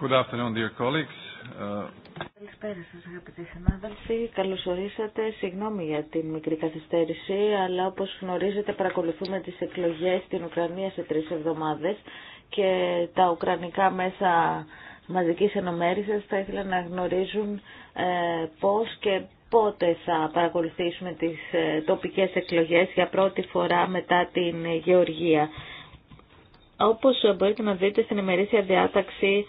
Good afternoon, dear colleagues. Καλησπέρα σας αγαπητοί συνάδελφοι. Καλώς ορίσατε. Συγγνώμη για την μικρή καθυστέρηση, αλλά όπως γνωρίζετε παρακολουθούμε τις εκλογές στην Ουκρανία σε τρεις εβδομάδες και τα ουκρανικά μέσα μαζικής ενομέρισης θα ήθελα να γνωρίζουν ε, πώς και πότε θα παρακολουθήσουμε τις ε, τοπικές εκλογές για πρώτη φορά μετά την Γεωργία. Όπως μπορείτε να δείτε στην ημερήσια διάταξη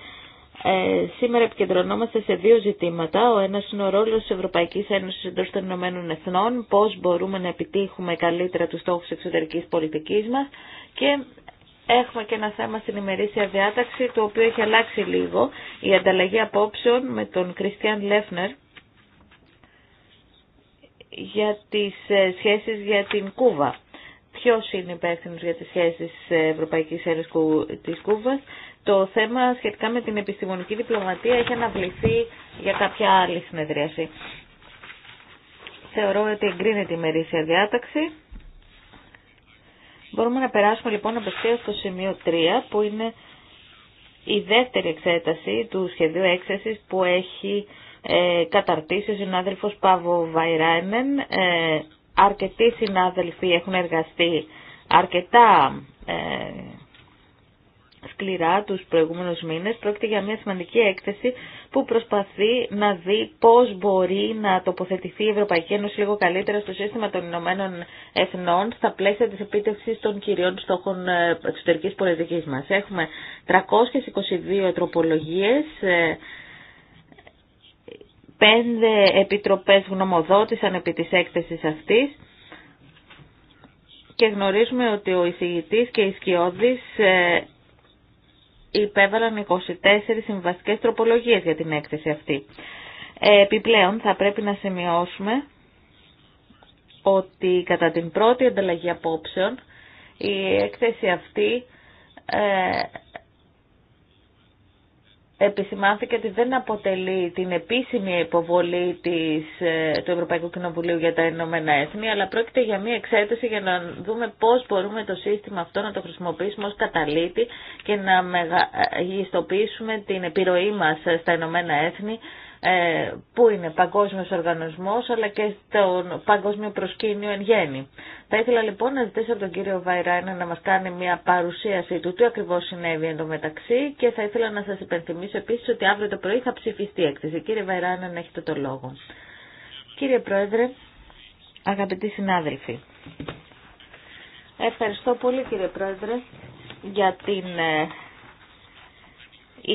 ε, σήμερα επικεντρωνόμαστε σε δύο ζητήματα. Ο ένας είναι ο ρόλος της Ευρωπαϊκής Ένωσης εντός των Ηνωμένων Εθνών, πώς μπορούμε να επιτύχουμε καλύτερα τους στόχους εξωτερικής πολιτικής μας και Έχουμε και ένα θέμα στην ημερήσια διάταξη, το οποίο έχει αλλάξει λίγο. Η ανταλλαγή απόψεων με τον Κριστιαν Λέφνερ για τις ε, σχέσεις για την Κούβα. Ποιος είναι υπεύθυνο για τις σχέσεις ε, Ευρωπαϊκής Ένωσης της Κούβας το θέμα σχετικά με την επιστημονική διπλωματία έχει αναβληθεί για κάποια άλλη συνεδρίαση. Θεωρώ ότι εγκρίνεται η μερίσια διάταξη. Μπορούμε να περάσουμε λοιπόν απευθεία στο σημείο 3 που είναι η δεύτερη εξέταση του σχεδίου έξεσης που έχει ε, καταρτήσει ο συνάδελφος Παύο Βαϊράινεν. Ε, αρκετοί συνάδελφοι έχουν εργαστεί αρκετά ε, σκληρά τους προηγούμενους μήνες. Πρόκειται για μια σημαντική έκθεση που προσπαθεί να δει πώς μπορεί να τοποθετηθεί η Ευρωπαϊκή Ένωση λίγο καλύτερα στο σύστημα των Ηνωμένων Εθνών στα πλαίσια της επίτευξης των κυρίων στόχων ε, εξωτερικής πολιτικής μας. Έχουμε 322 τροπολογίες, ε, πέντε επιτροπές γνωμοδότησαν επί της έκθεσης αυτής και γνωρίζουμε ότι ο εισηγητής και η σκιώδης ε, υπέβαλαν 24 συμβαστικές τροπολογίες για την έκθεση αυτή. Ε, επιπλέον θα πρέπει να σημειώσουμε ότι κατά την πρώτη ανταλλαγή απόψεων η έκθεση αυτή ε, επισημάνθηκε ότι δεν αποτελεί την επίσημη υποβολή της, ε, του Ευρωπαϊκού Κοινοβουλίου για τα Ηνωμένα Έθνη, αλλά πρόκειται για μια εξέταση για να δούμε πώς μπορούμε το σύστημα αυτό να το χρησιμοποιήσουμε ως καταλήτη και να μεγιστοποιήσουμε ε, την επιρροή μας στα Ηνωμένα Έθνη ε, που είναι παγκόσμιος οργανισμός αλλά και στον παγκόσμιο προσκήνιο εν γέννη. Θα ήθελα λοιπόν να ζητήσω από τον κύριο Βαϊράινα να μας κάνει μια παρουσίαση του τι ακριβώς συνέβη εν μεταξύ και θα ήθελα να σας υπενθυμίσω επίσης ότι αύριο το πρωί θα ψηφιστεί η έκθεση. Κύριε Βαϊράινα να έχετε το λόγο. Κύριε Πρόεδρε, αγαπητοί συνάδελφοι, ευχαριστώ πολύ κύριε Πρόεδρε για την ε,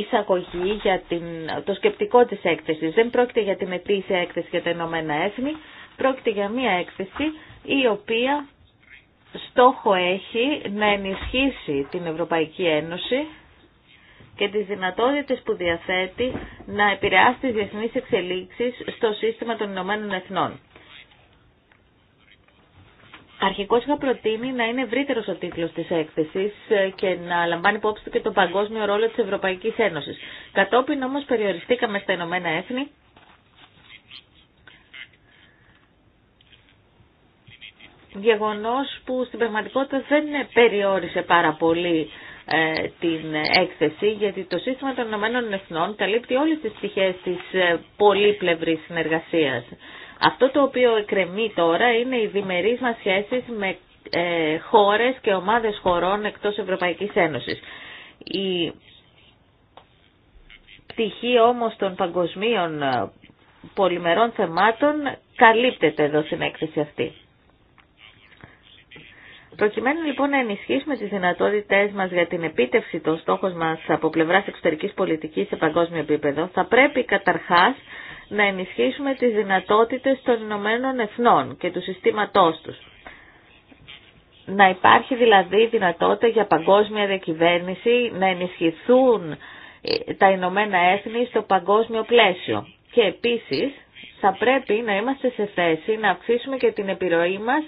εισαγωγή για την, το σκεπτικό της έκθεσης. Δεν πρόκειται για τη μετήσια έκθεση για τα Ηνωμένα Έθνη, πρόκειται για μια έκθεση η οποία στόχο έχει να ενισχύσει την Ευρωπαϊκή Ένωση και τις δυνατότητες που διαθέτει να επηρεάσει τις διεθνείς εξελίξεις στο σύστημα των Ηνωμένων Εθνών. Αρχικώ είχα προτείνει να είναι ευρύτερο ο τίτλο τη έκθεση ε, και να λαμβάνει υπόψη του και τον παγκόσμιο ρόλο τη Ευρωπαϊκή Ένωση. Κατόπιν όμω περιοριστήκαμε στα Ηνωμένα Έθνη Διαγωνός που στην πραγματικότητα δεν περιόρισε πάρα πολύ ε, την έκθεση, γιατί το σύστημα των Ηνωμένων Εθνών καλύπτει όλες τις τη της ε, πολύπλευρης συνεργασίας. Αυτό το οποίο εκκρεμεί τώρα είναι οι διμερείς μας σχέσεις με ε, χώρες και ομάδες χωρών εκτός Ευρωπαϊκής Ένωσης. Η πτυχή όμως των παγκοσμίων ε, πολυμερών θεμάτων καλύπτεται εδώ στην έκθεση αυτή. Προκειμένου λοιπόν να ενισχύσουμε τις δυνατότητές μας για την επίτευξη των στόχων μας από πλευράς εξωτερικής πολιτικής σε παγκόσμιο επίπεδο, θα πρέπει καταρχάς να ενισχύσουμε τις δυνατότητες των Ηνωμένων Εθνών και του συστήματός τους. Να υπάρχει δηλαδή δυνατότητα για παγκόσμια διακυβέρνηση να ενισχυθούν ε, τα Ηνωμένα Έθνη στο παγκόσμιο πλαίσιο. Και επίσης θα πρέπει να είμαστε σε θέση να αυξήσουμε και την επιρροή μας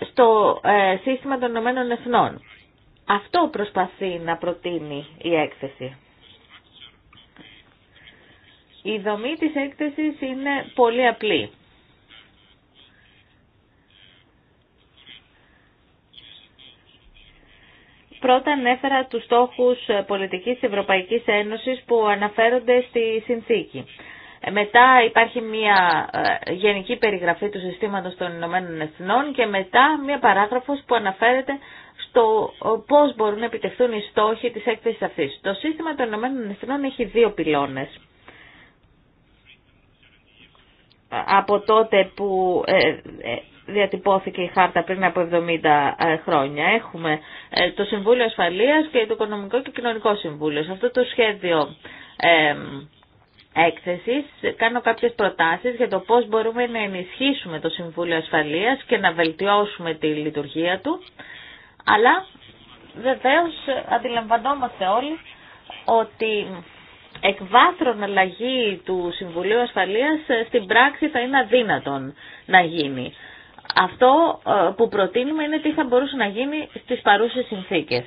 ε, στο ε, σύστημα των Ηνωμένων Εθνών. Αυτό προσπαθεί να προτείνει η έκθεση. Η δομή της έκθεσης είναι πολύ απλή. Πρώτα ανέφερα τους στόχους πολιτικής Ευρωπαϊκής Ένωσης που αναφέρονται στη συνθήκη. Μετά υπάρχει μια ε, γενική περιγραφή του συστήματος των Ηνωμένων Εθνών και μετά μια παράγραφος που αναφέρεται στο ε, πώς μπορούν να επιτευχθούν οι στόχοι της έκθεσης αυτής. Το σύστημα των Ηνωμένων Εθνών έχει δύο πυλώνες από τότε που ε, ε, διατυπώθηκε η χάρτα πριν από 70 ε, χρόνια. Έχουμε το Συμβούλιο Ασφαλείας και το Οικονομικό και Κοινωνικό Συμβούλιο. Σε αυτό το σχέδιο έκθεσης κάνω κάποιες προτάσεις για το πώς μπορούμε να ενισχύσουμε το Συμβούλιο Ασφαλείας και να βελτιώσουμε τη λειτουργία του. Αλλά βεβαίως αντιλαμβανόμαστε όλοι ότι εκβάθρον αλλαγή του Συμβουλίου Ασφαλείας ε, στην πράξη θα είναι αδύνατον να γίνει. Αυτό ε, που προτείνουμε είναι τι θα μπορούσε να γίνει στις παρούσες συνθήκες.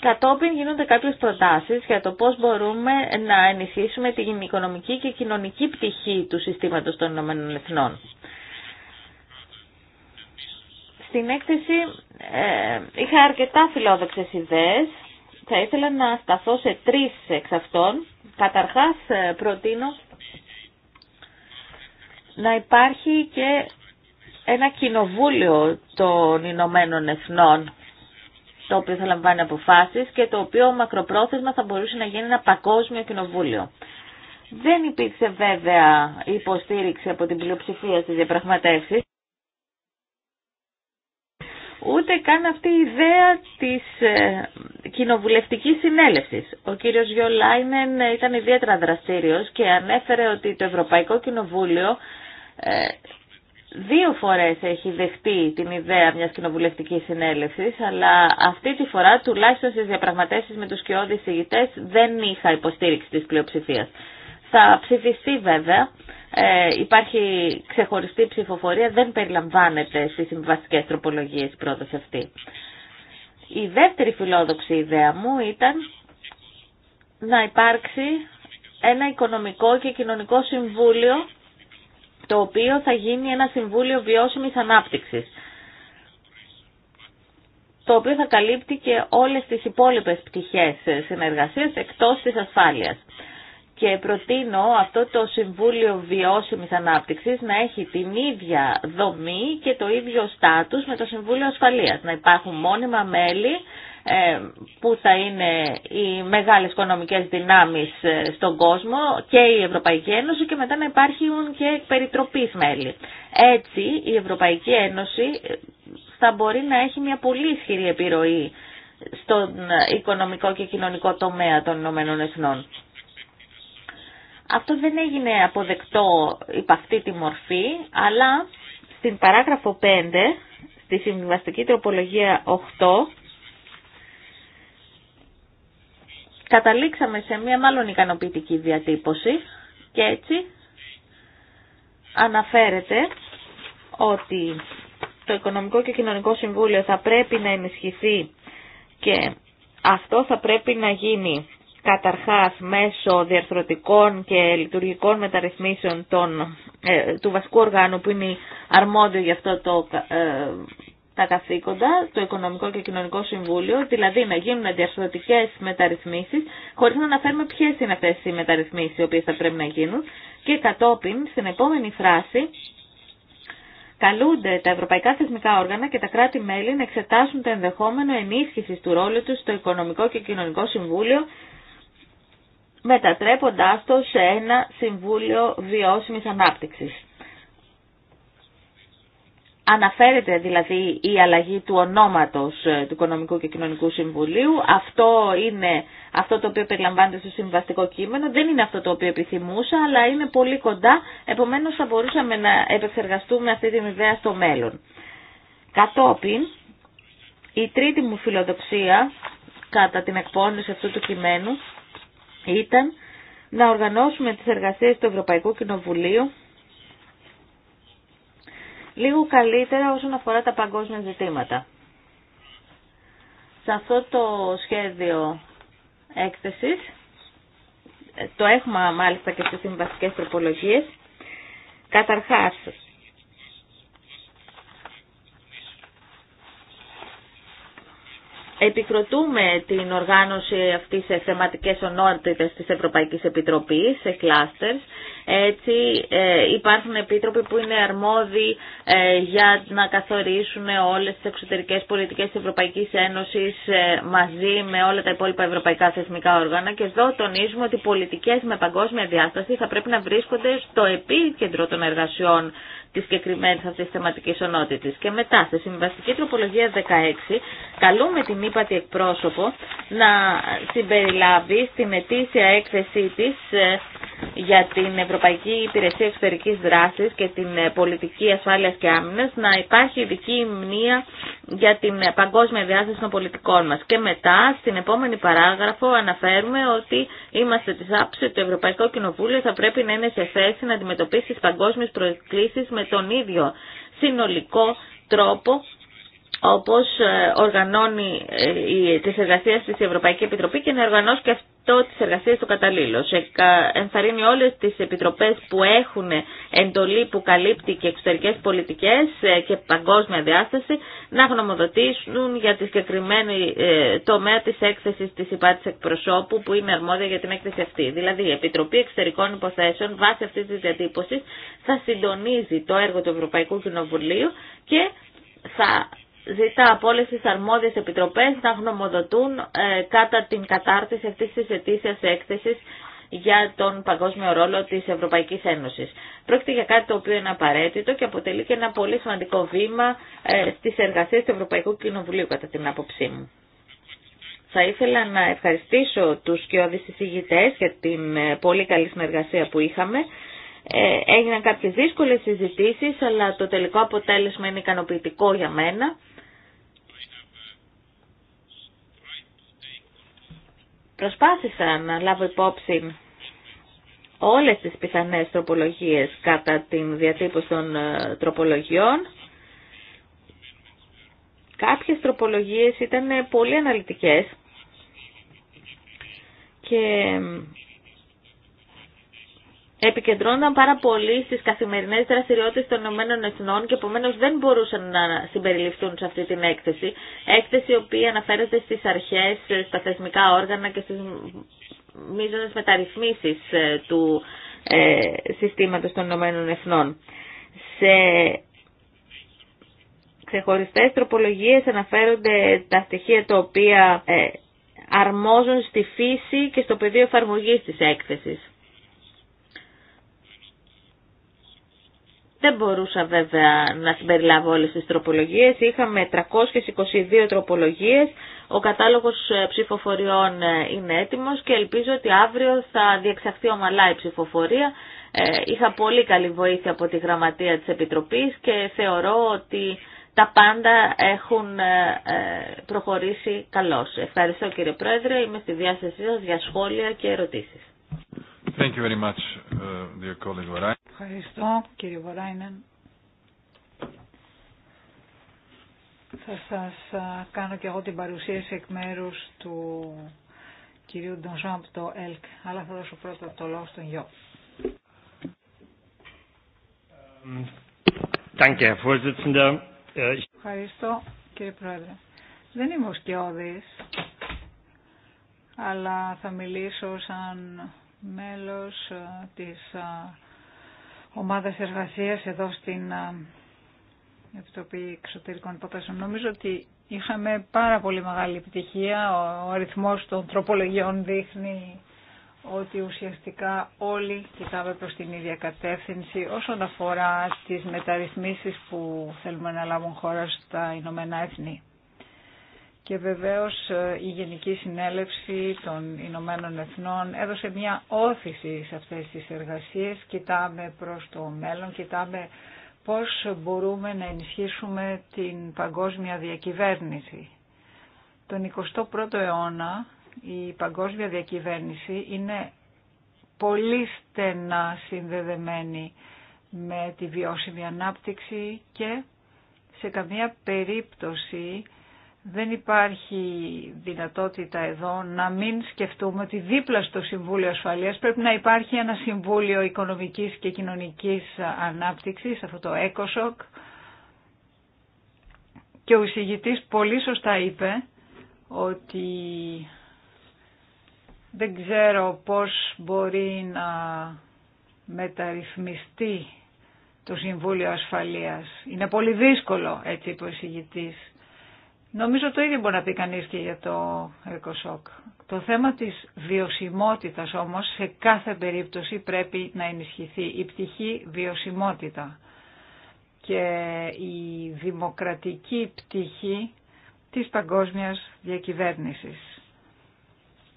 Κατόπιν γίνονται κάποιες προτάσεις για το πώς μπορούμε να ενισχύσουμε την οικονομική και κοινωνική πτυχή του συστήματος των ΗΕ. Στην έκθεση ε, είχα αρκετά φιλόδοξες ιδέες θα ήθελα να σταθώ σε τρεις εξ αυτών. Καταρχάς ε, προτείνω να υπάρχει και ένα κοινοβούλιο των Ηνωμένων Εθνών το οποίο θα λαμβάνει αποφάσεις και το οποίο μακροπρόθεσμα θα μπορούσε να γίνει ένα παγκόσμιο κοινοβούλιο. Δεν υπήρξε βέβαια υποστήριξη από την πλειοψηφία στις διαπραγματεύσεις ούτε καν αυτή η ιδέα της ε, κοινοβουλευτικής συνέλευσης. Ο κύριος Γιολάινεν ήταν ιδιαίτερα δραστήριος και ανέφερε ότι το Ευρωπαϊκό Κοινοβούλιο ε, δύο φορές έχει δεχτεί την ιδέα μιας κοινοβουλευτικής συνέλευσης, αλλά αυτή τη φορά τουλάχιστον στις διαπραγματεύσεις με τους κοιόδης ηγητές δεν είχα υποστήριξη της πλειοψηφίας. Θα ψηφιστεί βέβαια ε, υπάρχει ξεχωριστή ψηφοφορία, δεν περιλαμβάνεται στις συμβαστικές τροπολογίες η πρόταση αυτή. Η δεύτερη φιλόδοξη ιδέα μου ήταν να υπάρξει ένα οικονομικό και κοινωνικό συμβούλιο το οποίο θα γίνει ένα συμβούλιο βιώσιμης ανάπτυξης το οποίο θα καλύπτει και όλες τις υπόλοιπες πτυχές συνεργασίας εκτός της ασφάλειας και προτείνω αυτό το Συμβούλιο Βιώσιμης Ανάπτυξης να έχει την ίδια δομή και το ίδιο στάτους με το Συμβούλιο Ασφαλείας. Να υπάρχουν μόνιμα μέλη ε, που θα είναι οι μεγάλες οικονομικές δυνάμεις ε, στον κόσμο και η Ευρωπαϊκή Ένωση και μετά να υπάρχουν και περιτροπής μέλη. Έτσι η Ευρωπαϊκή Ένωση ε, θα μπορεί να έχει μια πολύ ισχυρή επιρροή στον οικονομικό και κοινωνικό τομέα των Ηνωμένων Εθνών. Αυτό δεν έγινε αποδεκτό υπ' αυτή τη μορφή, αλλά στην παράγραφο 5, στη συμβιβαστική τροπολογία 8, καταλήξαμε σε μία μάλλον ικανοποιητική διατύπωση και έτσι αναφέρεται ότι το Οικονομικό και Κοινωνικό Συμβούλιο θα πρέπει να ενισχυθεί και αυτό θα πρέπει να γίνει καταρχάς μέσω διαρθρωτικών και λειτουργικών μεταρρυθμίσεων των, ε, του βασικού οργάνου που είναι αρμόδιο για αυτό το, ε, τα καθήκοντα, το Οικονομικό και Κοινωνικό Συμβούλιο, δηλαδή να γίνουν διαρθρωτικές μεταρρυθμίσεις, χωρίς να αναφέρουμε ποιες είναι αυτές οι μεταρρυθμίσεις οι οποίες θα πρέπει να γίνουν και κατόπιν στην επόμενη φράση Καλούνται τα ευρωπαϊκά θεσμικά όργανα και τα κράτη-μέλη να εξετάσουν το ενδεχόμενο ενίσχυση του ρόλου του στο Οικονομικό και Κοινωνικό Συμβούλιο μετατρέποντάς το σε ένα Συμβούλιο Βιώσιμης Ανάπτυξης. Αναφέρεται δηλαδή η αλλαγή του ονόματος ε, του Οικονομικού και Κοινωνικού Συμβουλίου. Αυτό είναι αυτό το οποίο περιλαμβάνεται στο συμβαστικό κείμενο. Δεν είναι αυτό το οποίο επιθυμούσα, αλλά είναι πολύ κοντά. Επομένως θα μπορούσαμε να επεξεργαστούμε αυτή την ιδέα στο μέλλον. Κατόπιν, η τρίτη μου φιλοδοξία κατά την εκπόνηση αυτού του κειμένου ήταν να οργανώσουμε τις εργασίες του Ευρωπαϊκού Κοινοβουλίου λίγο καλύτερα όσον αφορά τα παγκόσμια ζητήματα. Σε αυτό το σχέδιο έκθεσης, ε, το έχουμε μάλιστα και στις συμβασικές τροπολογίες, καταρχάς επικροτούμε την οργάνωση αυτή σε θεματικέ ονότητε της Ευρωπαϊκής Επιτροπής, σε κλάστερ. Έτσι ε, υπάρχουν επίτροποι που είναι αρμόδιοι ε, για να καθορίσουν όλες τις εξωτερικές πολιτικές της Ευρωπαϊκής Ένωσης ε, μαζί με όλα τα υπόλοιπα ευρωπαϊκά θεσμικά όργανα και εδώ τονίζουμε ότι οι πολιτικές με παγκόσμια διάσταση θα πρέπει να βρίσκονται στο επίκεντρο των εργασιών τη συγκεκριμένη αυτή θεματική ονότητα. Και μετά, στη συμβαστική τροπολογία 16, καλούμε την ύπατη εκπρόσωπο να συμπεριλάβει στην ετήσια έκθεσή τη ε, για την Ευρωπαϊκή Υπηρεσία Εξωτερική Δράση και την ε, Πολιτική Ασφάλεια και Άμυνα να υπάρχει ειδική μνήμα για την παγκόσμια διάθεση των πολιτικών μα. Και μετά, στην επόμενη παράγραφο, αναφέρουμε ότι είμαστε τη άποψη ότι το Ευρωπαϊκό Κοινοβούλιο θα πρέπει να είναι σε θέση να αντιμετωπίσει τι παγκόσμιε προκλήσει τον ίδιο συνολικό τρόπο όπως ε, οργανώνει ε, τις εργασίες της Ευρωπαϊκή Επιτροπή και να οργανώσει και αυτό τις εργασίες του καταλήλως. Ενθαρρύνει όλες τις επιτροπές που έχουν εντολή που καλύπτει και εξωτερικές πολιτικές ε, και παγκόσμια διάσταση να γνωμοδοτήσουν για τη συγκεκριμένη τομέα της έκθεσης της υπάτης εκπροσώπου που είναι αρμόδια για την έκθεση αυτή. Δηλαδή η Επιτροπή Εξωτερικών Υποθέσεων βάσει αυτής της διατύπωσης θα συντονίζει το έργο του Ευρωπαϊκού Κοινοβουλίου και θα ζητά από όλες τις αρμόδιες επιτροπές να γνωμοδοτούν ε, κατά την κατάρτιση αυτής της ετήσιας έκθεσης για τον παγκόσμιο ρόλο της Ευρωπαϊκής Ένωσης. Πρόκειται για κάτι το οποίο είναι απαραίτητο και αποτελεί και ένα πολύ σημαντικό βήμα ε, στις εργασίες του Ευρωπαϊκού Κοινοβουλίου κατά την άποψή μου. Θα ήθελα να ευχαριστήσω τους κοιόδης συζητητέ για την ε, πολύ καλή συνεργασία που είχαμε. Ε, έγιναν κάποιες δύσκολες συζητήσεις, αλλά το τελικό αποτέλεσμα είναι ικανοποιητικό για μένα. Προσπάθησα να λάβω υπόψη όλες τις πιθανές τροπολογίες κατά την διατύπωση των ε, τροπολογιών. Κάποιες τροπολογίες ήταν πολύ αναλυτικές και επικεντρώνονταν πάρα πολύ στις καθημερινές δραστηριότητες των Ηνωμένων Εθνών και επομένω δεν μπορούσαν να συμπεριληφθούν σε αυτή την έκθεση. Έκθεση η οποία αναφέρεται στις αρχές, στα θεσμικά όργανα και στις μείζονες μεταρρυθμίσεις ε, του ε, συστήματος των Ηνωμένων Εθνών. Σε ξεχωριστές τροπολογίες αναφέρονται τα στοιχεία τα οποία ε, αρμόζουν στη φύση και στο πεδίο εφαρμογής της έκθεσης. Δεν μπορούσα βέβαια να συμπεριλάβω όλες τις τροπολογίες. Είχαμε 322 τροπολογίες. Ο κατάλογος ε, ψηφοφοριών ε, είναι έτοιμος και ελπίζω ότι αύριο θα διεξαχθεί ομαλά η ψηφοφορία. Ε, είχα πολύ καλή βοήθεια από τη γραμματεία της Επιτροπής και θεωρώ ότι τα πάντα έχουν προχωρήσει καλώς. Ευχαριστώ κύριε Πρόεδρε, είμαι στη διάθεσή σας για σχόλια και ερωτήσεις. Uh, Ευχαριστώ κύριε Βοράινεν. Θα σας κάνω και εγώ την παρουσίαση εκ μέρους του κυρίου από το ΕΛΚ, αλλά θα δώσω πρώτα το λόγο στον Γιώ. Äh, Ευχαριστώ κύριε Πρόεδρε. Δεν είμαι ο αλλά θα μιλήσω σαν μέλος ε, της ε, ομάδας εργασίας εδώ στην ε, Επιτροπή Εξωτερικών Υποτάσεων. Νομίζω ότι είχαμε πάρα πολύ μεγάλη επιτυχία. Ο αριθμός των τροπολογιών δείχνει ότι ουσιαστικά όλοι κοιτάμε προς την ίδια κατεύθυνση όσον αφορά τις μεταρρυθμίσεις που θέλουμε να λάβουν χώρα στα Ηνωμένα Έθνη και βεβαίως ε, η Γενική Συνέλευση των Ηνωμένων Εθνών έδωσε μια όθηση σε αυτές τις εργασίες. Κοιτάμε προς το μέλλον, κοιτάμε πώς μπορούμε να ενισχύσουμε την παγκόσμια διακυβέρνηση. Τον 21ο αιώνα η παγκόσμια διακυβέρνηση είναι πολύ στενά συνδεδεμένη με τη βιώσιμη ανάπτυξη και σε καμία περίπτωση δεν υπάρχει δυνατότητα εδώ να μην σκεφτούμε ότι δίπλα στο Συμβούλιο Ασφαλείας πρέπει να υπάρχει ένα Συμβούλιο Οικονομικής και Κοινωνικής Ανάπτυξης, αυτό το ECOSOC. Και ο εισηγητής πολύ σωστά είπε ότι δεν ξέρω πώς μπορεί να μεταρρυθμιστεί το Συμβούλιο Ασφαλείας. Είναι πολύ δύσκολο, έτσι είπε ο εισηγητής. Νομίζω το ίδιο μπορεί να πει κανείς και για το ΕΚΟΣΟΚ. Το θέμα της βιωσιμότητας όμως σε κάθε περίπτωση πρέπει να ενισχυθεί η πτυχή βιωσιμότητα και η δημοκρατική πτυχή της παγκόσμιας διακυβέρνησης.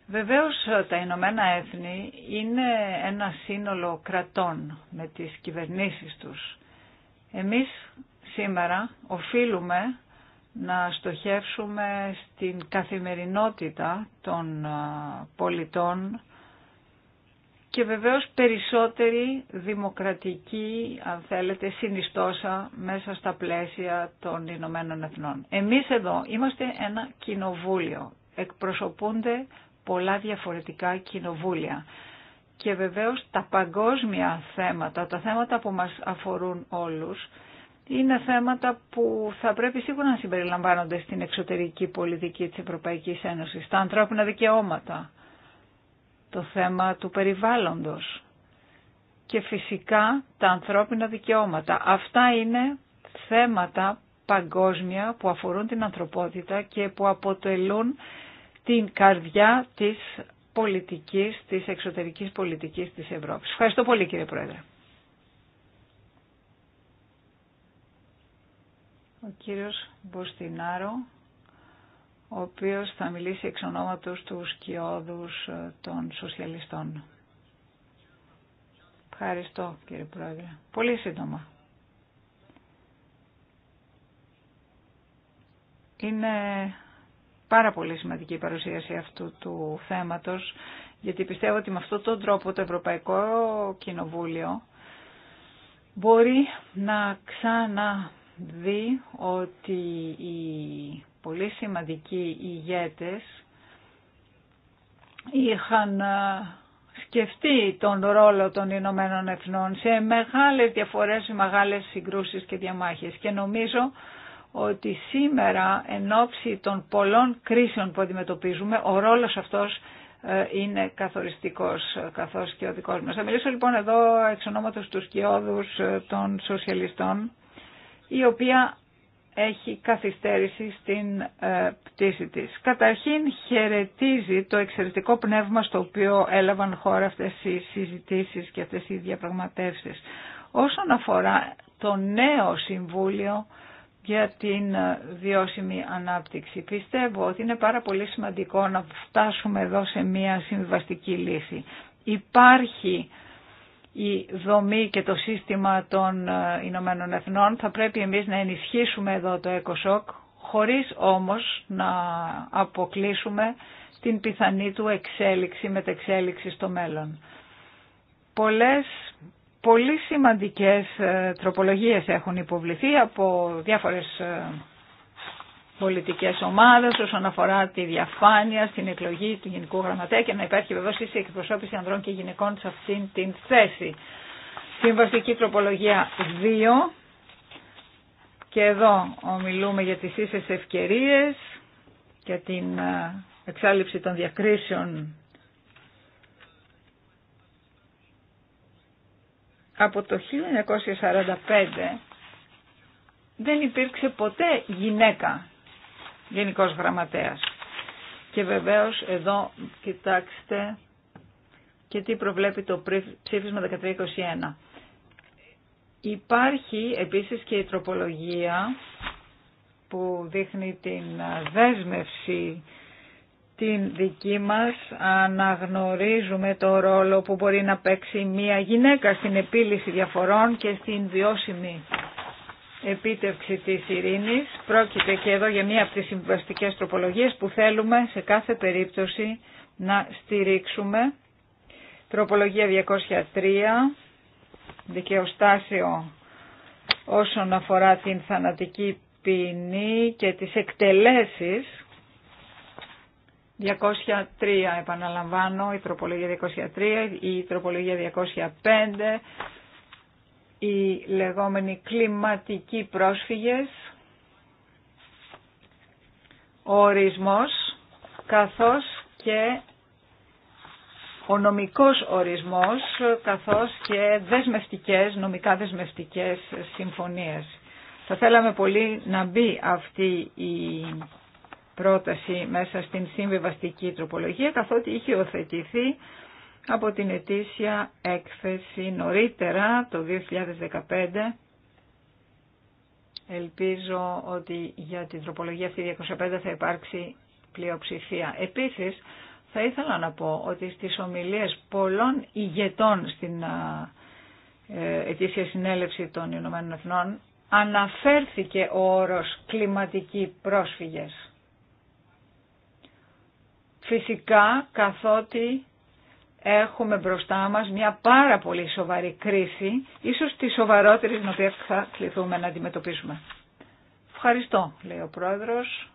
Βεβαίως τα Ηνωμένα Έθνη είναι ένα σύνολο κρατών με τις κυβερνήσεις τους. Εμείς σήμερα οφείλουμε να στοχεύσουμε στην καθημερινότητα των πολιτών και βεβαίως περισσότερη δημοκρατική, αν θέλετε, συνιστόσα μέσα στα πλαίσια των Ηνωμένων Εθνών. Εμείς εδώ είμαστε ένα κοινοβούλιο. Εκπροσωπούνται πολλά διαφορετικά κοινοβούλια. Και βεβαίως τα παγκόσμια θέματα, τα θέματα που μας αφορούν όλους, είναι θέματα που θα πρέπει σίγουρα να συμπεριλαμβάνονται στην εξωτερική πολιτική της Ευρωπαϊκής Ένωσης, τα ανθρώπινα δικαιώματα, το θέμα του περιβάλλοντος και φυσικά τα ανθρώπινα δικαιώματα. Αυτά είναι θέματα παγκόσμια που αφορούν την ανθρωπότητα και που αποτελούν την καρδιά της πολιτικής, της εξωτερικής πολιτικής της Ευρώπης. Ευχαριστώ πολύ κύριε Πρόεδρε. ο κύριος Μποστινάρο, ο οποίος θα μιλήσει εξ ονόματος του σκιώδους ε, των σοσιαλιστών. Ευχαριστώ κύριε Πρόεδρε. Πολύ σύντομα. Είναι πάρα πολύ σημαντική η παρουσίαση αυτού του θέματος, γιατί πιστεύω ότι με αυτόν τον τρόπο το Ευρωπαϊκό Κοινοβούλιο μπορεί να ξανά δει ότι οι πολύ σημαντικοί ηγέτες είχαν ε, σκεφτεί τον ρόλο των Ηνωμένων Εθνών σε μεγάλες διαφορές, σε μεγάλες συγκρούσεις και διαμάχες. Και νομίζω ότι σήμερα εν ώψη των πολλών κρίσεων που αντιμετωπίζουμε, ο ρόλος αυτός ε, είναι καθοριστικός, ε, καθώς και ο δικός μας. Θα μιλήσω λοιπόν εδώ εξ ονόματος του των σοσιαλιστών η οποία έχει καθυστέρηση στην ε, πτήση της. Καταρχήν χαιρετίζει το εξαιρετικό πνεύμα στο οποίο έλαβαν χώρα αυτές οι συζητήσεις και αυτές οι διαπραγματεύσεις. Όσον αφορά το νέο Συμβούλιο για την ε, βιώσιμη ανάπτυξη, πιστεύω ότι είναι πάρα πολύ σημαντικό να φτάσουμε εδώ σε μια συμβαστική λύση. Υπάρχει η δομή και το σύστημα των ε, Ηνωμένων Εθνών. Θα πρέπει εμείς να ενισχύσουμε εδώ το ΕΚΟΣΟΚ, χωρίς όμως να αποκλείσουμε την πιθανή του εξέλιξη μετεξέλιξη στο μέλλον. Πολλές, πολύ σημαντικές ε, τροπολογίες έχουν υποβληθεί από διάφορες ε, πολιτικές ομάδες όσον αφορά τη διαφάνεια στην εκλογή του Γενικού Γραμματέα και να υπάρχει βεβαίως ίση εκπροσώπηση ανδρών και γυναικών σε αυτήν την θέση. Συμβαστική τροπολογία 2 και εδώ ομιλούμε για τις ίσες ευκαιρίες και την ε, εξάλληψη των διακρίσεων από το 1945 δεν υπήρξε ποτέ γυναίκα Γενικός Γραμματέας. Και βεβαίως εδώ κοιτάξτε και τι προβλέπει το ψήφισμα 1321. Υπάρχει επίσης και η τροπολογία που δείχνει την δέσμευση την δική μας αναγνωρίζουμε το ρόλο που μπορεί να παίξει μια γυναίκα στην επίλυση διαφορών και στην βιώσιμη επίτευξη της ειρήνης. Πρόκειται και εδώ για μία από τις συμβαστικές τροπολογίες που θέλουμε σε κάθε περίπτωση να στηρίξουμε. Τροπολογία 203, δικαιοστάσιο όσον αφορά την θανατική ποινή και τις εκτελέσεις. 203 επαναλαμβάνω, η τροπολογία 203, η τροπολογία 205, οι λεγόμενοι κλιματικοί πρόσφυγες, ο ορισμός, καθώς και ο νομικός ορισμός, καθώς και δεσμευτικές, νομικά δεσμευτικές συμφωνίες. Θα θέλαμε πολύ να μπει αυτή η πρόταση μέσα στην συμβιβαστική τροπολογία, καθότι είχε οθετηθεί από την ετήσια έκθεση νωρίτερα το 2015. Ελπίζω ότι για την τροπολογία αυτή 205 θα υπάρξει πλειοψηφία. Επίσης, θα ήθελα να πω ότι στις ομιλίες πολλών ηγετών στην ε, ετήσια συνέλευση των Ηνωμένων Εθνών αναφέρθηκε ο όρος κλιματικοί πρόσφυγες. Φυσικά καθότι έχουμε μπροστά μας μια πάρα πολύ σοβαρή κρίση, ίσως τη σοβαρότερη την οποία θα κληθούμε να αντιμετωπίσουμε. Ευχαριστώ, λέει ο Πρόεδρος.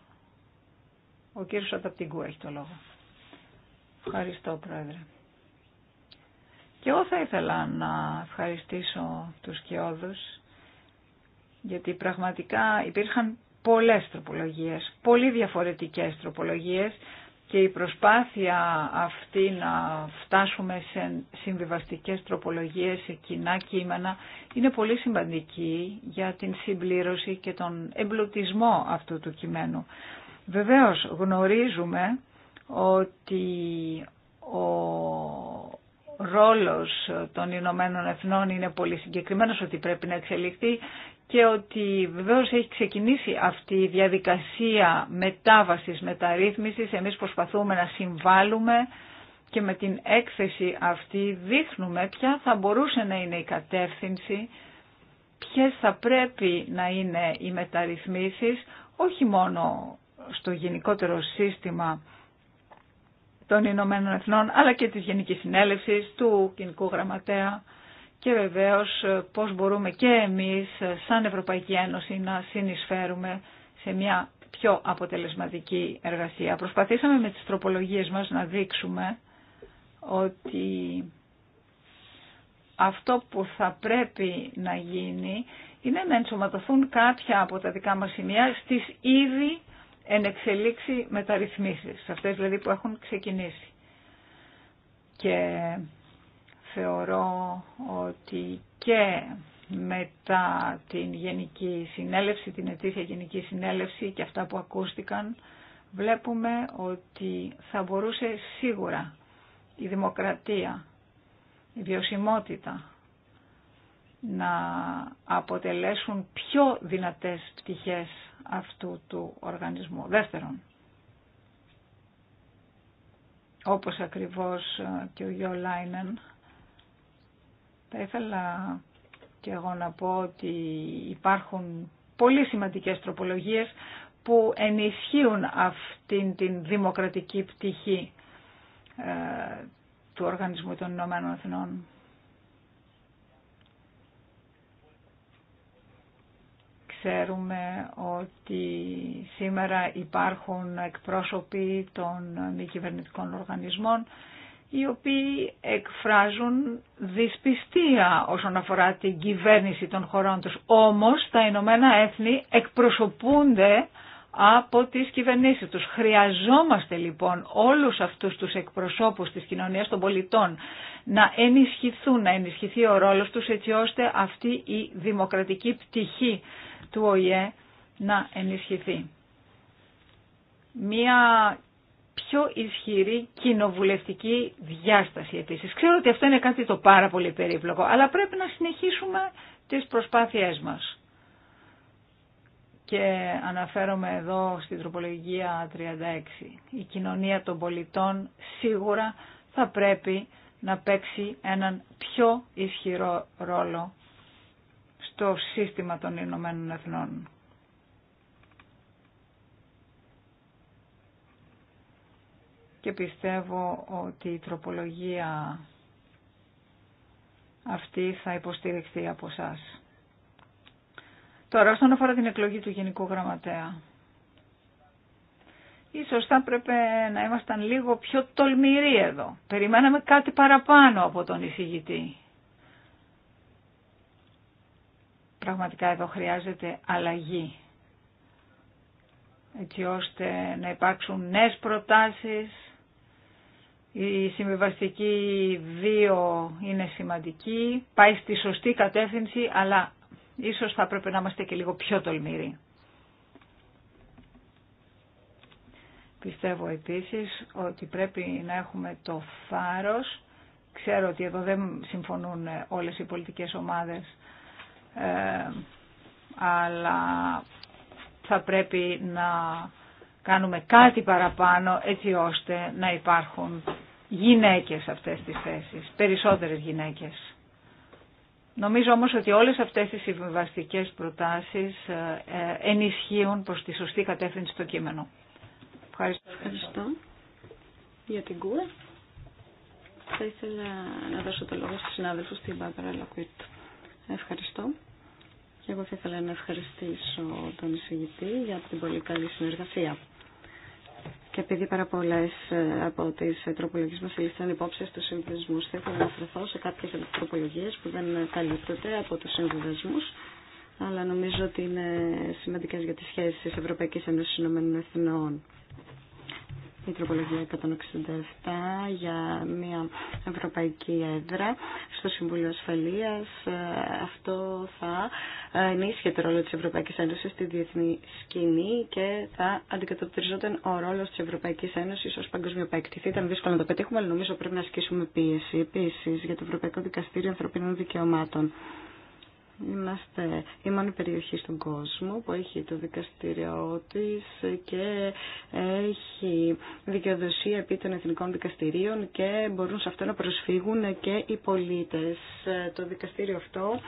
Ο κύριος Ανταπτυγκού έχει το λόγο. Ευχαριστώ, Πρόεδρε. Και εγώ θα ήθελα να ευχαριστήσω τους Κιόδους, γιατί πραγματικά υπήρχαν πολλές τροπολογίες, πολύ διαφορετικές τροπολογίες και η προσπάθεια αυτή να φτάσουμε σε συμβιβαστικές τροπολογίες, σε κοινά κείμενα, είναι πολύ σημαντική για την συμπλήρωση και τον εμπλουτισμό αυτού του κειμένου. Βεβαίως γνωρίζουμε ότι ο ρόλος των Ηνωμένων Εθνών είναι πολύ συγκεκριμένος ότι πρέπει να εξελιχθεί και ότι βεβαίως έχει ξεκινήσει αυτή η διαδικασία μετάβασης, μεταρρύθμισης. Εμείς προσπαθούμε να συμβάλλουμε και με την έκθεση αυτή δείχνουμε ποια θα μπορούσε να είναι η κατεύθυνση, ποιες θα πρέπει να είναι οι μεταρρυθμίσεις, όχι μόνο στο γενικότερο σύστημα των Ηνωμένων Εθνών αλλά και της Γενικής Συνέλευσης, του Κοινικού Γραμματέα και βεβαίως ε, πώς μπορούμε και εμείς ε, σαν Ευρωπαϊκή Ένωση να συνεισφέρουμε σε μια πιο αποτελεσματική εργασία. Προσπαθήσαμε με τις τροπολογίες μας να δείξουμε ότι αυτό που θα πρέπει να γίνει είναι να ενσωματωθούν κάποια από τα δικά μας σημεία στις ήδη ενεξελίξει μεταρρυθμίσεις, αυτές δηλαδή που έχουν ξεκινήσει. Και θεωρώ ότι και μετά την Γενική Συνέλευση, την ετήσια Γενική Συνέλευση και αυτά που ακούστηκαν, βλέπουμε ότι θα μπορούσε σίγουρα η δημοκρατία, η βιωσιμότητα να αποτελέσουν πιο δυνατές πτυχές αυτού του οργανισμού. Δεύτερον, όπως ακριβώς ε, και ο Γιώ Λάινεν, θα ήθελα και εγώ να πω ότι υπάρχουν πολύ σημαντικές τροπολογίες που ενισχύουν αυτήν την δημοκρατική πτυχή ε, του Οργανισμού των Ηνωμένων Εθνών. Ξέρουμε ότι σήμερα υπάρχουν εκπρόσωποι των μη κυβερνητικών οργανισμών οι οποίοι εκφράζουν δυσπιστία όσον αφορά την κυβέρνηση των χωρών τους. Όμως τα Ηνωμένα Έθνη εκπροσωπούνται από τις κυβερνήσεις τους. Χρειαζόμαστε λοιπόν όλους αυτούς τους εκπροσώπους της κοινωνίας των πολιτών να ενισχυθούν, να ενισχυθεί ο ρόλος τους έτσι ώστε αυτή η δημοκρατική πτυχή του ΟΗΕ να ενισχυθεί. Μία πιο ισχυρή κοινοβουλευτική διάσταση επίσης. Ξέρω ότι αυτό είναι κάτι το πάρα πολύ περίπλοκο, αλλά πρέπει να συνεχίσουμε τις προσπάθειές μας. Και αναφέρομαι εδώ στην τροπολογία 36. Η κοινωνία των πολιτών σίγουρα θα πρέπει να παίξει έναν πιο ισχυρό ρόλο στο σύστημα των Ηνωμένων Εθνών. Και πιστεύω ότι η τροπολογία αυτή θα υποστηριχθεί από εσά. Τώρα, όσον αφορά την εκλογή του Γενικού Γραμματέα, ίσως θα έπρεπε να ήμασταν λίγο πιο τολμηροί εδώ. Περιμέναμε κάτι παραπάνω από τον εισηγητή. Πραγματικά εδώ χρειάζεται αλλαγή έτσι ώστε να υπάρξουν νέες προτάσεις. Η συμβιβαστική 2 είναι σημαντική, πάει στη σωστή κατεύθυνση, αλλά ίσως θα πρέπει να είμαστε και λίγο πιο τολμηροί. Πιστεύω επίσης ότι πρέπει να έχουμε το φάρος. Ξέρω ότι εδώ δεν συμφωνούν όλες οι πολιτικές ομάδες ε, αλλά θα πρέπει να κάνουμε κάτι παραπάνω έτσι ώστε να υπάρχουν γυναίκες αυτές τις θέσεις, περισσότερες γυναίκες. Νομίζω όμως ότι όλες αυτές τις συμβαστικές προτάσεις ε, ε, ενισχύουν προς τη σωστή κατεύθυνση το κείμενο. Ευχαριστώ. Ευχαριστώ για την κούρα. Θα ήθελα να δώσω το λόγο στους συνάδελφους στην Πάπερα Λακουίτου. Ευχαριστώ. Και εγώ θα ήθελα να ευχαριστήσω τον εισηγητή για την πολύ καλή συνεργασία. Και επειδή πάρα πολλέ ε, από τι ε, τροπολογίε μα ελήφθησαν υπόψη στου συμβιβασμού, θα ήθελα να αφαιρεθώ σε κάποιε τροπολογίε που δεν καλύπτονται από του συμβιβασμού, αλλά νομίζω ότι είναι σημαντικέ για τι σχέσει Ευρωπαϊκή Ένωση Ηνωμένων Εθνών η τροπολογία 167 για μια ευρωπαϊκή έδρα στο Συμβούλιο Ασφαλείας. Ε, αυτό θα ενίσχυε το ρόλο της Ευρωπαϊκής Ένωσης στη διεθνή σκηνή και θα αντικατοπτριζόταν ο ρόλο της Ευρωπαϊκής Ένωσης ως παγκοσμιο παίκτη. Ήταν δύσκολο να το πετύχουμε, αλλά νομίζω πρέπει να ασκήσουμε πίεση. Επίσης, για το Ευρωπαϊκό Δικαστήριο Ανθρωπίνων Δικαιωμάτων. Είμαστε η μόνη περιοχή στον κόσμο που έχει το δικαστήριό τη και έχει δικαιοδοσία επί των εθνικών δικαστηρίων και μπορούν σε αυτό να προσφύγουν και οι πολίτες. Το δικαστήριο αυτό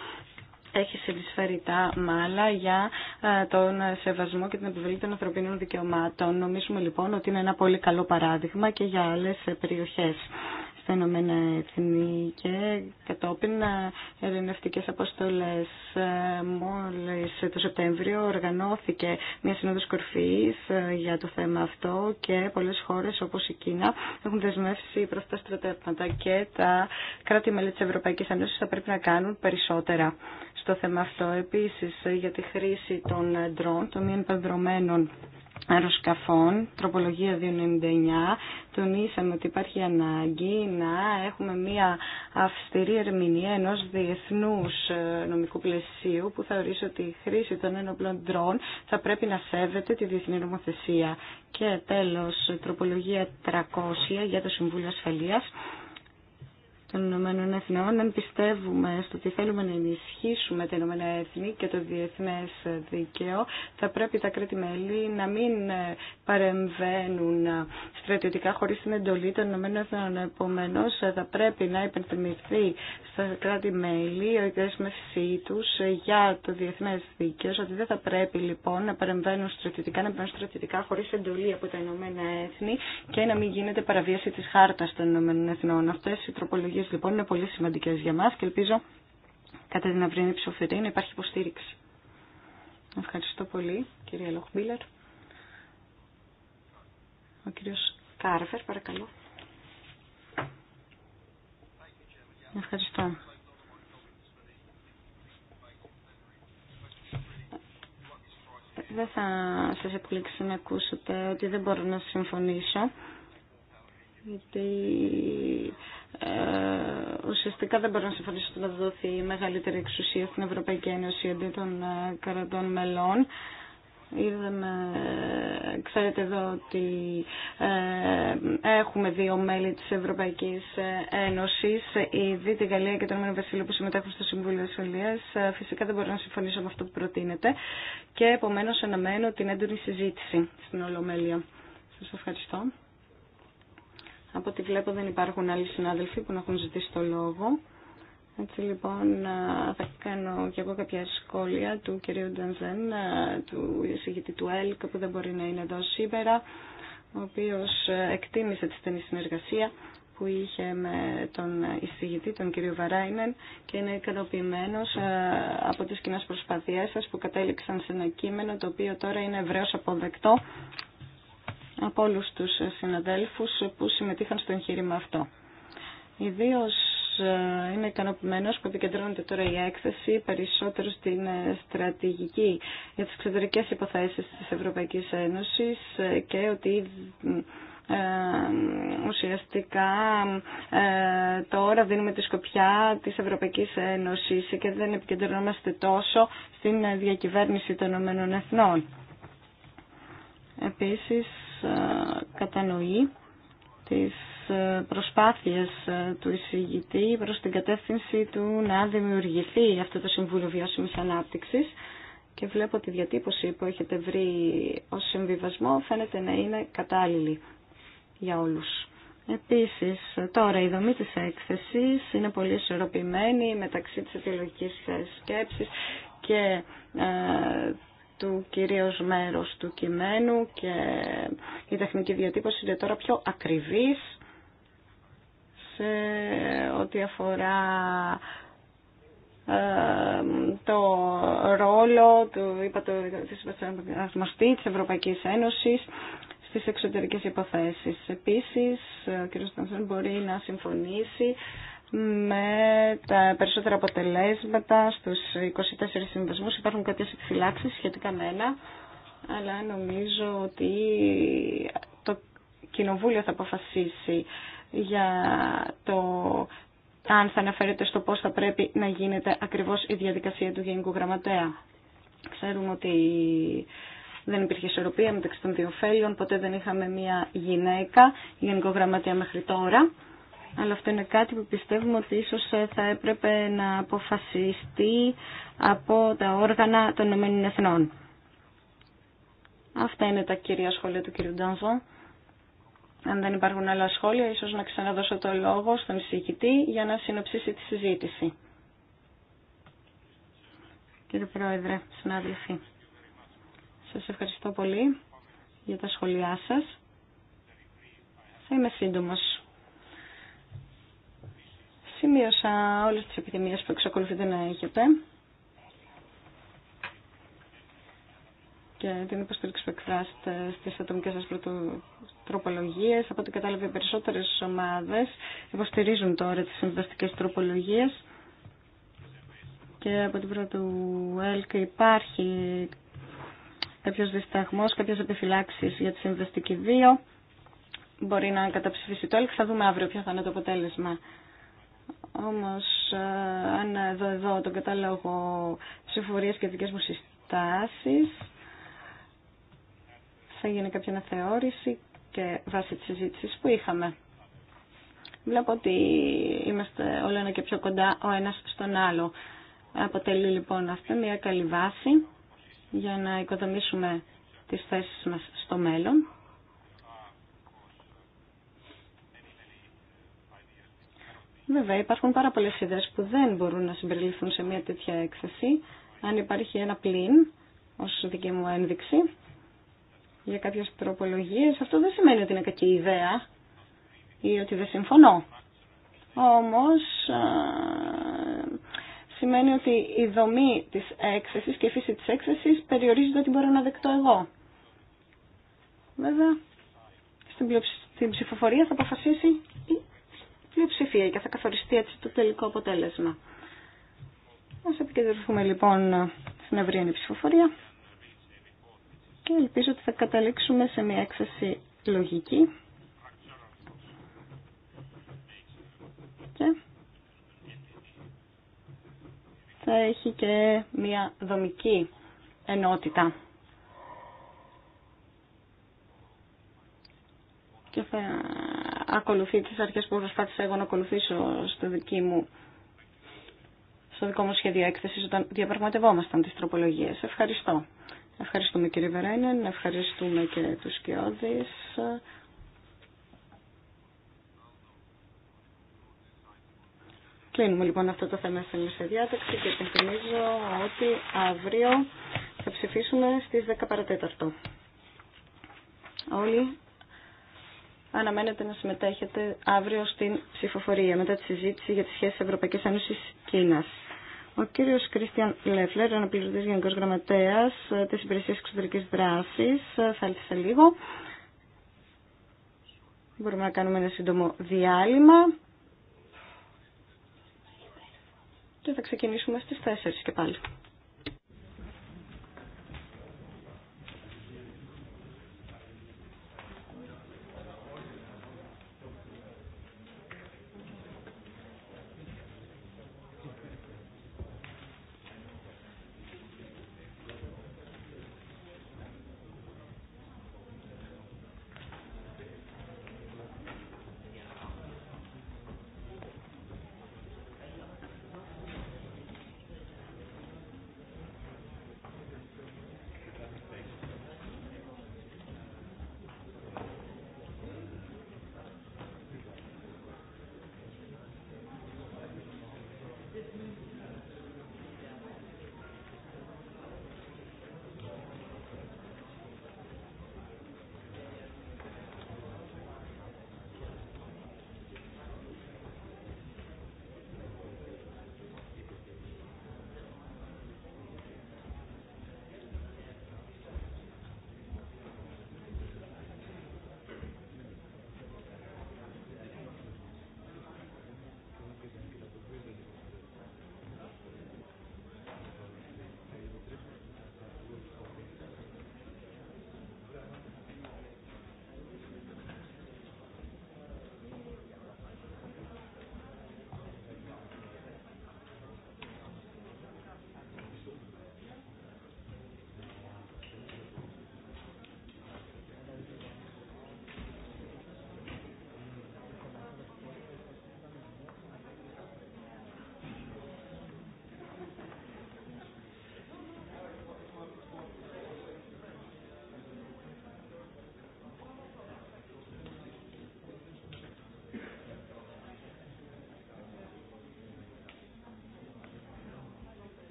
έχει συνεισφέρει τα μάλα για ε, τον σεβασμό και την επιβολή των ανθρωπίνων δικαιωμάτων. Νομίζουμε λοιπόν ότι είναι ένα πολύ καλό παράδειγμα και για άλλες περιοχές φαινομένα έθνη και κατόπιν ερευνευτικές αποστολές. Ε, μόλις το Σεπτέμβριο οργανώθηκε μια συνόδος κορφής ε, για το θέμα αυτό και πολλές χώρες όπως η Κίνα έχουν δεσμεύσει προς τα στρατεύματα και τα κράτη-μέλη της Ευρωπαϊκής Ένωσης θα πρέπει να κάνουν περισσότερα στο θέμα αυτό. Επίσης ε, για τη χρήση των ντρόν, των μη αεροσκαφών, τροπολογία 299, τονίσαμε ότι υπάρχει ανάγκη να έχουμε μία αυστηρή ερμηνεία ενός διεθνούς ε, νομικού πλαισίου που θα ορίσει ότι η χρήση των ενοπλών ντρόν θα πρέπει να σέβεται τη διεθνή νομοθεσία. Και τέλος, τροπολογία 300 για το Συμβούλιο Ασφαλείας των Ηνωμένων Εθνών, αν πιστεύουμε στο ότι θέλουμε να ενισχύσουμε τα Ηνωμένα Έθνη και το διεθνές δίκαιο, θα πρέπει τα κράτη-μέλη να μην παρεμβαίνουν στρατιωτικά χωρίς την εντολή των Ηνωμένων Εθνών. επομένω, θα πρέπει να υπενθυμηθεί στα κράτη-μέλη η δέσμευσή του για το διεθνές δίκαιο, ότι δεν θα πρέπει λοιπόν να παρεμβαίνουν στρατιωτικά, να παίρνουν στρατιωτικά χωρίς εντολή από τα Ηνωμένα Έθνη και να μην γίνεται παραβίαση της χάρτας των Ηνωμένων Εθνών. Αυτές λοιπόν είναι πολύ σημαντικές για μας και ελπίζω κατά την αυρινή ψηφοφορία να υπάρχει υποστήριξη. Ευχαριστώ πολύ κυρία Λοχμπίλερ. Ο κύριος Κάρφερ παρακαλώ. Ευχαριστώ. Δεν θα σας επιλέξει να ακούσετε ότι δεν μπορώ να συμφωνήσω. Γιατί ε, ουσιαστικά δεν μπορώ να συμφωνήσω ότι να δοθεί μεγαλύτερη εξουσία στην Ευρωπαϊκή Ένωση αντί των ε, κρατών μελών. Είδαμε, ε, ξέρετε εδώ ότι έχουμε δύο μέλη της Ευρωπαϊκής Ένωσης, ήδη τη Γαλλία και τον Μένο Βασίλειο που συμμετέχουν στο Συμβούλιο Ασφαλείας. Φυσικά δεν μπορώ να συμφωνήσω με αυτό που προτείνεται και επομένως αναμένω την έντονη συζήτηση στην Ολομέλεια. Σας ευχαριστώ. Από ό,τι βλέπω δεν υπάρχουν άλλοι συνάδελφοι που να έχουν ζητήσει το λόγο. Έτσι λοιπόν θα κάνω και εγώ κάποια σχόλια του κυρίου Ντανζέν, του εισηγητή του ΕΛΚ που δεν μπορεί να είναι εδώ σήμερα, ο οποίος εκτίμησε τη στενή συνεργασία που είχε με τον εισηγητή, τον κύριο Βαράινεν και είναι ικανοποιημένο από τις κοινέ προσπαθίες σας που κατέληξαν σε ένα κείμενο το οποίο τώρα είναι ευρέως αποδεκτό από όλους τους συναδέλφους που συμμετείχαν στο εγχείρημα αυτό. Ιδίω ε, είμαι ικανοποιημένο που επικεντρώνεται τώρα η έκθεση περισσότερο στην ε, στρατηγική για τις εξωτερικές υποθέσεις της Ευρωπαϊκής Ένωσης ε, και ότι ουσιαστικά τώρα δίνουμε τη σκοπιά της Ευρωπαϊκής Ένωσης και δεν επικεντρωνόμαστε τόσο στην διακυβέρνηση των Ηνωμένων Εθνών. Επίσης, ε, κατανοεί τις ε, προσπάθειες ε, του εισηγητή προς την κατεύθυνση του να δημιουργηθεί αυτό το Συμβούλιο Βιώσιμης Ανάπτυξης και βλέπω τη διατύπωση που έχετε βρει ως συμβιβασμό φαίνεται να είναι κατάλληλη για όλους. Επίσης, τώρα η δομή της έκθεσης είναι πολύ ισορροπημένη μεταξύ της αιτιολογικής σκέψης και του κυρίως μέρους του κειμένου και η τεχνική διατύπωση είναι τώρα πιο ακριβής σε ό,τι αφορά ε, το ρόλο του, είπα, το, της, εξωτερικέ της Ευρωπαϊκής Ένωσης στις εξωτερικές υποθέσεις. Επίσης, ο κ. Στανσόν μπορεί να συμφωνήσει με τα περισσότερα αποτελέσματα στους 24 συνδεσμούς. Υπάρχουν κάποιες επιφυλάξεις σχετικά με ένα, αλλά νομίζω ότι το Κοινοβούλιο θα αποφασίσει για το αν θα αναφέρεται στο πώς θα πρέπει να γίνεται ακριβώς η διαδικασία του Γενικού Γραμματέα. Ξέρουμε ότι δεν υπήρχε ισορροπία μεταξύ των δύο φέλιων, ποτέ δεν είχαμε μία γυναίκα γενικό γραμματέα μέχρι τώρα αλλά αυτό είναι κάτι που πιστεύουμε ότι ίσως ε, θα έπρεπε να αποφασιστεί από τα όργανα των Ηνωμένων Εθνών. Αυτά είναι τα κυρία σχόλια του κύριου Ντάνζο. Αν δεν υπάρχουν άλλα σχόλια, ίσως να ξαναδώσω το λόγο στον εισηγητή για να συνοψίσει τη συζήτηση. Κύριε Πρόεδρε, συνάδελφοι, σας ευχαριστώ πολύ για τα σχόλιά σας. Θα είμαι σύντομος. Σημείωσα όλες τις επιθυμίες που εξακολουθείτε να έχετε και την υποστήριξη που εκφράσετε στις ατομικές σας τροπολογίες. Από ό,τι κατάλαβε, περισσότερες ομάδες υποστηρίζουν τώρα τις συμβαστικές τροπολογίες και από την πρώτη του ΕΛΚ υπάρχει κάποιος δισταγμός, κάποιες επιφυλάξεις για τη συμβαστική 2. Μπορεί να καταψηφίσει το ΕΛΚ, θα δούμε αύριο ποιο θα είναι το αποτέλεσμα. Όμως, ε, αν δω εδώ τον κατάλογο ψηφορίας και δικές μου συστάσεις, θα γίνει κάποια αναθεώρηση και βάση της συζήτηση που είχαμε. Βλέπω ότι είμαστε όλο ένα και πιο κοντά ο ένας στον άλλο. Αποτελεί λοιπόν αυτή μια καλή βάση για να οικοδομήσουμε τις θέσεις μας στο μέλλον. Βέβαια, υπάρχουν πάρα πολλέ ιδέε που δεν μπορούν να συμπεριληφθούν σε μια τέτοια έκθεση. Αν υπάρχει ένα πλήν, ω δική μου ένδειξη, για κάποιε τροπολογίε, αυτό δεν σημαίνει ότι είναι κακή ιδέα ή ότι δεν συμφωνώ. Όμως, σημαίνει ότι η δομή της έκθεση και η φύση της έκθεσης περιορίζεται ότι μπορώ να δεκτώ εγώ. Βέβαια, στην, ψηφοφορία θα αποφασίσει πλειοψηφία και θα καθοριστεί έτσι το τελικό αποτέλεσμα. Α επικεντρωθούμε λοιπόν στην αυριανή ψηφοφορία και ελπίζω ότι θα καταλήξουμε σε μια έκθεση λογική και θα έχει και μια δομική ενότητα. Και θα ακολουθεί τις αρχές που προσπάθησα εγώ να ακολουθήσω στο, δική μου, στο δικό μου σχέδιο έκθεση όταν διαπραγματευόμασταν τις τροπολογίες. Ευχαριστώ. Ευχαριστούμε κύριε Βερένεν, ευχαριστούμε και τους Κιώδης. Κλείνουμε λοιπόν αυτό το θέμα στην σε διάταξη και υπενθυμίζω ότι αύριο θα ψηφίσουμε στις 10 παρατέταρτο. Όλοι αναμένετε να συμμετέχετε αύριο στην ψηφοφορία μετά τη συζήτηση για τις σχέσεις Ευρωπαϊκή Ένωση Κίνα. Ο κύριος Κρίστιαν Λέφλερ, αναπληρωτή Γενικό Γραμματέα τη Υπηρεσία Εξωτερικής Δράσης, θα έρθει σε λίγο. Μπορούμε να κάνουμε ένα σύντομο διάλειμμα. Και θα ξεκινήσουμε στις 4 και πάλι.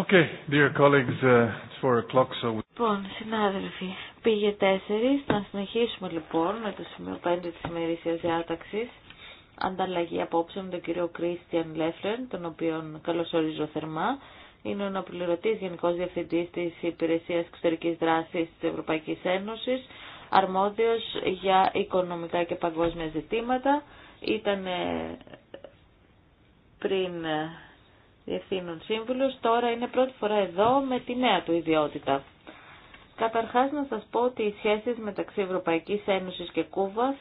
Okay, dear colleagues, uh, Λοιπόν, συνάδελφοι, πήγε τέσσερις. Να συνεχίσουμε λοιπόν με το σημείο πέντε της ημερήσιας διάταξης. Ανταλλαγή απόψε με τον κύριο Κρίστιαν Λέφρεν, τον οποίον καλωσορίζω θερμά. Είναι ο αναπληρωτής Γενικός Διευθυντής της Υπηρεσίας Εξωτερικής Δράσης της Ευρωπαϊκής Ένωσης, αρμόδιος για οικονομικά και παγκόσμια ζητήματα. Ήταν πριν ε, διευθύνων σύμβουλος. Τώρα είναι πρώτη φορά εδώ με τη νέα του ιδιότητα. Καταρχάς να σας πω ότι οι σχέσεις μεταξύ Ευρωπαϊκής Ένωσης και Κούβας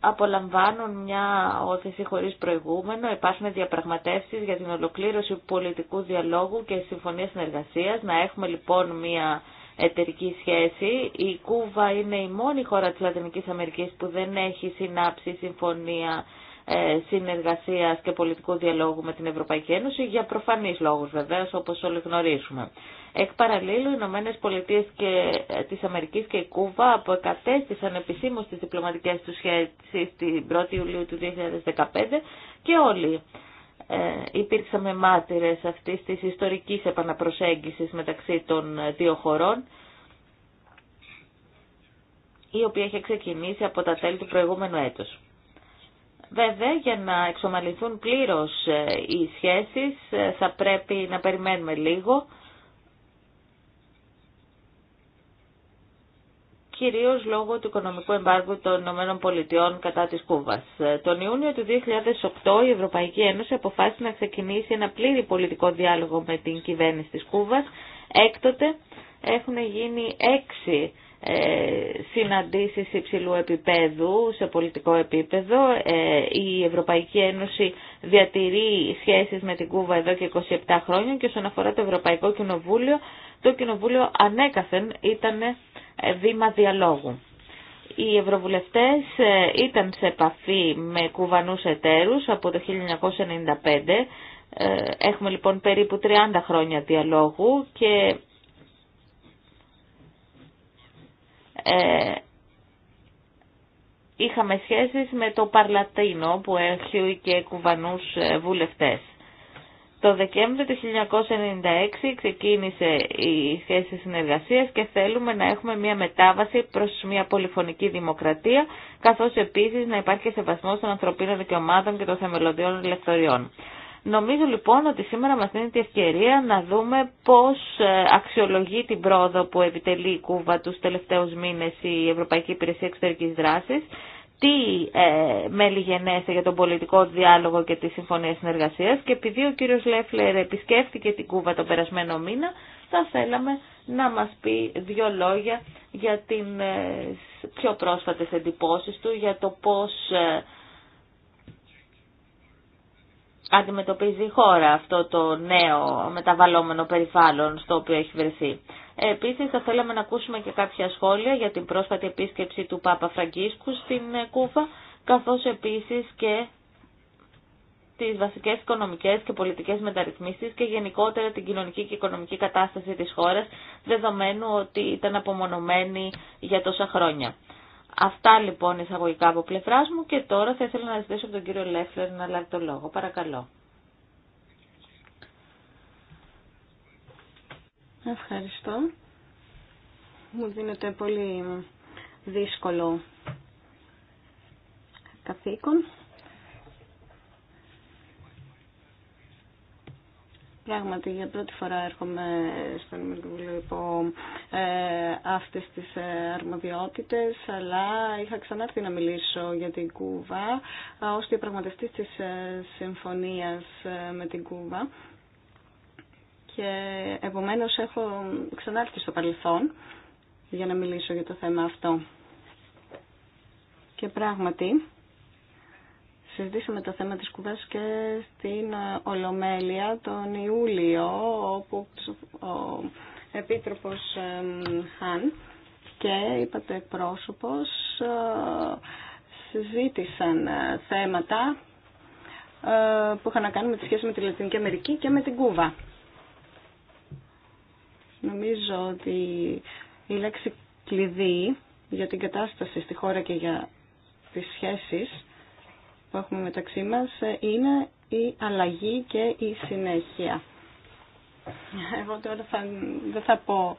απολαμβάνουν μια όθηση χωρί προηγούμενο. Υπάρχουν διαπραγματεύσει για την ολοκλήρωση πολιτικού διαλόγου και συμφωνία συνεργασία. Να έχουμε λοιπόν μια εταιρική σχέση. Η Κούβα είναι η μόνη χώρα τη Λατινική Αμερική που δεν έχει συνάψει συμφωνία ε, συνεργασίας και πολιτικού διαλόγου με την Ευρωπαϊκή Ένωση για προφανείς λόγους βεβαίως όπως όλοι γνωρίζουμε. Εκ παραλλήλου, οι Ηνωμένε Πολιτείε ε, της Αμερικής και η Κούβα αποκατέστησαν επισήμως τις διπλωματικές του σχέσεις την 1η Ιουλίου του 2015 και όλοι ε, υπήρξαμε μάρτυρες αυτής της ιστορικής επαναπροσέγγισης μεταξύ των ε, δύο χωρών η οποία είχε ξεκινήσει από τα τέλη του προηγούμενου έτους. Βέβαια, για να εξομαλυνθούν πλήρως ε, οι σχέσεις, ε, θα πρέπει να περιμένουμε λίγο. κυρίως λόγω του οικονομικού εμπάργου των Ηνωμένων Πολιτειών κατά της Κούβας. Ε, τον Ιούνιο του 2008 η Ευρωπαϊκή Ένωση αποφάσισε να ξεκινήσει ένα πλήρη πολιτικό διάλογο με την κυβέρνηση της Κούβας. Έκτοτε έχουν γίνει έξι ε, συναντήσεις υψηλού επίπεδου σε πολιτικό επίπεδο. Ε, η Ευρωπαϊκή Ένωση διατηρεί σχέσεις με την Κούβα εδώ και 27 χρόνια και όσον αφορά το Ευρωπαϊκό Κοινοβούλιο, το Κοινοβούλιο ανέκαθεν ήταν ε, βήμα διαλόγου. Οι Ευρωβουλευτές ήταν σε επαφή με κουβανούς εταίρους από το 1995. Έχουμε λοιπόν περίπου 30 χρόνια διαλόγου και Ε, είχαμε σχέσεις με το Παρλατίνο που έχει και κουβανούς ε, βουλευτές. Το Δεκέμβριο του 1996 ξεκίνησε η σχέση συνεργασίας και θέλουμε να έχουμε μια μετάβαση προς μια πολυφωνική δημοκρατία, καθώς επίσης να υπάρχει και σεβασμός των ανθρωπίνων δικαιωμάτων και των θεμελωδιών ελευθεριών. Νομίζω λοιπόν ότι σήμερα μας δίνει τη ευκαιρία να δούμε πώς ε, αξιολογεί την πρόοδο που επιτελεί η Κούβα τους τελευταίους μήνες η Ευρωπαϊκή Υπηρεσία Εξωτερικής Δράσης, τι ε, μέλη γενέστε για τον πολιτικό διάλογο και τη συμφωνία συνεργασίας και επειδή ο κύριος Λέφλερ επισκέφθηκε την Κούβα τον περασμένο μήνα, θα θέλαμε να μας πει δύο λόγια για τις ε, πιο πρόσφατες εντυπώσεις του, για το πώς ε, αντιμετωπίζει η χώρα αυτό το νέο μεταβαλλόμενο περιβάλλον στο οποίο έχει βρεθεί. Επίσης θα θέλαμε να ακούσουμε και κάποια σχόλια για την πρόσφατη επίσκεψη του Πάπα Φραγκίσκου στην Κούφα καθώς επίσης και τις βασικές οικονομικές και πολιτικές μεταρρυθμίσεις και γενικότερα την κοινωνική και οικονομική κατάσταση της χώρας, δεδομένου ότι ήταν απομονωμένη για τόσα χρόνια. Αυτά λοιπόν εισαγωγικά από πλευρά μου και τώρα θα ήθελα να ζητήσω από τον κύριο Λέφλερ να λάβει το λόγο. Παρακαλώ. Ευχαριστώ. Μου δίνεται πολύ δύσκολο καθήκον Πράγματι, για πρώτη φορά έρχομαι στον Μερκοβουλίο υπό ε, αυτές τις ε, αρμοδιότητες, αλλά είχα ξανάρθει να μιλήσω για την Κούβα ως διαπραγματευτής της ε, συμφωνίας ε, με την Κούβα και επομένως έχω ξανάρθει στο παρελθόν για να μιλήσω για το θέμα αυτό. Και πράγματι, συζητήσαμε το θέμα της Κούβας και στην ε, Ολομέλεια τον Ιούλιο, όπου ο Επίτροπος Χαν και είπατε πρόσωπος ε, συζήτησαν ε, θέματα που είχαν να κάνουν με τη σχέση με τη Λατινική Αμερική και με την Κούβα. Νομίζω ότι η λέξη κλειδί για την κατάσταση στη χώρα και για τις σχέσεις που έχουμε μεταξύ μας ε, είναι η αλλαγή και η συνέχεια. Εγώ τώρα δεν θα πω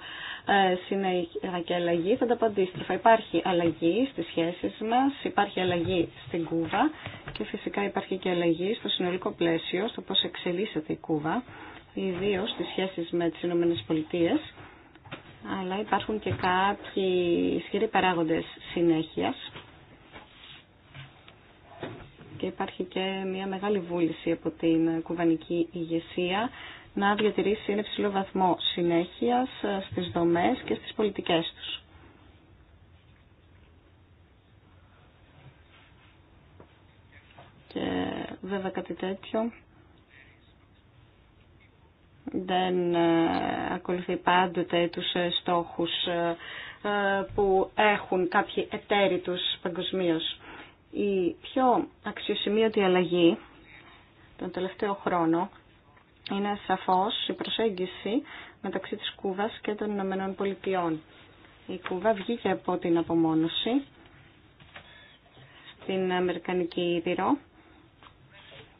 ε, συνέχεια και αλλαγή, θα τα πω αντίστροφα. Υπάρχει αλλαγή στις σχέσεις μας, υπάρχει αλλαγή στην Κούβα και φυσικά υπάρχει και αλλαγή στο συνολικό πλαίσιο, στο πώς εξελίσσεται η Κούβα, ιδίω στις σχέσεις με τις Ηνωμένες Πολιτείες. Αλλά υπάρχουν και κάποιοι ισχυροί παράγοντες συνέχειας υπάρχει και μια μεγάλη βούληση από την κουβανική ηγεσία να διατηρήσει ένα υψηλό βαθμό συνέχειας στις δομές και στις πολιτικές τους. Και βέβαια κάτι τέτοιο δεν ε, ακολουθεί πάντοτε τους ε, στόχους ε, που έχουν κάποιοι εταίροι τους παγκοσμίως. Η πιο αξιοσημείωτη αλλαγή τον τελευταίο χρόνο είναι σαφώς η προσέγγιση μεταξύ της Κούβας και των Ηνωμένων Πολιτειών. Η Κούβα βγήκε από την απομόνωση στην Αμερικανική Ήπειρο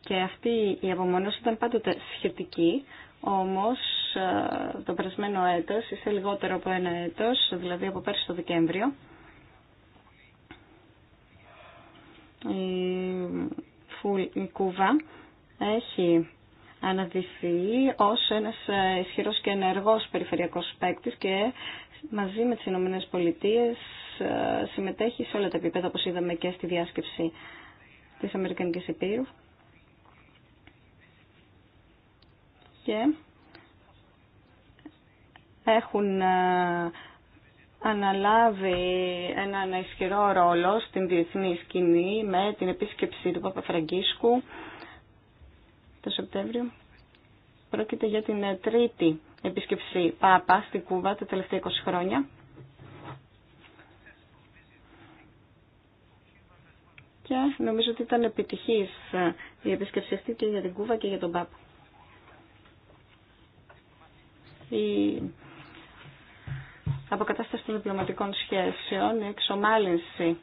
και αυτή η απομόνωση ήταν πάντοτε σχετική, όμως ε, το περασμένο έτος, είστε λιγότερο από ένα έτος, δηλαδή από πέρσι το Δεκέμβριο, η Κούβα έχει αναδυθεί ως ένας ισχυρός και ενεργός περιφερειακός παίκτη και μαζί με τις Ηνωμένε Πολιτείε ε, συμμετέχει σε όλα τα επίπεδα όπως είδαμε και στη διάσκεψη της Αμερικανικής Επίρου. Και έχουν ε, αναλάβει έναν ισχυρό ρόλο στην διεθνή σκηνή με την επίσκεψη του Φραγκίσκου το Σεπτέμβριο. Πρόκειται για την τρίτη επίσκεψη ΠΑΠΑ στην Κούβα τα τελευταία 20 χρόνια. Και νομίζω ότι ήταν επιτυχής η επίσκεψη αυτή και για την Κούβα και για τον ΠΑΠΑ. Η αποκατάσταση των διπλωματικών σχέσεων, η εξομάλυνση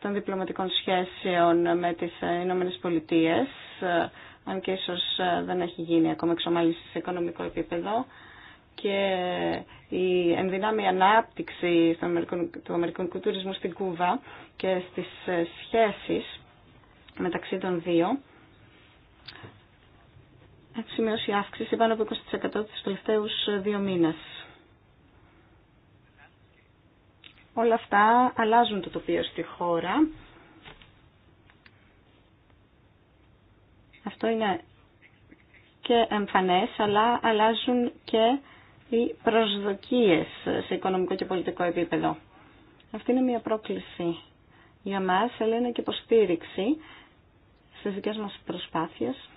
των διπλωματικών σχέσεων με τις ε, Ηνωμένε Πολιτείε, ε, αν και ίσως ε, δεν έχει γίνει ακόμα εξομάλυνση σε οικονομικό επίπεδο, και η ενδυνάμει ανάπτυξη του αμερικανικού τουρισμού στην Κούβα και στις σχέσεις μεταξύ των δύο έχει σημειώσει αύξηση πάνω από 20% τους τελευταίους δύο μήνες. Όλα αυτά αλλάζουν το τοπίο στη χώρα. Αυτό είναι και εμφανές, αλλά αλλάζουν και οι προσδοκίες σε οικονομικό και πολιτικό επίπεδο. Αυτή είναι μια πρόκληση για μας, αλλά είναι και υποστήριξη στις δικές μας προσπάθειες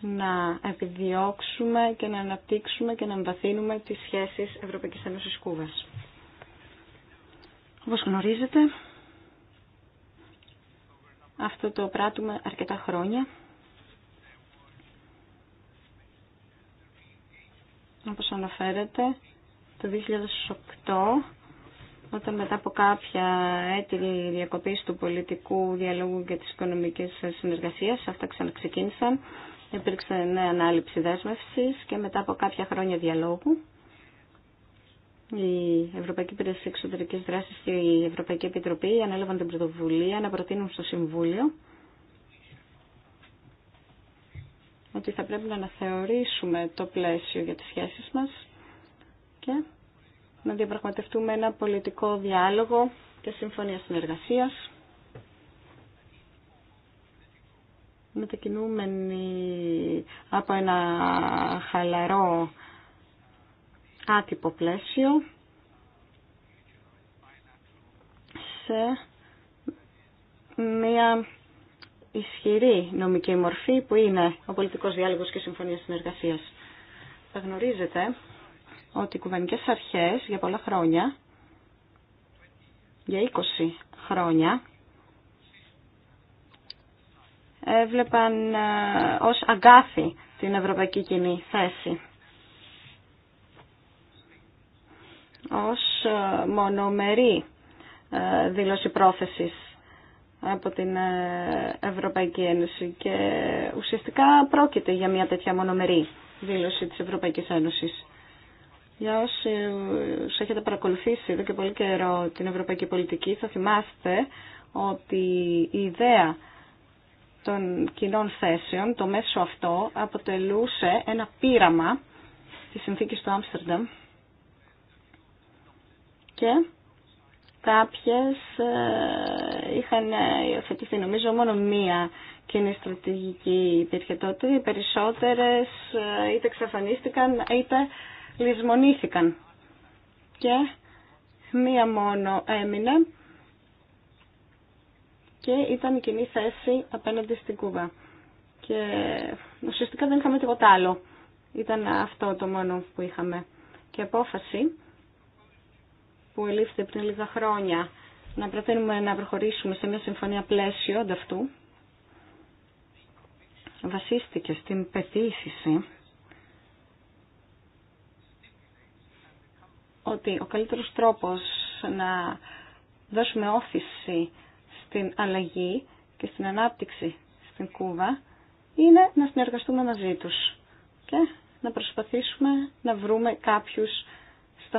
να επιδιώξουμε και να αναπτύξουμε και να εμβαθύνουμε τις σχέσεις Ευρωπαϊκής Ένωσης Κούβας. Όπως γνωρίζετε, αυτό το πράττουμε αρκετά χρόνια. Όπως αναφέρεται, το 2008 όταν μετά από κάποια έτη διακοπής του πολιτικού διαλόγου και της οικονομικής συνεργασίας, αυτά ξαναξεκίνησαν, υπήρξε νέα ανάληψη δέσμευσης και μετά από κάποια χρόνια διαλόγου, η Ευρωπαϊκή Υπηρεσία Εξωτερικής Δράσης και η Ευρωπαϊκή Επιτροπή ανέλαβαν την πρωτοβουλία να προτείνουν στο Συμβούλιο ότι θα πρέπει να αναθεωρήσουμε το πλαίσιο για τις σχέσεις μας και να διαπραγματευτούμε ένα πολιτικό διάλογο και συμφωνία συνεργασίας μετακινούμενοι από ένα χαλαρό άτυπο πλαίσιο σε μια ισχυρή νομική μορφή που είναι ο πολιτικός διάλογος και συμφωνία συνεργασίας. Θα γνωρίζετε ότι οι κουβανικές αρχές για πολλά χρόνια, για 20 χρόνια, έβλεπαν ε, ως αγκάθι την ευρωπαϊκή κοινή θέση. ως ε, μονομερή ε, δήλωση πρόθεσης από την ε, Ευρωπαϊκή Ένωση και ουσιαστικά πρόκειται για μια τέτοια μονομερή δήλωση της Ευρωπαϊκής Ένωσης. Για όσους έχετε παρακολουθήσει εδώ και πολύ καιρό την ευρωπαϊκή πολιτική θα θυμάστε ότι η ιδέα των κοινών θέσεων, το μέσο αυτό αποτελούσε ένα πείραμα της συνθήκης του Άμστερνταμ και κάποιες ε, είχαν υιοθετηθεί νομίζω μόνο μία κοινή στρατηγική υπήρχε τότε. Οι περισσότερες ε, είτε εξαφανίστηκαν είτε λησμονήθηκαν. Και μία μόνο έμεινε και ήταν η κοινή θέση απέναντι στην Κούβα. Και ουσιαστικά δεν είχαμε τίποτα άλλο. Ήταν αυτό το μόνο που είχαμε. Και απόφαση που ελήφθη πριν λίγα χρόνια να προτείνουμε να προχωρήσουμε σε μια συμφωνία πλαίσιο ανταυτού βασίστηκε στην πεποίθηση ότι ο καλύτερος τρόπος να δώσουμε όθηση στην αλλαγή και στην ανάπτυξη στην Κούβα είναι να συνεργαστούμε μαζί τους και να προσπαθήσουμε να βρούμε κάποιους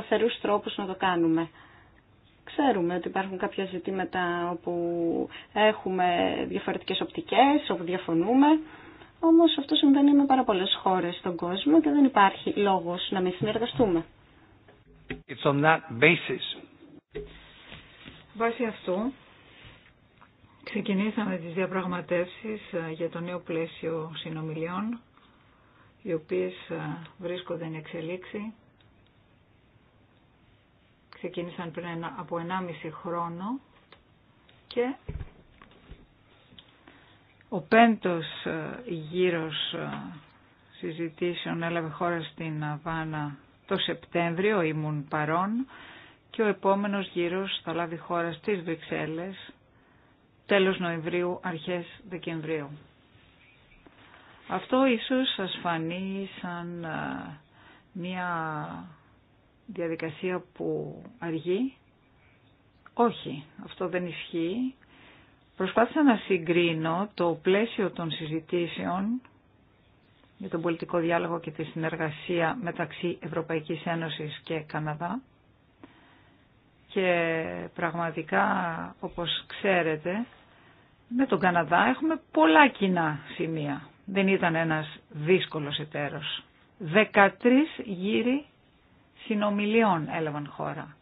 σταθερούς τρόπους να το κάνουμε. Ξέρουμε ότι υπάρχουν κάποια ζητήματα όπου έχουμε διαφορετικές οπτικές, όπου διαφωνούμε. Όμως αυτό συμβαίνει με πάρα πολλές χώρες στον κόσμο και δεν υπάρχει λόγος να μην συνεργαστούμε. It's on that basis. Βάσει αυτού, ξεκινήσαμε τις διαπραγματεύσεις ε, για το νέο πλαίσιο συνομιλιών, οι οποίες ε, βρίσκονται εν εξελίξη ξεκίνησαν πριν από 1,5 χρόνο και ο πέμπτος ε, γύρος ε, συζητήσεων έλαβε χώρα στην Αβάνα το Σεπτέμβριο, ήμουν παρόν και ο επόμενος γύρος θα λάβει χώρα στις Βρυξέλλες τέλος Νοεμβρίου, αρχές Δεκεμβρίου. Αυτό ίσως σας φανεί σαν ε, μια διαδικασία που αργεί. Όχι, αυτό δεν ισχύει. Προσπάθησα να συγκρίνω το πλαίσιο των συζητήσεων για τον πολιτικό διάλογο και τη συνεργασία μεταξύ Ευρωπαϊκής Ένωσης και Καναδά. Και πραγματικά, όπως ξέρετε, με τον Καναδά έχουμε πολλά κοινά σημεία. Δεν ήταν ένας δύσκολος εταίρος. 13 γύρι συνομιλιών έλαβαν χώρα.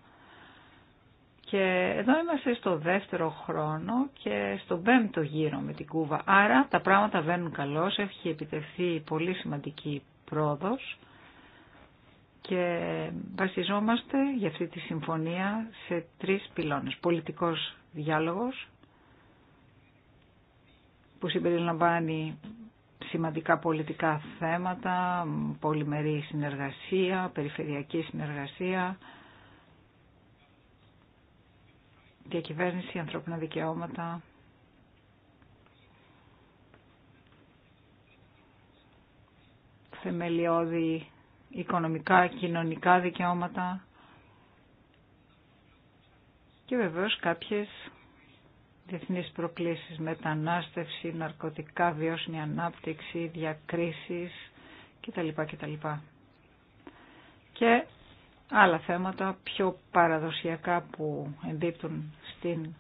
Και εδώ είμαστε στο δεύτερο χρόνο και στον πέμπτο γύρο με την Κούβα. Άρα τα πράγματα βαίνουν καλώς, έχει επιτευχθεί πολύ σημαντική πρόοδος και βασιζόμαστε για αυτή τη συμφωνία σε τρεις πυλώνες. Πολιτικός διάλογος που συμπεριλαμβάνει σημαντικά πολιτικά θέματα, πολυμερή συνεργασία, περιφερειακή συνεργασία, διακυβέρνηση, ανθρώπινα δικαιώματα. θεμελιώδη οικονομικά, κοινωνικά δικαιώματα και βεβαίως κάποιες διεθνείς προκλήσεις, μετανάστευση, ναρκωτικά, βιώσιμη ανάπτυξη, διακρίσεις κτλ. κτλ. Και άλλα θέματα πιο παραδοσιακά που εμπίπτουν στην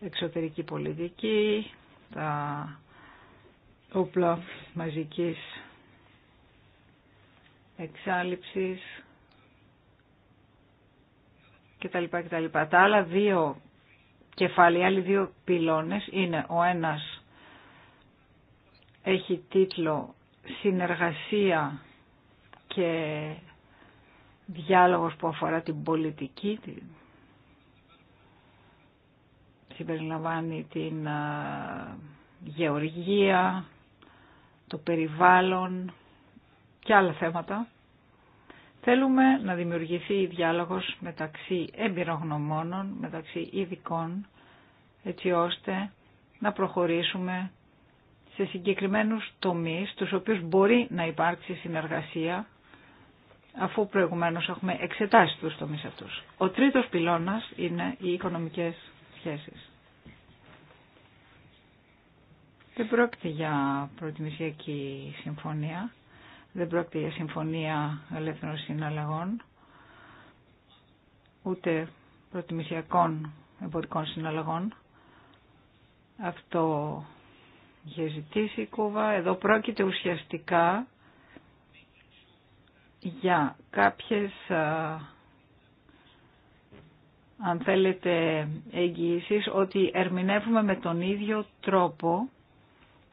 εξωτερική πολιτική, τα όπλα μαζικής εξάλληψης κτλ. κτλ. Τα άλλα δύο κεφάλαια, οι άλλοι δύο πυλώνες είναι ο ένας έχει τίτλο «Συνεργασία και διάλογος που αφορά την πολιτική», συμπεριλαμβάνει την γεωργία, το περιβάλλον και άλλα θέματα. Θέλουμε να δημιουργηθεί διάλογος μεταξύ εμπειρογνωμόνων, μεταξύ ειδικών, έτσι ώστε να προχωρήσουμε σε συγκεκριμένους τομείς, στους οποίους μπορεί να υπάρξει συνεργασία, αφού προηγουμένως έχουμε εξετάσει τους τομείς αυτούς. Ο τρίτος πυλώνας είναι οι οικονομικές σχέσεις. Δεν πρόκειται για προτιμησιακή συμφωνία. Δεν πρόκειται για συμφωνία ελεύθερων συναλλαγών, ούτε προτιμησιακών εμπορικών συναλλαγών. Αυτό είχε ζητήσει η Κούβα. Εδώ πρόκειται ουσιαστικά για κάποιες, αν θέλετε, εγγυήσεις ότι ερμηνεύουμε με τον ίδιο τρόπο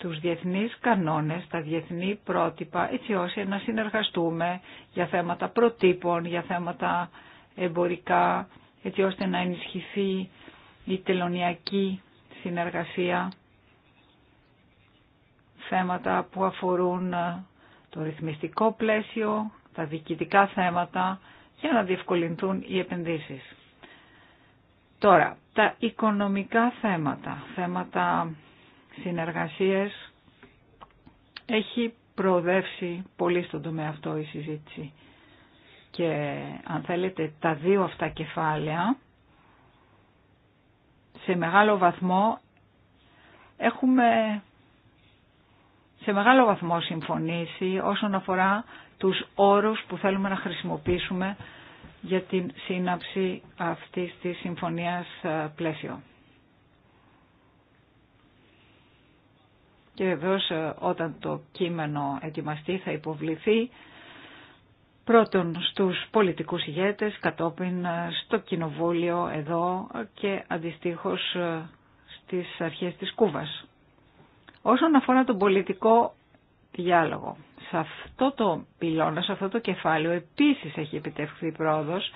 τους διεθνείς κανόνες, τα διεθνή πρότυπα, έτσι ώστε να συνεργαστούμε για θέματα προτύπων, για θέματα εμπορικά, έτσι ώστε να ενισχυθεί η τελωνιακή συνεργασία, θέματα που αφορούν ε, το ρυθμιστικό πλαίσιο, τα διοικητικά θέματα, για να διευκολυνθούν οι επενδύσεις. Τώρα, τα οικονομικά θέματα, θέματα συνεργασίες έχει προοδεύσει πολύ στον τομέα αυτό η συζήτηση. Και αν θέλετε τα δύο αυτά κεφάλαια σε μεγάλο βαθμό έχουμε σε μεγάλο βαθμό συμφωνήσει όσον αφορά τους όρους που θέλουμε να χρησιμοποιήσουμε για την σύναψη αυτής της συμφωνίας ε, πλαίσιο. και βεβαίως ε, όταν το κείμενο ετοιμαστεί θα υποβληθεί πρώτον στους πολιτικούς ηγέτες, κατόπιν ε, στο κοινοβούλιο εδώ και αντιστοίχως ε, στις αρχές της Κούβας. Όσον αφορά τον πολιτικό διάλογο, σε αυτό το πυλώνα, σε αυτό το κεφάλαιο επίσης έχει επιτευχθεί πρόοδος,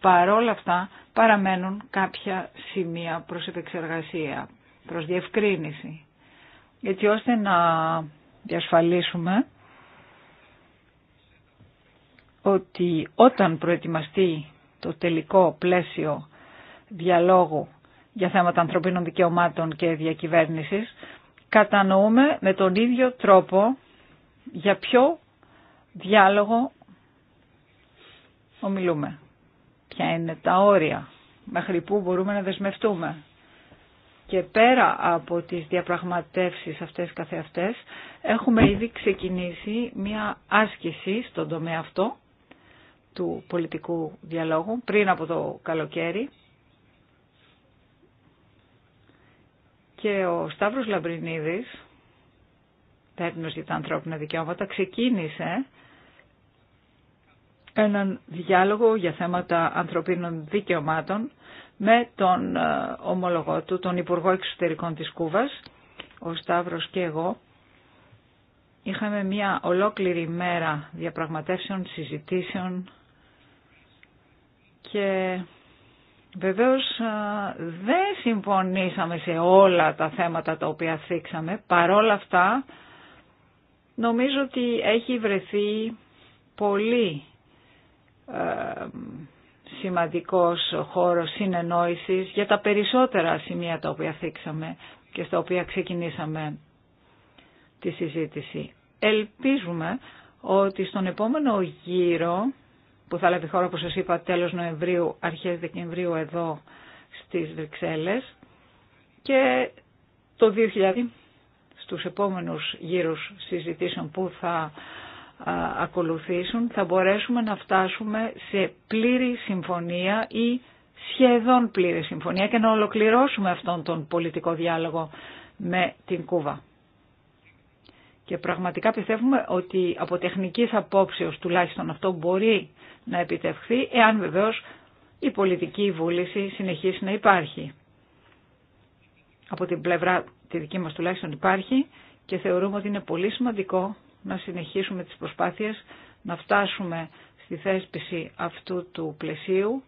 παρόλα αυτά παραμένουν κάποια σημεία προς επεξεργασία, προς διευκρίνηση έτσι ώστε να διασφαλίσουμε ότι όταν προετοιμαστεί το τελικό πλαίσιο διαλόγου για θέματα ανθρωπίνων δικαιωμάτων και διακυβέρνησης, κατανοούμε με τον ίδιο τρόπο για ποιο διάλογο ομιλούμε. Ποια είναι τα όρια, μέχρι πού μπορούμε να δεσμευτούμε και πέρα από τις διαπραγματεύσεις αυτές καθεαυτές έχουμε ήδη ξεκινήσει μια άσκηση στον τομέα αυτό του πολιτικού διαλόγου πριν από το καλοκαίρι και ο Σταύρος Λαμπρινίδης πέρνος για τα ανθρώπινα δικαιώματα ξεκίνησε έναν διάλογο για θέματα ανθρωπίνων δικαιωμάτων με τον ε, ομολογό του, τον Υπουργό Εξωτερικών της Κούβας, ο Σταύρος και εγώ, είχαμε μια ολόκληρη μέρα διαπραγματεύσεων, συζητήσεων και βεβαίως ε, δεν συμφωνήσαμε σε όλα τα θέματα τα οποία θίξαμε. Παρόλα αυτά νομίζω ότι έχει βρεθεί πολύ ε, σημαντικός χώρος συνεννόησης για τα περισσότερα σημεία τα οποία θίξαμε και στα οποία ξεκινήσαμε τη συζήτηση. Ελπίζουμε ότι στον επόμενο γύρο που θα λάβει χώρα όπως σας είπα τέλος Νοεμβρίου, αρχές Δεκεμβρίου εδώ στις Βρυξέλλες και το 2000 στους επόμενους γύρους συζητήσεων που θα ακολουθήσουν θα μπορέσουμε να φτάσουμε σε πλήρη συμφωνία ή σχεδόν πλήρη συμφωνία και να ολοκληρώσουμε αυτόν τον πολιτικό διάλογο με την Κούβα. Και πραγματικά πιστεύουμε ότι από τεχνικής απόψεως τουλάχιστον αυτό μπορεί να επιτευχθεί εάν βεβαίως η πολιτική βούληση συνεχίσει να υπάρχει. Από την πλευρά τη δική μας τουλάχιστον υπάρχει και θεωρούμε ότι είναι πολύ σημαντικό να συνεχίσουμε τις προσπάθειες, να φτάσουμε στη θέσπιση αυτού του πλαισίου,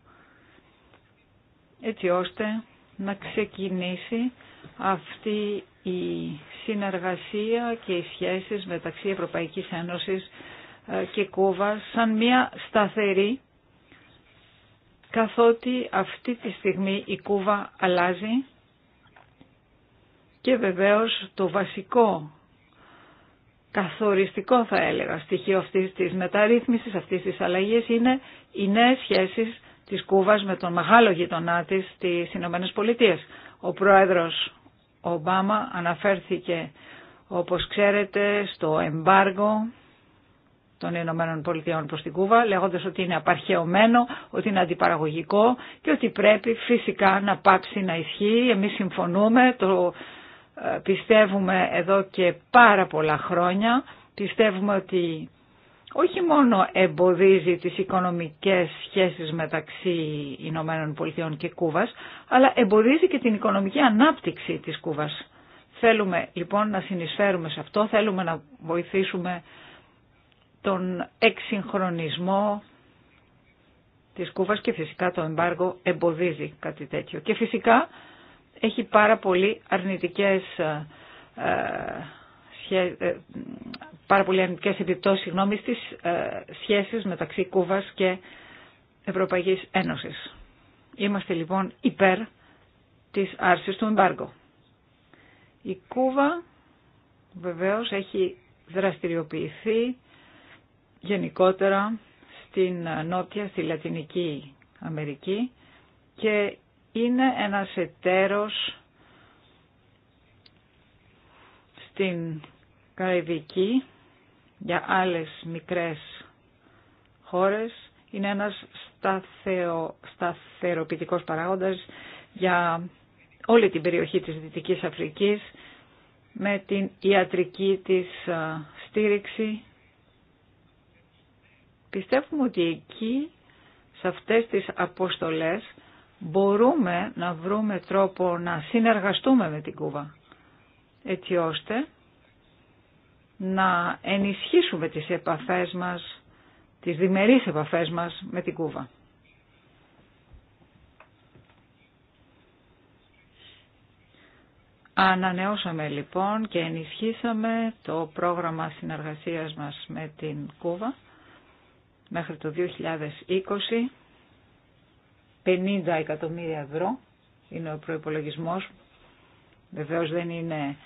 έτσι ώστε να ξεκινήσει αυτή η συνεργασία και οι σχέσεις μεταξύ Ευρωπαϊκής Ένωσης ε, και Κούβα σαν μια σταθερή καθότι αυτή τη στιγμή η Κούβα αλλάζει και βεβαίως το βασικό καθοριστικό θα έλεγα στοιχείο αυτής της μεταρρύθμισης, αυτής της αλλαγής είναι οι νέες σχέσεις της Κούβας με τον μεγάλο γειτονά της στις Ηνωμένες Πολιτείες. Ο πρόεδρος Ομπάμα αναφέρθηκε όπως ξέρετε στο εμπάργο των Ηνωμένων Πολιτειών προς την Κούβα λέγοντας ότι είναι απαρχαιωμένο, ότι είναι αντιπαραγωγικό και ότι πρέπει φυσικά να πάψει να ισχύει. Εμείς συμφωνούμε, το πιστεύουμε εδώ και πάρα πολλά χρόνια. Πιστεύουμε ότι όχι μόνο εμποδίζει τις οικονομικές σχέσεις μεταξύ Ηνωμένων Πολιτειών και Κούβας, αλλά εμποδίζει και την οικονομική ανάπτυξη της Κούβας. Θέλουμε λοιπόν να συνεισφέρουμε σε αυτό, θέλουμε να βοηθήσουμε τον εξυγχρονισμό της Κούβας και φυσικά το εμπάργο εμποδίζει κάτι τέτοιο. Και φυσικά έχει πάρα πολύ αρνητικές ε, ε, ε, πάρα πολύ αρνητικές επιπτώσεις συγγνώμη, στις σχέσεις μεταξύ Κούβας και Ευρωπαϊκής Ένωσης. Είμαστε λοιπόν υπέρ της άρσης του εμπάργου. Η Κούβα βεβαίως έχει δραστηριοποιηθεί γενικότερα στην Νότια, στη Λατινική Αμερική και είναι ένας εταίρος στην Καραϊβική για άλλες μικρές χώρες. Είναι ένας σταθεο, σταθεροποιητικός παράγοντας για όλη την περιοχή της Δυτικής Αφρικής με την ιατρική της στήριξη. Πιστεύουμε ότι εκεί, σε αυτές τις αποστολές, μπορούμε να βρούμε τρόπο να συνεργαστούμε με την Κούβα έτσι ώστε να ενισχύσουμε τις επαφές μας, τις διμερείς επαφές μας με την Κούβα. Ανανεώσαμε λοιπόν και ενισχύσαμε το πρόγραμμα συνεργασίας μας με την Κούβα μέχρι το 2020 50 εκατομμύρια ευρώ είναι ο προϋπολογισμός. Βεβαίως δεν είναι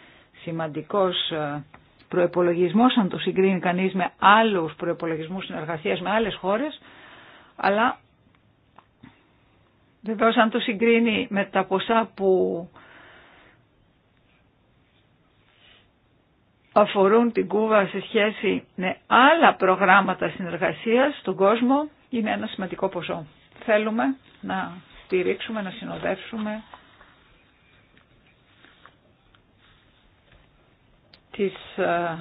σημαντικός ε, προϋπολογισμός αν το συγκρίνει κανείς με άλλους προϋπολογισμούς συνεργασίας με άλλες χώρες, αλλά βεβαίως αν το συγκρίνει με τα ποσά που αφορούν την Κούβα σε σχέση με άλλα προγράμματα συνεργασίας στον κόσμο, είναι ένα σημαντικό ποσό θέλουμε να στηρίξουμε, να συνοδεύσουμε τις ε,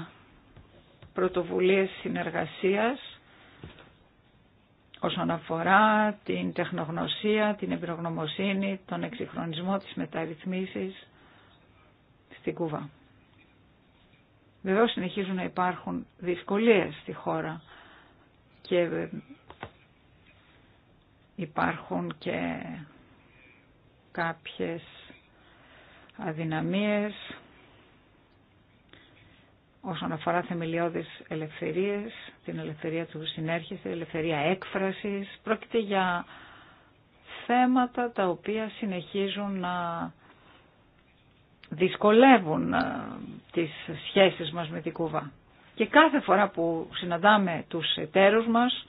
πρωτοβουλίες συνεργασίας όσον αφορά την τεχνογνωσία, την εμπειρογνωμοσύνη, τον εξυγχρονισμό της μεταρρυθμίσεις στην Κούβα. Βεβαίως συνεχίζουν να υπάρχουν δυσκολίες στη χώρα και Υπάρχουν και κάποιες αδυναμίες όσον αφορά θεμελιώδεις ελευθερίες, την ελευθερία του συνέρχεσθε, η ελευθερία έκφρασης. Πρόκειται για θέματα τα οποία συνεχίζουν να δυσκολεύουν ε, τις σχέσεις μας με την Κούβα. Και κάθε φορά που συναντάμε τους εταίρους μας,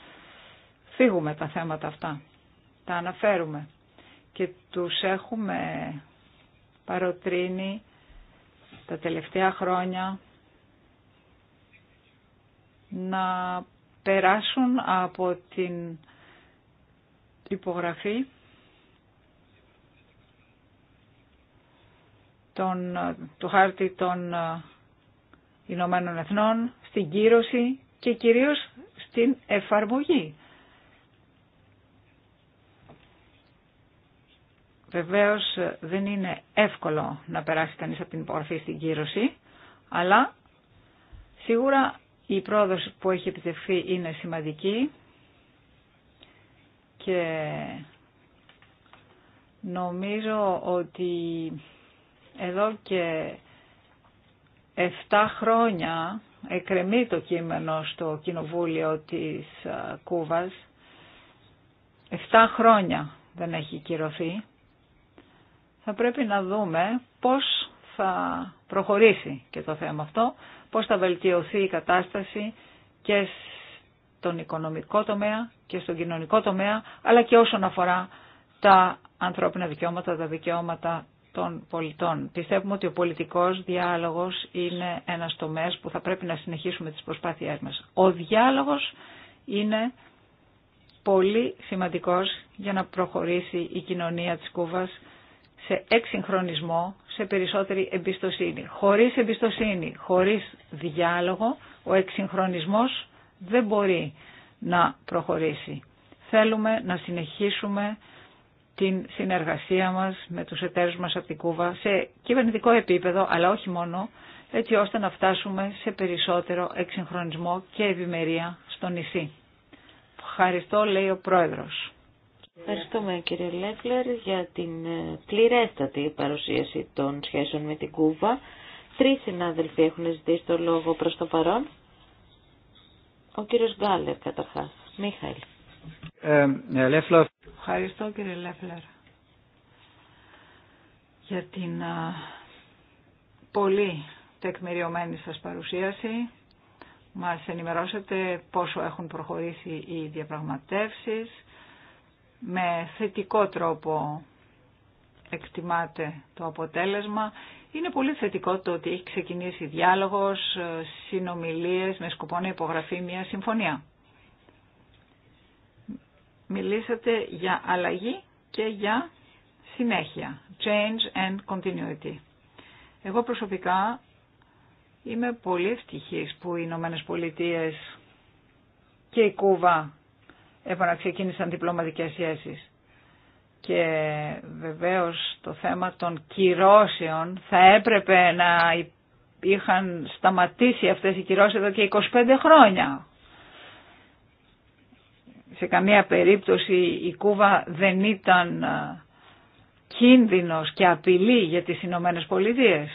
φύγουμε τα θέματα αυτά τα αναφέρουμε και τους έχουμε παροτρύνει τα τελευταία χρόνια να περάσουν από την υπογραφή των, του χάρτη των Ηνωμένων Εθνών στην κύρωση και κυρίως στην εφαρμογή. Βεβαίως ε, δεν είναι εύκολο να περάσει κανείς από την υπογραφή στην κύρωση, αλλά σίγουρα η πρόοδος που έχει επιτευχθεί είναι σημαντική και νομίζω ότι εδώ και 7 χρόνια εκρεμεί το κείμενο στο Κοινοβούλιο της ε, Κούβας. 7 χρόνια δεν έχει κυρωθεί θα πρέπει να δούμε πώς θα προχωρήσει και το θέμα αυτό, πώς θα βελτιωθεί η κατάσταση και στον οικονομικό τομέα και στον κοινωνικό τομέα, αλλά και όσον αφορά τα ανθρώπινα δικαιώματα, τα δικαιώματα των πολιτών. Πιστεύουμε ότι ο πολιτικός διάλογος είναι ένας τομέας που θα πρέπει να συνεχίσουμε τις προσπάθειές μας. Ο διάλογος είναι πολύ σημαντικός για να προχωρήσει η κοινωνία της Κούβας σε εξυγχρονισμό, σε περισσότερη εμπιστοσύνη. Χωρίς εμπιστοσύνη, χωρίς διάλογο, ο εξυγχρονισμός δεν μπορεί να προχωρήσει. Θέλουμε να συνεχίσουμε την συνεργασία μας με τους εταίρους μας από την Κούβα σε κυβερνητικό επίπεδο, αλλά όχι μόνο, έτσι ώστε να φτάσουμε σε περισσότερο εξυγχρονισμό και ευημερία στο νησί. Ευχαριστώ, λέει ο Πρόεδρος. Ευχαριστούμε κύριε Λέφλερ για την ε, πληρέστατη παρουσίαση των σχέσεων με την Κούβα. Τρεις συνάδελφοι έχουν ζητήσει το λόγο προς το παρόν. Ο κύριος Γκάλερ καταρχάς. Μίχαηλ. Ε, ε Ευχαριστώ κύριε Λέφλερ για την πολύ τεκμηριωμένη σας παρουσίαση. Μας ενημερώσετε πόσο έχουν προχωρήσει οι διαπραγματεύσεις με θετικό τρόπο εκτιμάται το αποτέλεσμα. Είναι πολύ θετικό το ότι έχει ξεκινήσει διάλογος, συνομιλίες με σκοπό να υπογραφεί μια συμφωνία. Μιλήσατε για αλλαγή και για συνέχεια. Change and continuity. Εγώ προσωπικά είμαι πολύ ευτυχής που οι Ηνωμένε Πολιτείε και η Κούβα επαναξεκίνησαν διπλωματικές σχέσεις. Και βεβαίως το θέμα των κυρώσεων θα έπρεπε να είχαν σταματήσει αυτές οι κυρώσεις εδώ και 25 χρόνια. Σε καμία περίπτωση η Κούβα δεν ήταν κίνδυνος και απειλή για τις Ηνωμένε Πολιτείε.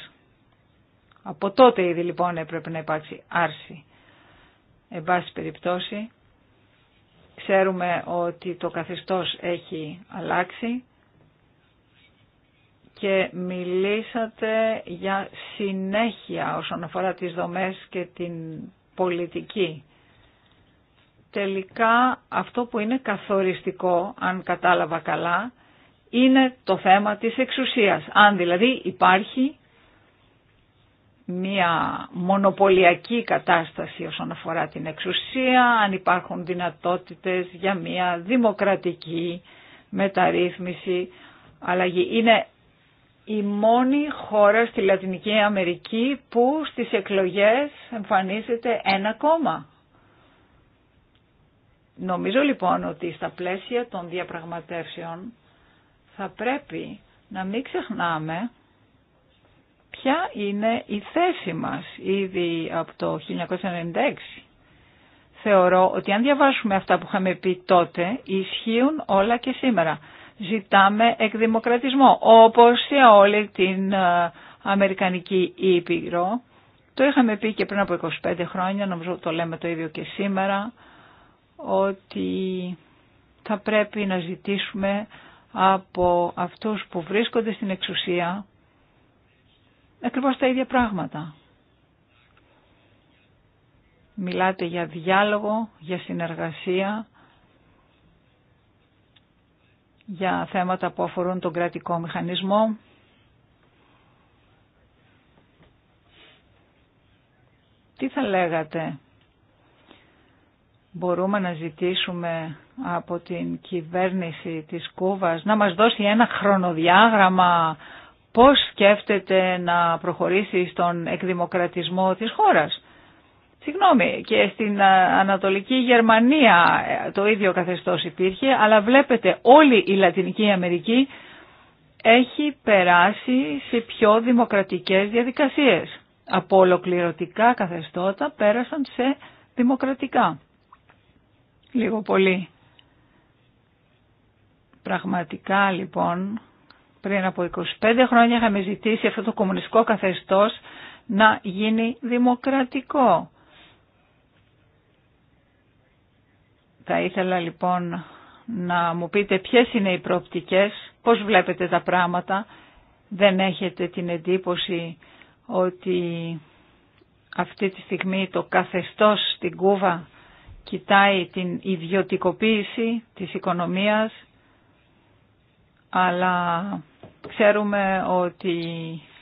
Από τότε ήδη λοιπόν έπρεπε να υπάρξει άρση. Εν πάση περιπτώσει Ξέρουμε ότι το καθεστώς έχει αλλάξει και μιλήσατε για συνέχεια όσον αφορά τις δομές και την πολιτική. Τελικά αυτό που είναι καθοριστικό, αν κατάλαβα καλά, είναι το θέμα της εξουσίας. Αν δηλαδή υπάρχει μία μονοπωλιακή κατάσταση όσον αφορά την εξουσία, αν υπάρχουν δυνατότητες για μία δημοκρατική μεταρρύθμιση, αλλαγή. Είναι η μόνη χώρα στη Λατινική Αμερική που στις εκλογές εμφανίζεται ένα κόμμα. Νομίζω λοιπόν ότι στα πλαίσια των διαπραγματεύσεων θα πρέπει να μην ξεχνάμε ποια είναι η θέση μας ήδη από το 1996. Θεωρώ ότι αν διαβάσουμε αυτά που είχαμε πει τότε, ισχύουν όλα και σήμερα. Ζητάμε εκδημοκρατισμό, όπως σε όλη την ε, Αμερικανική Ήπειρο. Το είχαμε πει και πριν από 25 χρόνια, νομίζω το λέμε το ίδιο και σήμερα, ότι θα πρέπει να ζητήσουμε από αυτούς που βρίσκονται στην εξουσία ακριβώς τα ίδια πράγματα. Μιλάτε για διάλογο, για συνεργασία, για θέματα που αφορούν τον κρατικό μηχανισμό. Τι θα λέγατε, μπορούμε να ζητήσουμε από την κυβέρνηση της Κούβας να μας δώσει ένα χρονοδιάγραμμα πώς σκέφτεται να προχωρήσει στον εκδημοκρατισμό της χώρας. Συγγνώμη, και στην ε, Ανατολική Γερμανία ε, το ίδιο καθεστώς υπήρχε, αλλά βλέπετε όλη η Λατινική Αμερική έχει περάσει σε πιο δημοκρατικές διαδικασίες. Από ολοκληρωτικά καθεστώτα πέρασαν σε δημοκρατικά. Λίγο πολύ. Πραγματικά λοιπόν πριν από 25 χρόνια είχαμε ζητήσει αυτό το κομμουνιστικό καθεστώς να γίνει δημοκρατικό. Θα ήθελα λοιπόν να μου πείτε ποιες είναι οι προοπτικές, πώς βλέπετε τα πράγματα. Δεν έχετε την εντύπωση ότι αυτή τη στιγμή το καθεστώς στην Κούβα κοιτάει την ιδιωτικοποίηση της οικονομίας, αλλά Ξέρουμε ότι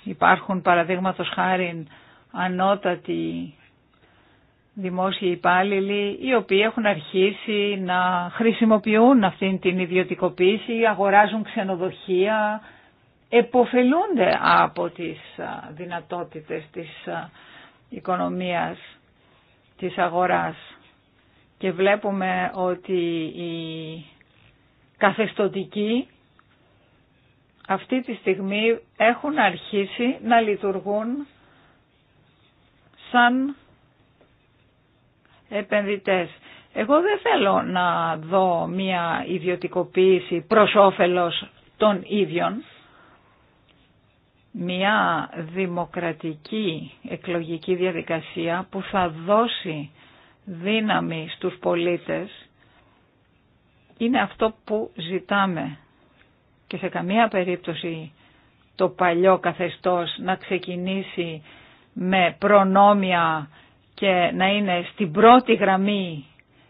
υπάρχουν παραδείγματο χάρη ανώτατοι δημόσιοι υπάλληλοι οι οποίοι έχουν αρχίσει να χρησιμοποιούν αυτήν την ιδιωτικοποίηση, αγοράζουν ξενοδοχεία, εποφελούνται από τις δυνατότητες της οικονομίας, της αγοράς. Και βλέπουμε ότι η καθεστοτική αυτή τη στιγμή έχουν αρχίσει να λειτουργούν σαν επενδυτές. Εγώ δεν θέλω να δω μια ιδιωτικοποίηση προς όφελος των ίδιων. Μια δημοκρατική εκλογική διαδικασία που θα δώσει δύναμη στους πολίτες είναι αυτό που ζητάμε και σε καμία περίπτωση το παλιό καθεστώς να ξεκινήσει με προνόμια και να είναι στην πρώτη γραμμή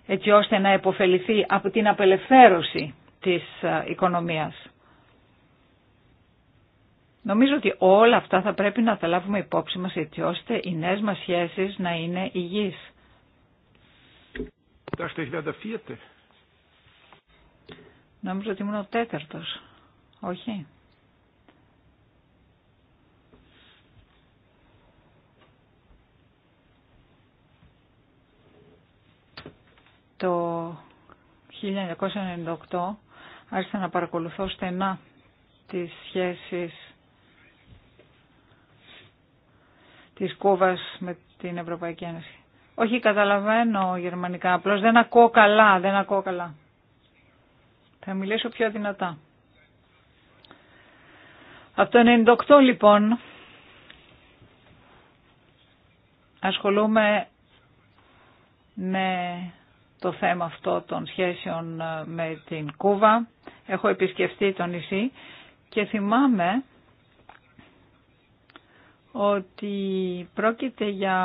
έτσι ώστε να επωφεληθεί από την απελευθέρωση της ε, οικονομίας. Νομίζω ότι όλα αυτά θα πρέπει να τα λάβουμε υπόψη μας έτσι ώστε οι νέες μας σχέσεις να είναι υγιείς. Νομίζω ότι ήμουν ο τέταρτος. Όχι. Το 1998 άρχισα να παρακολουθώ στενά τις σχέσεις της Κούβας με την Ευρωπαϊκή Ένωση. Όχι, καταλαβαίνω γερμανικά, απλώς δεν ακούω καλά, δεν ακούω καλά. Θα μιλήσω πιο δυνατά. Από το 98 λοιπόν ασχολούμαι με το θέμα αυτό των σχέσεων ε, με την Κούβα. Έχω επισκεφτεί το νησί και θυμάμαι ότι πρόκειται για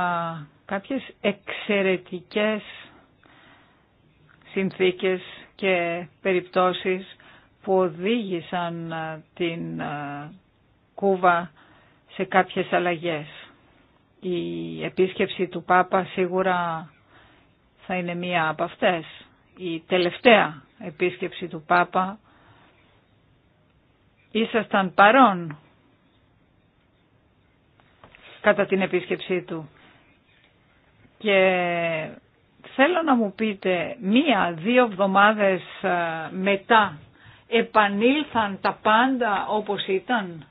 κάποιες εξαιρετικές συνθήκες και περιπτώσεις που οδήγησαν ε, την ε, Κούβα σε κάποιες αλλαγές. Η επίσκεψη του Πάπα σίγουρα θα είναι μία από αυτές. Η τελευταία επίσκεψη του Πάπα ήσασταν παρόν κατά την επίσκεψή του. Και θέλω να μου πείτε μία-δύο εβδομάδες ε, μετά επανήλθαν τα πάντα όπως ήταν.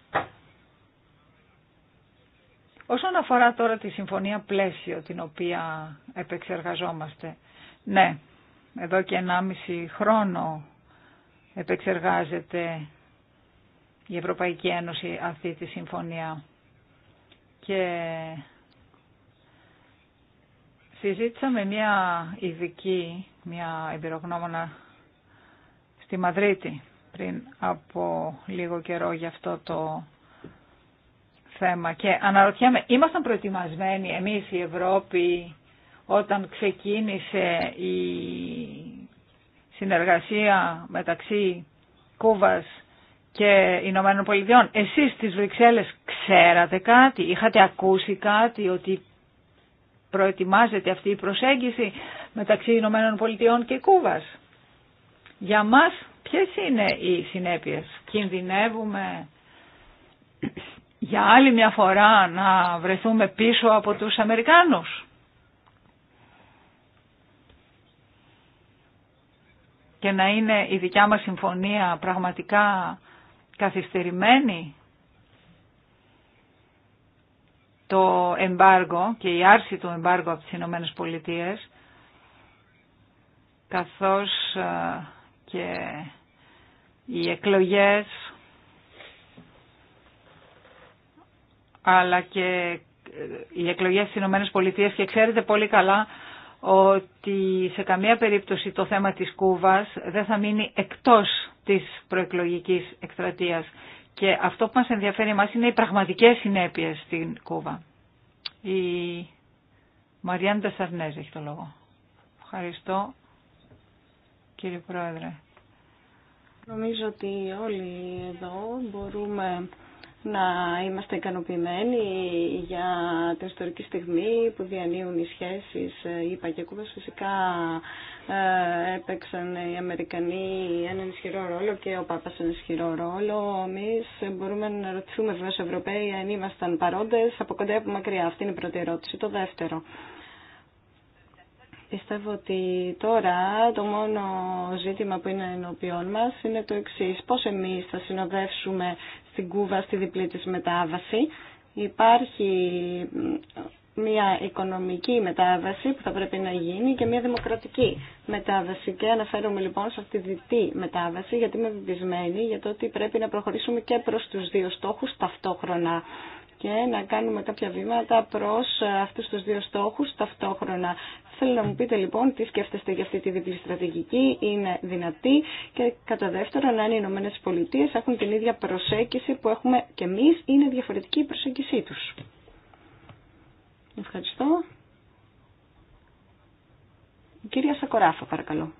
Όσον αφορά τώρα τη συμφωνία πλαίσιο την οποία επεξεργαζόμαστε, ναι, εδώ και 1,5 χρόνο επεξεργάζεται η Ευρωπαϊκή Ένωση αυτή τη συμφωνία και συζήτησα με μια ειδική, μια εμπειρογνώμονα στη Μαδρίτη πριν από λίγο καιρό για αυτό το θέμα και αναρωτιέμαι, ήμασταν προετοιμασμένοι εμείς η Ευρώπη όταν ξεκίνησε η συνεργασία μεταξύ Κούβας και Ηνωμένων Πολιτειών. Εσείς στις Βρυξέλλες ξέρατε κάτι, είχατε ακούσει κάτι ότι προετοιμάζεται αυτή η προσέγγιση μεταξύ Ηνωμένων Πολιτειών και Κούβας. Για μας ποιες είναι οι συνέπειες. Κινδυνεύουμε για άλλη μια φορά να βρεθούμε πίσω από τους Αμερικάνους. Και να είναι η δικιά μας συμφωνία πραγματικά καθυστερημένη. Το εμπάργο και η άρση του εμπάργου από τις Ηνωμένες Πολιτείες καθώς ε, και οι εκλογές αλλά και ε, οι εκλογές στις Ηνωμένες Πολιτείες και ξέρετε πολύ καλά ότι σε καμία περίπτωση το θέμα της Κούβας δεν θα μείνει εκτός της προεκλογικής εκστρατείας. Και αυτό που μας ενδιαφέρει εμάς είναι οι πραγματικές συνέπειες στην Κούβα. Η Μαριάντα Σαρνέζ έχει το λόγο. Ευχαριστώ κύριε Πρόεδρε. Νομίζω ότι όλοι εδώ μπορούμε να είμαστε ικανοποιημένοι για την ιστορική στιγμή που διανύουν οι σχέσεις είπα και Φυσικά φυσικά ε, έπαιξαν οι Αμερικανοί έναν ισχυρό ρόλο και ο Πάπας έναν ισχυρό ρόλο εμείς μπορούμε να ρωτηθούμε βέβαια Ευρωπαίοι αν ήμασταν παρόντες από κοντά από μακριά αυτή είναι η πρώτη ερώτηση το δεύτερο Πιστεύω ότι τώρα το μόνο ζήτημα που είναι ενώπιόν μας είναι το εξής. Πώς εμείς θα συνοδεύσουμε στην Κούβα στη διπλή της μετάβαση. Υπάρχει μια οικονομική μετάβαση που θα πρέπει να γίνει και μια δημοκρατική μετάβαση. Και αναφέρομαι λοιπόν σε αυτή τη διπλή μετάβαση γιατί είμαι βεβαισμένη για το ότι πρέπει να προχωρήσουμε και προς τους δύο στόχους ταυτόχρονα και να κάνουμε κάποια βήματα προς ε, αυτούς τους δύο στόχους ταυτόχρονα. Θέλω να μου πείτε λοιπόν τι σκέφτεστε για αυτή τη διπλή στρατηγική, είναι δυνατή και κατά δεύτερον αν οι Ηνωμένε Πολιτείε έχουν την ίδια προσέγγιση που έχουμε και εμείς, είναι διαφορετική η προσέγγιση τους. Ευχαριστώ. Η κυρία Σακοράφα, παρακαλώ.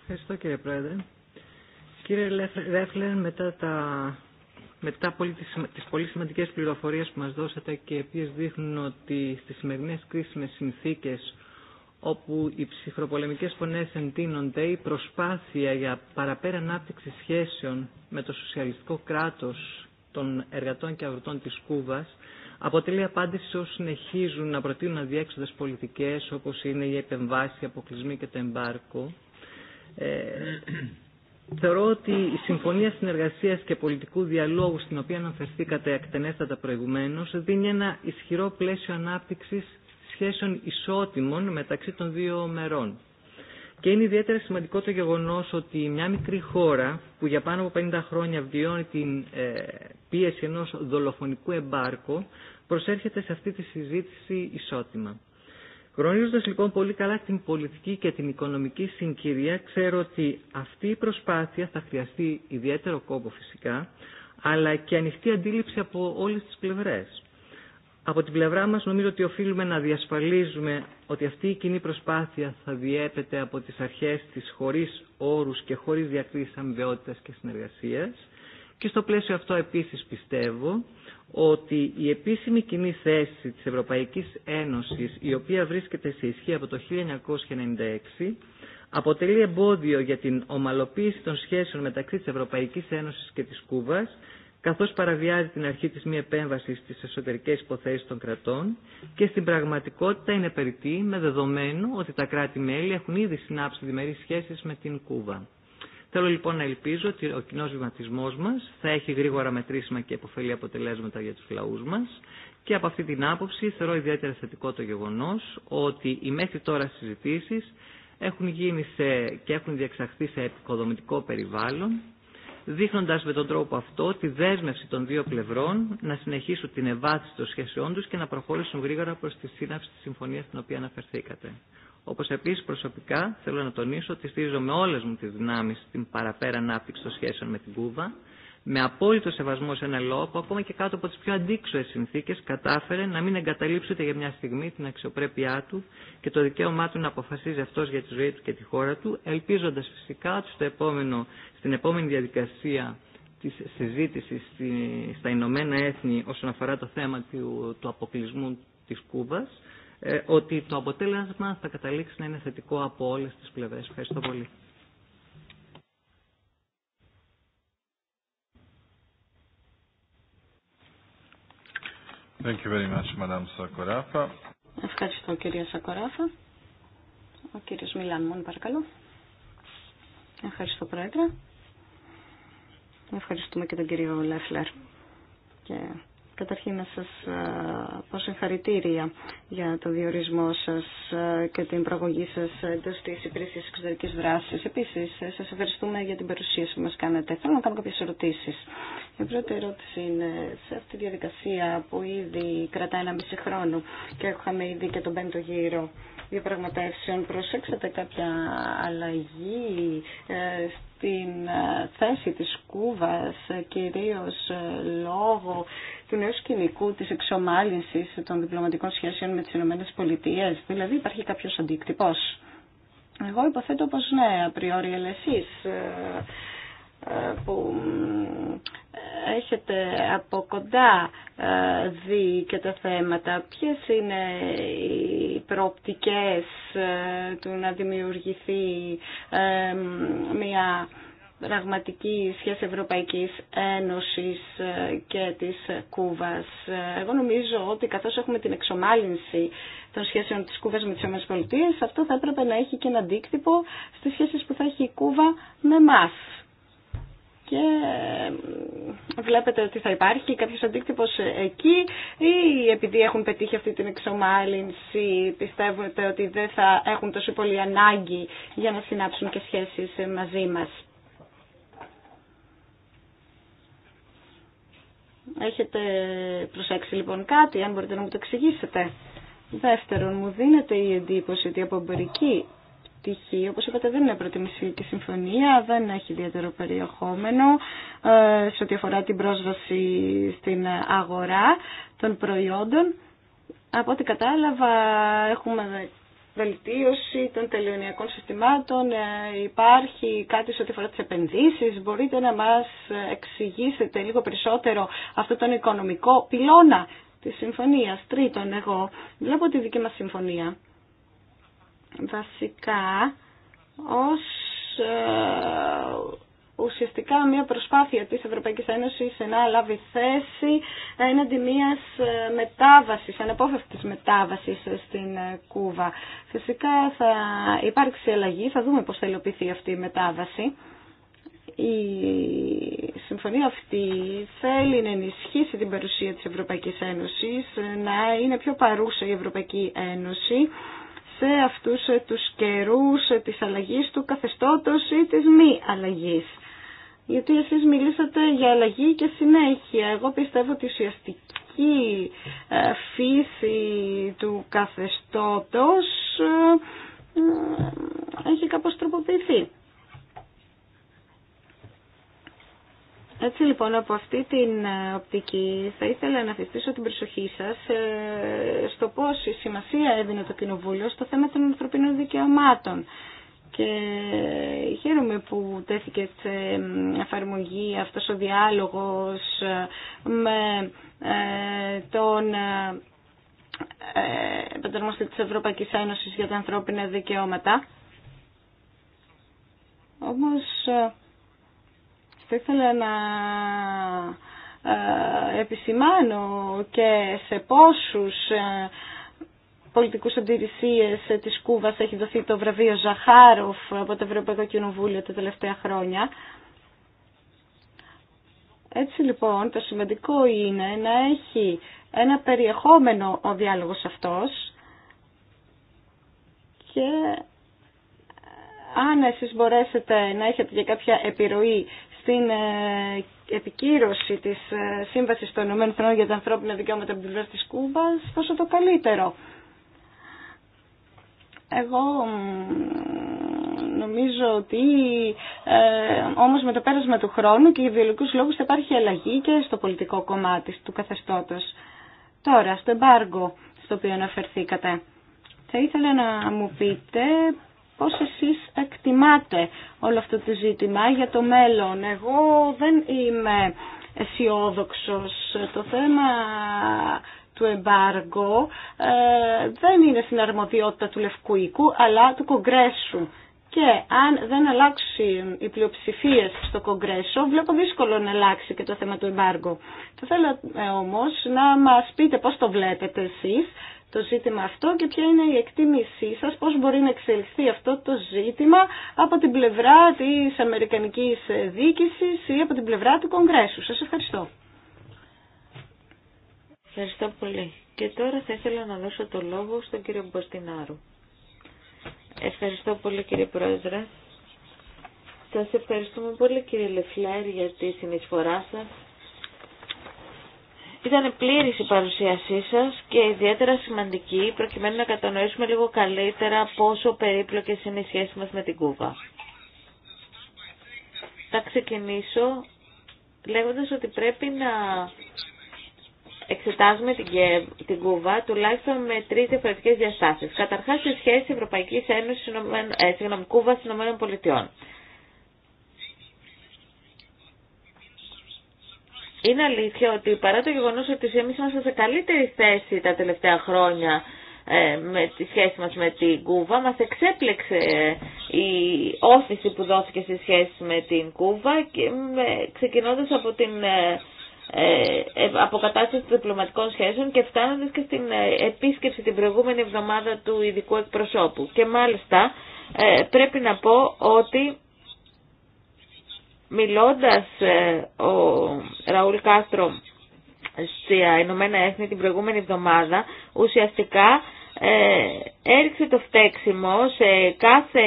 Ευχαριστώ κύριε Πρόεδρε. Κύριε Ρέφλερ, μετά τα μετά από τις πολύ σημαντικές πληροφορίες που μας δώσατε και οι οποίες δείχνουν ότι στις σημερινές κρίσιμες συνθήκες όπου οι ψυχροπολεμικές φωνές εντείνονται, η προσπάθεια για παραπέρα ανάπτυξη σχέσεων με το σοσιαλιστικό κράτος των εργατών και αγροτών της Κούβας αποτελεί απάντηση σε όσους συνεχίζουν να προτείνουν αδιέξοδες πολιτικές όπως είναι η επεμβάση, οι και το εμπάρκο. Ε, Θεωρώ ότι η Συμφωνία Συνεργασίας και Πολιτικού Διαλόγου, στην οποία αναφερθήκατε εκτενέστατα προηγουμένω, δίνει ένα ισχυρό πλαίσιο ανάπτυξης σχέσεων ισότιμων μεταξύ των δύο μερών. Και είναι ιδιαίτερα σημαντικό το γεγονός ότι μια μικρή χώρα που για πάνω από 50 χρόνια βιώνει την ε, πίεση ενός δολοφονικού εμπάρκου προσέρχεται σε αυτή τη συζήτηση ισότιμα. Γνωρίζοντας λοιπόν πολύ καλά την πολιτική και την οικονομική συγκυρία, ξέρω ότι αυτή η προσπάθεια θα χρειαστεί ιδιαίτερο κόπο φυσικά, αλλά και ανοιχτή αντίληψη από όλες τις πλευρές. Από την πλευρά μας νομίζω ότι οφείλουμε να διασφαλίζουμε ότι αυτή η κοινή προσπάθεια θα διέπεται από τις αρχές της χωρίς όρους και χωρίς διακρίσεις αμοιβαιότητας και συνεργασία. Και στο πλαίσιο αυτό επίσης πιστεύω ότι η επίσημη κοινή θέση της Ευρωπαϊκής Ένωσης, η οποία βρίσκεται σε ισχύ από το 1996, αποτελεί εμπόδιο για την ομαλοποίηση των σχέσεων μεταξύ της Ευρωπαϊκής Ένωσης και της Κούβας, καθώς παραβιάζει την αρχή της μη επέμβασης στις εσωτερικές υποθέσεις των κρατών και στην πραγματικότητα είναι περιττή με δεδομένο ότι τα κράτη-μέλη έχουν ήδη συνάψει διμερείς σχέσεις με την Κούβα. Θέλω λοιπόν να ελπίζω ότι ο κοινό βηματισμό μα θα έχει γρήγορα μετρήσιμα και επωφελή αποτελέσματα για του λαού μα και από αυτή την άποψη θεωρώ ιδιαίτερα θετικό το γεγονό ότι οι μέχρι τώρα συζητήσει έχουν γίνει και έχουν διεξαχθεί σε επικοδομητικό περιβάλλον, δείχνοντα με τον τρόπο αυτό τη δέσμευση των δύο πλευρών να συνεχίσουν την ευάθυνση των σχέσεών του και να προχωρήσουν γρήγορα προ τη σύναψη τη συμφωνία στην οποία αναφερθήκατε. Όπω επίση προσωπικά θέλω να τονίσω ότι στηρίζω με όλε μου τι δυνάμει την παραπέρα ανάπτυξη των σχέσεων με την Κούβα, με απόλυτο σεβασμό σε ένα λόγο που ακόμα και κάτω από τι πιο αντίξωε συνθήκε κατάφερε να μην εγκαταλείψει ούτε για μια στιγμή την αξιοπρέπειά του και το δικαίωμά του να αποφασίζει αυτό για τη ζωή του και τη χώρα του, ελπίζοντα φυσικά ότι στο επόμενο, στην επόμενη διαδικασία τη συζήτηση στα Ηνωμένα Έθνη όσον αφορά το θέμα του, του αποκλεισμού τη Κούβα, ε, ότι το αποτέλεσμα θα καταλήξει να είναι θετικό από όλες τις πλευρές. Ευχαριστώ πολύ. Thank you very Ευχαριστώ, κυρία Σακοράφα. Ο κύριος Μιλάν, παρακαλώ. Ευχαριστώ, Πρόεδρε. Ευχαριστούμε και τον κύριο Λέφλερ και Καταρχήν να σας ε, πω συγχαρητήρια για το διορισμό σας ε, και την προαγωγή σας εντός της υπηρεσίας εξωτερικής δράσης. Επίσης, ε, σας ευχαριστούμε για την παρουσίαση που μας κάνετε. Θέλω να κάνω κάποιες ερωτήσεις. Η πρώτη ερώτηση είναι σε αυτή τη διαδικασία που ήδη κρατά ένα μισή χρόνο και έχουμε ήδη και τον πέμπτο γύρο διαπραγματεύσεων. Προσέξατε κάποια αλλαγή την ε, θέση της Κούβας ε, κυρίως ε, λόγω του νέου σκηνικού της εξομάλυνσης των διπλωματικών σχέσεων με τις Ηνωμένες Πολιτείες. Δηλαδή υπάρχει κάποιος αντίκτυπος. Εγώ υποθέτω πως ναι, απριόρι, αλλά εσείς που ε, έχετε από κοντά ε, δει και τα θέματα. Ποιες είναι οι προοπτικές ε, του να δημιουργηθεί μια πραγματική σχέση Ευρωπαϊκής Ένωσης και της Κούβας. Εγώ νομίζω ότι καθώς έχουμε την εξομάλυνση των σχέσεων της Κούβας με τις Πολιτείες αυτό θα έπρεπε να έχει και ένα αντίκτυπο στις σχέσεις που θα έχει η Κούβα με εμάς και βλέπετε ότι θα υπάρχει Κάποιο αντίκτυπος εκεί ή επειδή έχουν πετύχει αυτή την εξομάλυνση πιστεύετε ότι δεν θα έχουν τόσο πολύ ανάγκη για να συνάψουν και σχέσεις μαζί μας. Έχετε προσέξει λοιπόν κάτι, αν μπορείτε να μου το εξηγήσετε. Δεύτερον, μου δίνεται η εντύπωση ότι από εμπορική πτυχή. Όπως είπατε δεν είναι προτιμησιακή συμφωνία, δεν έχει ιδιαίτερο περιεχόμενο ε, σε ό,τι αφορά την πρόσβαση στην αγορά των προϊόντων. Από ό,τι κατάλαβα έχουμε βελτίωση των τελειωνιακών συστημάτων, ε, υπάρχει κάτι σε ό,τι αφορά τις επενδύσεις. Μπορείτε να μας εξηγήσετε λίγο περισσότερο αυτόν τον οικονομικό πυλώνα της συμφωνίας. Τρίτον, εγώ βλέπω τη δική μας συμφωνία βασικά ως ε, ουσιαστικά μια προσπάθεια της Ευρωπαϊκής Ένωσης να λάβει θέση έναντι μιας ε, μετάβασης, ανεπόφευκτης μετάβασης ε, στην Κούβα. Φυσικά θα υπάρξει αλλαγή, θα δούμε πώς θα υλοποιηθεί αυτή η μετάβαση. Η συμφωνία αυτή θέλει να ενισχύσει την παρουσία της Ευρωπαϊκής Ένωσης, να είναι πιο παρούσα η Ευρωπαϊκή Ένωση σε αυτούς ε, τους καιρούς ε, της αλλαγής του καθεστώτος ή της μη αλλαγής. Γιατί εσείς μιλήσατε για αλλαγή και συνέχεια. Εγώ πιστεύω ότι η ουσιαστική ε, φύση του καθεστώτος έχει κάπως τροποποιηθεί. Έτσι λοιπόν από αυτή την ε, οπτική θα ήθελα να θεστήσω την προσοχή σας ε, στο η σημασία έδινε το Κοινοβούλιο στο θέμα των ανθρωπίνων δικαιωμάτων. Και ε, χαίρομαι που τέθηκε σε εφαρμογή αυτός ο διάλογος με τον επανταρμόστη της Ευρωπαϊκής Ένωσης για τα ανθρώπινα δικαιώματα. Όμως θα ήθελα να ε, επισημάνω και σε πόσους ε, πολιτικούς αντιρρησίες της Κούβας έχει δοθεί το βραβείο Ζαχάροφ από το Ευρωπαϊκό Κοινοβούλιο τα τελευταία χρόνια. Έτσι λοιπόν το σημαντικό είναι να έχει ένα περιεχόμενο ο διάλογος αυτός και αν εσείς μπορέσετε να έχετε και κάποια επιρροή στην ε, επικύρωση της ε, Σύμβασης των Ηνωμένων Φρονών για τα ανθρώπινα δικαιώματα από την πλευρά της Κούβας, πόσο το καλύτερο. Εγώ νομίζω ότι ε, όμως με το πέρασμα του χρόνου και για βιολογικούς λόγους θα υπάρχει αλλαγή και στο πολιτικό κομμάτι του καθεστώτος. Τώρα, στο εμπάργκο στο οποίο αναφερθήκατε. Θα ήθελα να μου πείτε πώς εσείς εκτιμάτε όλο αυτό το ζήτημα για το μέλλον. Εγώ δεν είμαι αισιόδοξο. Το θέμα του εμπάργου ε, δεν είναι στην αρμοδιότητα του Λευκού αλλά του Κογκρέσου. Και αν δεν αλλάξουν οι πλειοψηφίε στο Κογκρέσο, βλέπω δύσκολο να αλλάξει και το θέμα του εμπάργου. Θα θέλω ε, να μας πείτε πώς το βλέπετε εσείς, το ζήτημα αυτό και ποια είναι η εκτίμησή σας, πώς μπορεί να εξελιχθεί αυτό το ζήτημα από την πλευρά της Αμερικανικής Διοίκησης ή από την πλευρά του Κογκρέσου. Σας ευχαριστώ. Ευχαριστώ πολύ. Και τώρα θα ήθελα να δώσω το λόγο στον κύριο Μποστινάρου. Ευχαριστώ πολύ κύριε Πρόεδρε. Σας ευχαριστούμε πολύ κύριε Λεφλέρ για τη συνεισφορά σας ήταν πλήρης η παρουσίασή σας και ιδιαίτερα σημαντική προκειμένου να κατανοήσουμε λίγο καλύτερα πόσο περίπλοκες είναι οι σχέσεις μας με την Κούβα. Θα ξεκινήσω λέγοντας ότι πρέπει να εξετάζουμε την, την Κούβα τουλάχιστον με τρεις διαφορετικές διαστάσεις. Καταρχάς, σε σχέση Ευρωπαϊκής Ένωσης, ε, συγγνώμη, Πολιτειών. είναι αλήθεια ότι παρά το γεγονός ότι εμείς είμαστε σε καλύτερη θέση τα τελευταία χρόνια ε, με τη σχέση μας με την Κούβα. Μας εξέπλεξε ε, η όθηση που δόθηκε στη σχέση με την Κούβα και με, ξεκινώντας από την ε, ε αποκατάσταση των διπλωματικών σχέσεων και φτάνοντας και στην επίσκεψη την προηγούμενη εβδομάδα του ειδικού εκπροσώπου. Και μάλιστα πρέπει να πω ότι Μιλώντας ε, ο Ραούλ Κάστρο στα Ηνωμένα Έθνη την προηγούμενη εβδομάδα, ουσιαστικά έριξε το φταίξιμο σε κάθε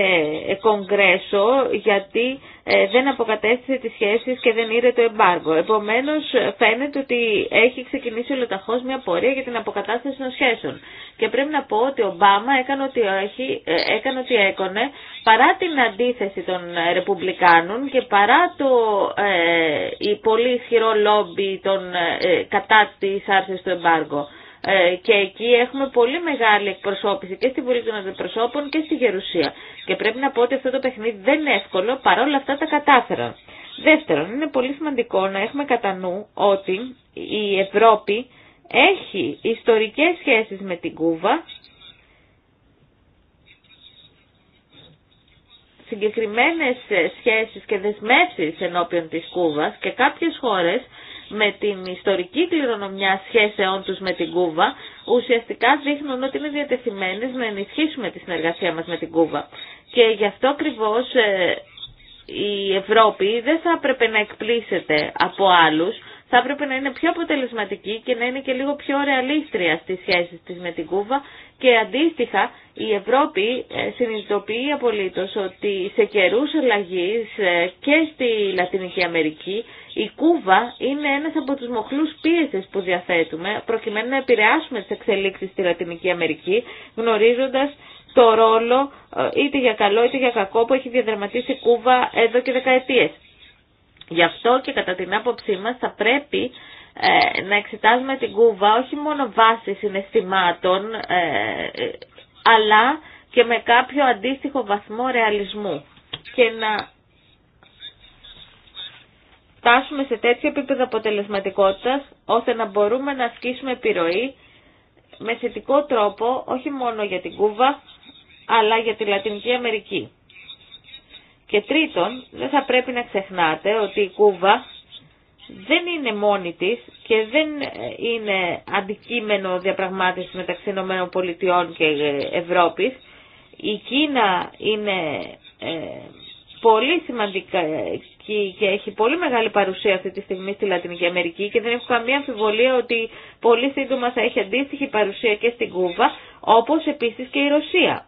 ε, κογκρέσο γιατί ε, δεν αποκατέστησε τις σχέσεις και δεν ήρε το εμπάργο. Επομένως φαίνεται ότι έχει ξεκινήσει ολοταχώς μια πορεία για την αποκατάσταση των σχέσεων. Και πρέπει να πω ότι ο Ομπάμα έκανε ότι, έχει, ε, έκανε παρά την αντίθεση των Ρεπουμπλικάνων και παρά το ε, πολύ ισχυρό λόμπι των, κατά της άρσης του εμπάργου. Ε, και εκεί έχουμε πολύ μεγάλη εκπροσώπηση και στη Βουλή των Αντιπροσώπων και στη Γερουσία. Και πρέπει να πω ότι αυτό το παιχνίδι δεν είναι εύκολο, παρόλα αυτά τα κατάφεραν. Δεύτερον, είναι πολύ σημαντικό να έχουμε κατά νου ότι η Ευρώπη έχει ιστορικές σχέσεις με την Κούβα, συγκεκριμένες σχέσεις και δεσμεύσεις ενώπιον της Κούβας και κάποιες χώρες με την ιστορική κληρονομιά σχέσεών τους με την Κούβα, ουσιαστικά δείχνουν ότι είναι διατεθειμένες να ενισχύσουμε τη συνεργασία μας με την Κούβα. Και γι' αυτό ακριβώς ε, η Ευρώπη δεν θα έπρεπε να εκπλήσεται από άλλους θα έπρεπε να είναι πιο αποτελεσματική και να είναι και λίγο πιο ρεαλίστρια στις σχέσεις της με την Κούβα και αντίστοιχα η Ευρώπη ε, συνειδητοποιεί απολύτως ότι σε καιρούς αλλαγής ε, και στη Λατινική Αμερική η Κούβα είναι ένας από τους μοχλούς πίεσες που διαθέτουμε προκειμένου να επηρεάσουμε τις εξελίξεις στη Λατινική Αμερική γνωρίζοντας το ρόλο ε, είτε για καλό είτε για κακό που έχει διαδραματίσει η Κούβα εδώ και δεκαετίες. Γι' αυτό και κατά την άποψή μας θα πρέπει ε, να εξετάζουμε την Κούβα όχι μόνο βάσει συναισθημάτων ε, αλλά και με κάποιο αντίστοιχο βαθμό ρεαλισμού και να φτάσουμε σε τέτοιο επίπεδο αποτελεσματικότητας ώστε να μπορούμε να ασκήσουμε επιρροή με θετικό τρόπο όχι μόνο για την Κούβα αλλά για τη Λατινική Αμερική. Και τρίτον, δεν θα πρέπει να ξεχνάτε ότι η Κούβα δεν είναι μόνη της και δεν ε, είναι αντικείμενο διαπραγμάτευση μεταξύ ΗΠΑ και ε, Ευρώπης. Η Κίνα είναι ε, πολύ σημαντική και έχει πολύ μεγάλη παρουσία αυτή τη στιγμή στη Λατινική Αμερική και δεν έχω καμία αμφιβολία ότι πολύ σύντομα θα έχει αντίστοιχη παρουσία και στην Κούβα, όπως επίσης και η Ρωσία.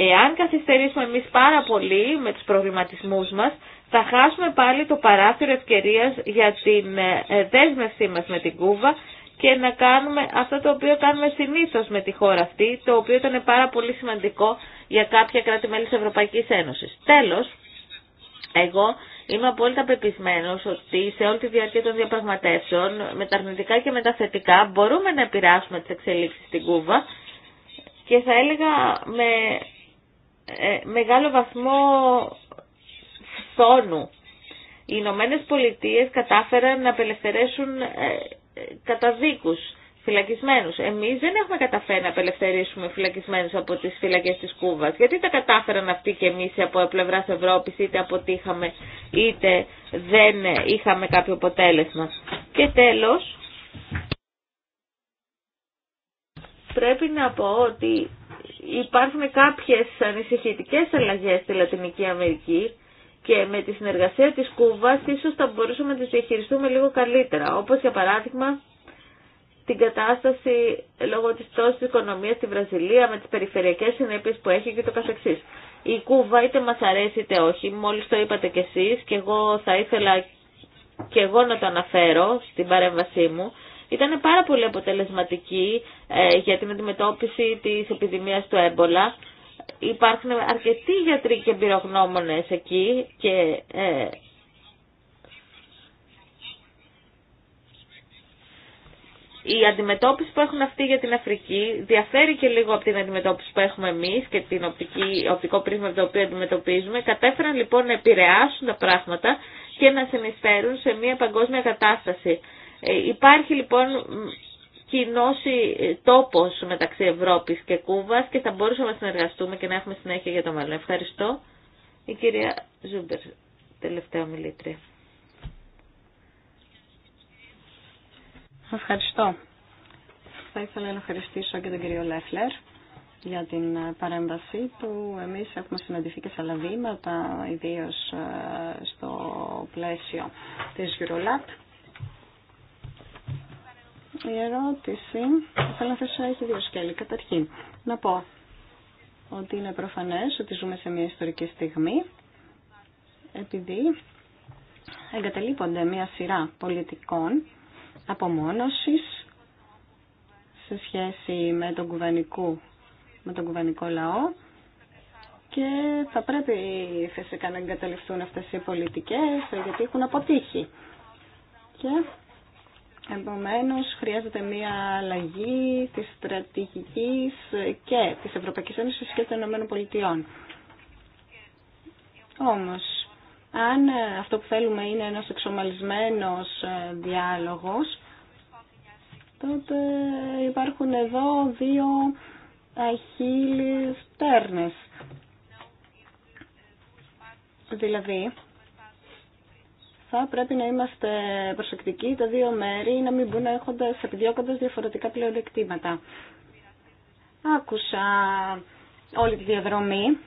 Εάν καθυστερήσουμε εμείς πάρα πολύ με τους προβληματισμούς μας, θα χάσουμε πάλι το παράθυρο ευκαιρίας για την ε, ε, δέσμευσή μας με την Κούβα και να κάνουμε αυτό το οποίο κάνουμε συνήθως με τη χώρα αυτή, το οποίο ήταν πάρα πολύ σημαντικό για κάποια κράτη-μέλη της Ευρωπαϊκής Ένωσης. Τέλος, εγώ είμαι απόλυτα πεπισμένος ότι σε όλη τη διάρκεια των διαπραγματεύσεων, με και με θετικά, μπορούμε να επηρεάσουμε τις εξελίξεις στην Κούβα και θα έλεγα με ε, μεγάλο βαθμό φθόνου. Οι Ηνωμένε Πολιτείε κατάφεραν να απελευθερέσουν ε, καταδίκους φυλακισμένους. Εμείς δεν έχουμε καταφέρει να απελευθερήσουμε φυλακισμένους από τις φυλακές της Κούβας. Γιατί τα κατάφεραν αυτοί και εμείς από πλευρά Ευρώπης, είτε αποτύχαμε, είτε δεν είχαμε κάποιο αποτέλεσμα. Και τέλος, πρέπει να πω ότι υπάρχουν κάποιες ανησυχητικές αλλαγές στη Λατινική Αμερική και με τη συνεργασία της Κούβας ίσως θα μπορούσαμε να τις διαχειριστούμε λίγο καλύτερα. Όπως για παράδειγμα την κατάσταση λόγω της τόσης οικονομίας στη Βραζιλία με τις περιφερειακές συνέπειες που έχει και το καθεξής. Η Κούβα είτε μας αρέσει είτε όχι, μόλις το είπατε κι εσείς και εγώ θα ήθελα και εγώ να το αναφέρω στην παρέμβασή μου, ήταν πάρα πολύ αποτελεσματική ε, για την αντιμετώπιση της επιδημίας του έμπολα. Υπάρχουν αρκετοί γιατροί και εμπειρογνώμονες εκεί και ε, η αντιμετώπιση που έχουν αυτοί για την Αφρική διαφέρει και λίγο από την αντιμετώπιση που έχουμε εμείς και την οπτική, οπτικό πρίσμα το οποίο αντιμετωπίζουμε. Κατέφεραν λοιπόν να επηρεάσουν τα πράγματα και να συνεισφέρουν σε μια παγκόσμια κατάσταση. Ε, υπάρχει λοιπόν κοινό τόπος μεταξύ Ευρώπης και Κούβας και θα μπορούσαμε να συνεργαστούμε και να έχουμε συνέχεια για το μέλλον. Ευχαριστώ. Η κυρία Ζούμπερ, τελευταία ομιλήτρια. Ευχαριστώ. Θα ήθελα να ευχαριστήσω και τον κύριο Λέφλερ για την παρέμβαση του. εμείς έχουμε συναντηθεί και σε άλλα βήματα, ιδίως ε, στο πλαίσιο της Eurolab η ερώτηση θέλω να θέσω έχει δύο σκέλη. Καταρχήν, να πω ότι είναι προφανές ότι ζούμε σε μια ιστορική στιγμή επειδή εγκαταλείπονται μια σειρά πολιτικών απομόνωσης σε σχέση με τον κουβανικό, με τον κουβανικό λαό και θα πρέπει φυσικά να εγκαταλειφθούν αυτές οι πολιτικές γιατί έχουν αποτύχει. Και Επομένως, χρειάζεται μια αλλαγή της στρατηγικής και της Ευρωπαϊκής Ένωσης και των Πολιτειών. Όμως, αν αυτό που θέλουμε είναι ένας εξομαλισμένος ε, διάλογος, τότε υπάρχουν εδώ δύο αχίλιες τέρνες. Δηλαδή, θα πρέπει να είμαστε προσεκτικοί τα δύο μέρη να μην μπουν έχοντας, επιδιώκοντας διαφορετικά πλεονεκτήματα. Άκουσα όλη τη διαδρομή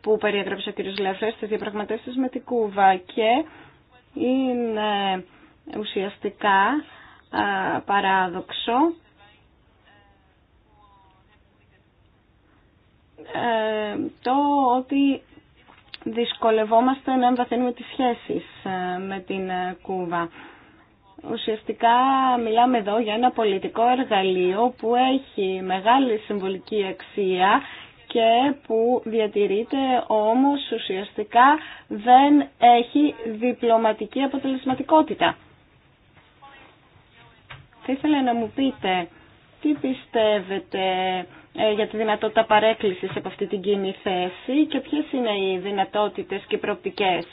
που περιέγραψε ο κ. Λέφερ στις διαπραγματεύσεις με την Κούβα και είναι ουσιαστικά παράδοξο ε, το ότι δυσκολευόμαστε να εμβαθύνουμε τις σχέσεις ε, με την ε, Κούβα. Ουσιαστικά μιλάμε εδώ για ένα πολιτικό εργαλείο που έχει μεγάλη συμβολική αξία και που διατηρείται όμως ουσιαστικά δεν έχει διπλωματική αποτελεσματικότητα. Θα ήθελα να μου πείτε τι πιστεύετε ε, για τη δυνατότητα παρέκκλησης από αυτή την κοινή θέση και ποιες είναι οι δυνατότητες και προοπτικές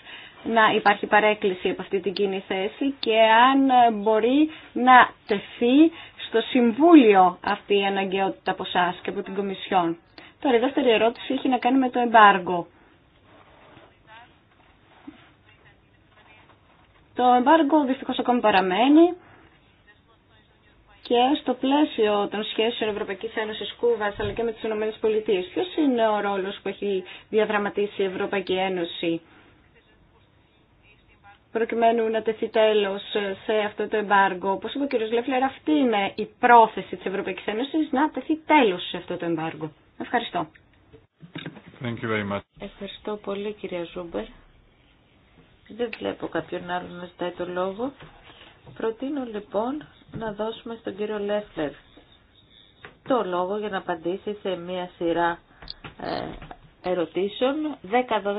να υπάρχει παρέκκληση από αυτή την κοινή θέση και αν ε, μπορεί να τεθεί στο Συμβούλιο αυτή η αναγκαιότητα από εσά και από την Κομισιόν. Τώρα η δεύτερη ερώτηση έχει να κάνει με το εμπάργκο. Το εμπάργκο δυστυχώς ακόμη παραμένει και στο πλαίσιο των σχέσεων Ευρωπαϊκή Ένωση Κούβα, αλλά και με τι Ηνωμένες Πολιτείες. Ποιος είναι ο ρόλο που έχει διαδραματίσει η Ευρωπαϊκή Ένωση προκειμένου να τεθεί τέλο σε αυτό το εμπάργκο. Όπω είπε ο κ. Λεφλερ, αυτή είναι η πρόθεση τη Ευρωπαϊκή Ένωση να τεθεί τέλο σε αυτό το εμπάργκο. Ευχαριστώ. Thank you very much. Ευχαριστώ πολύ, κ. Ζούμπερ. Δεν βλέπω κάποιον άλλο να ζητάει το λόγο. Προτείνω λοιπόν να δώσουμε στον κύριο Λέφλερ το λόγο για να απαντήσει σε μία σειρά ε, ερωτήσεων,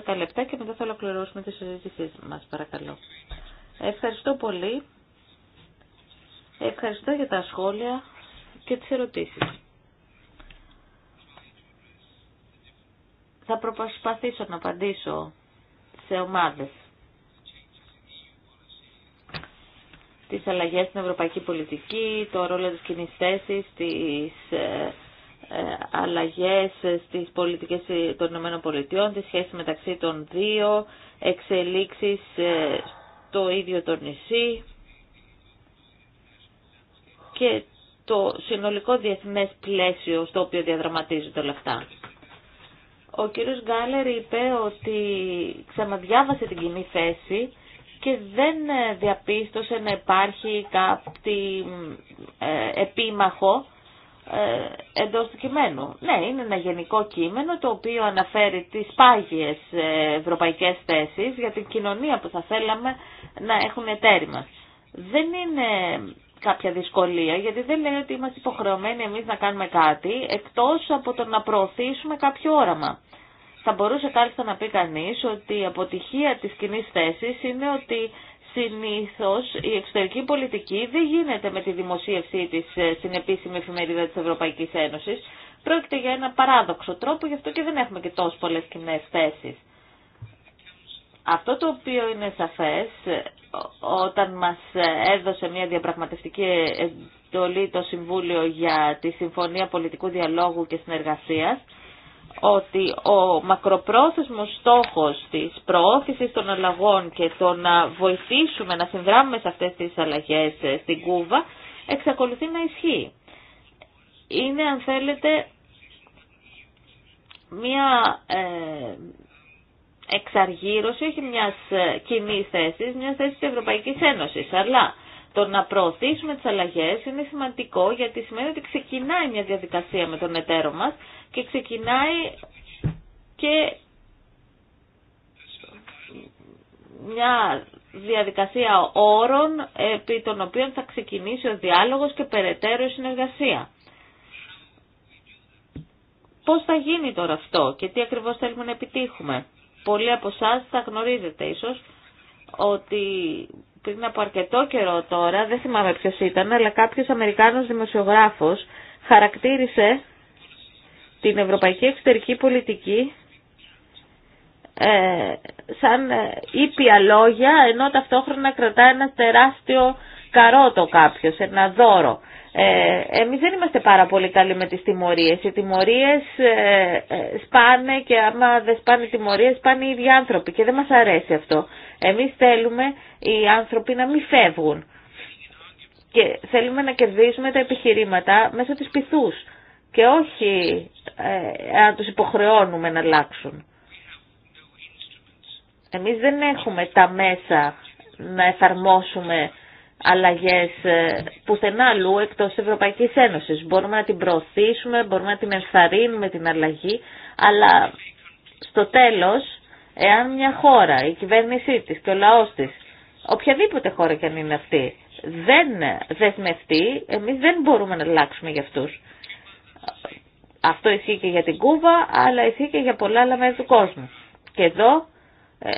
10-12 λεπτά και μετά θα ολοκληρώσουμε τη συζήτησή μας, παρακαλώ. Ευχαριστώ πολύ. Ευχαριστώ για τα σχόλια και τις ερωτήσεις. Θα προσπαθήσω να απαντήσω σε ομάδες. τις αλλαγές στην ευρωπαϊκή πολιτική, το ρόλο της κοινή θέση, τις ε, ε, αλλαγές στις πολιτικές των Ηνωμένων Πολιτειών, τη σχέση μεταξύ των δύο, εξελίξεις ε, στο ίδιο το νησί και το συνολικό διεθνές πλαίσιο στο οποίο διαδραματίζονται όλα αυτά. Ο κύριος Γκάλερ είπε ότι ξαναδιάβασε την κοινή θέση και δεν ε, διαπίστωσε να υπάρχει κάτι ε, επίμαχο ε, εντός του κειμένου. Ναι, είναι ένα γενικό κείμενο το οποίο αναφέρει τις πάγιες ευρωπαϊκές θέσεις για την κοινωνία που θα θέλαμε να έχουν εταίροι μας. Δεν είναι κάποια δυσκολία, γιατί δεν λέει ότι είμαστε υποχρεωμένοι εμείς να κάνουμε κάτι, εκτός από το να προωθήσουμε κάποιο όραμα. Θα μπορούσε κάλλιστα να πει κανείς ότι η αποτυχία της κοινή θέση είναι ότι συνήθως η εξωτερική πολιτική δεν γίνεται με τη δημοσίευσή της ε, στην επίσημη εφημερίδα της Ευρωπαϊκής Ένωσης. Πρόκειται για ένα παράδοξο τρόπο, γι' αυτό και δεν έχουμε και τόσο πολλές κοινέ θέσεις. Αυτό το οποίο είναι σαφές, όταν μας έδωσε μια διαπραγματευτική εντολή το Συμβούλιο για τη Συμφωνία Πολιτικού Διαλόγου και Συνεργασίας, ότι ο μακροπρόθεσμος στόχος της προώθησης των αλλαγών και το να βοηθήσουμε να συνδράμουμε σε αυτές τις αλλαγές ε, στην Κούβα εξακολουθεί να ισχύει. Είναι αν θέλετε μια ε, εξαργύρωση όχι μιας ε, κοινή θέσης, μιας θέσης της Ευρωπαϊκής Ένωσης. Αλλά το να προωθήσουμε τις αλλαγές είναι σημαντικό γιατί σημαίνει ότι ξεκινάει μια διαδικασία με τον εταίρο μας και ξεκινάει και μια διαδικασία όρων επί των οποίων θα ξεκινήσει ο διάλογος και περαιτέρω η συνεργασία. Πώς θα γίνει τώρα αυτό και τι ακριβώς θέλουμε να επιτύχουμε. Πολλοί από εσά θα γνωρίζετε ίσως ότι πριν από αρκετό καιρό τώρα, δεν θυμάμαι ποιος ήταν, αλλά κάποιος Αμερικάνος δημοσιογράφος χαρακτήρισε την ευρωπαϊκή εξωτερική πολιτική ε, σαν ε, ήπια λόγια, ενώ ταυτόχρονα κρατά ένα τεράστιο καρότο κάποιος, ένα δώρο. Ε, εμείς δεν είμαστε πάρα πολύ καλοί με τις τιμωρίες. Οι τιμωρίες ε, σπάνε και άμα δεν σπάνε τιμωρίες, σπάνε οι ίδιοι άνθρωποι και δεν μας αρέσει αυτό. Εμείς θέλουμε οι άνθρωποι να μην φεύγουν και θέλουμε να κερδίσουμε τα επιχειρήματα μέσα της πυθούς και όχι ε, να τους υποχρεώνουμε να αλλάξουν. Εμείς δεν έχουμε τα μέσα να εφαρμόσουμε αλλαγές ε, πουθενά αλλού εκτός Ευρωπαϊκής Ένωσης. Μπορούμε να την προωθήσουμε, μπορούμε να την ενθαρρύνουμε την αλλαγή, αλλά στο τέλος Εάν μια χώρα, η κυβέρνησή της και ο λαός της, οποιαδήποτε χώρα και αν είναι αυτή, δεν δεσμευτεί, εμείς δεν μπορούμε να αλλάξουμε για αυτούς. Αυτό ισχύει και για την Κούβα, αλλά ισχύει και για πολλά άλλα μέρη του κόσμου. Και εδώ, ε,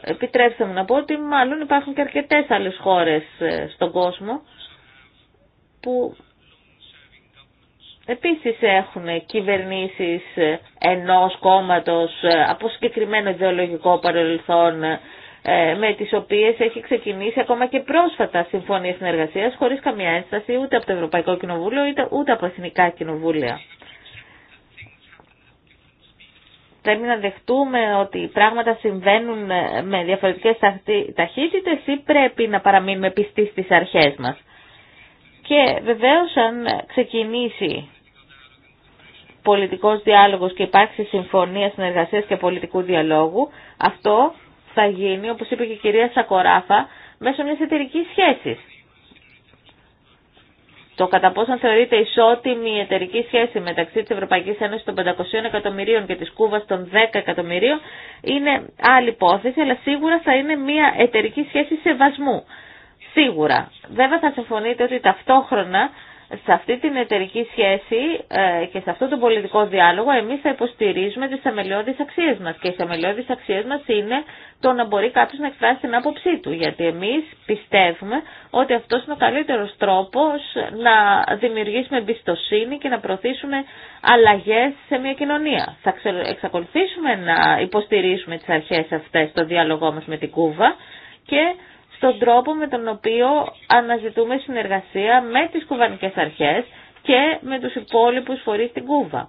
επιτρέψτε μου να πω ότι μάλλον υπάρχουν και αρκετές άλλες χώρες ε, στον κόσμο που Επίσης έχουν κυβερνήσεις ενός κόμματος από συγκεκριμένο ιδεολογικό παρελθόν ε, με τις οποίες έχει ξεκινήσει ακόμα και πρόσφατα συμφωνία συνεργασίας χωρίς καμία ένσταση ούτε από το Ευρωπαϊκό Κοινοβούλιο ούτε από Εθνικά Κοινοβούλια. Πρέπει να δεχτούμε ότι πράγματα συμβαίνουν ε, με διαφορετικές ταχύτητες ή πρέπει να παραμείνουμε πιστοί στις αρχές μας. Και βεβαίως αν ξεκινήσει πολιτικός διάλογος και υπάρξει συμφωνία συνεργασίας και πολιτικού διαλόγου, αυτό θα γίνει, όπως είπε και η κυρία Σακοράφα, μέσω μιας εταιρικής σχέσης. Το κατά πόσο θεωρείται ισότιμη η εταιρική σχέση μεταξύ της Ευρωπαϊκής Ένωσης των 500 εκατομμυρίων και της Κούβας των 10 εκατομμυρίων είναι άλλη υπόθεση, αλλά σίγουρα θα είναι μια εταιρική σχέση σεβασμού. Σίγουρα. Βέβαια θα συμφωνείτε ότι ταυτόχρονα σε αυτή την εταιρική σχέση ε, και σε αυτό τον πολιτικό διάλογο εμείς θα υποστηρίζουμε τις θεμελιώδεις αξίες μας και οι θεμελιώδεις αξίες μας είναι το να μπορεί κάποιος να εκφράσει την άποψή του γιατί εμείς πιστεύουμε ότι αυτός είναι ο καλύτερος τρόπος να δημιουργήσουμε εμπιστοσύνη και να προωθήσουμε αλλαγές σε μια κοινωνία. Θα εξακολουθήσουμε να υποστηρίζουμε τις αρχές αυτές στο διάλογό μας με την Κούβα και τον τρόπο με τον οποίο αναζητούμε συνεργασία με τις κουβανικές αρχές και με τους υπόλοιπους φορείς στην Κούβα.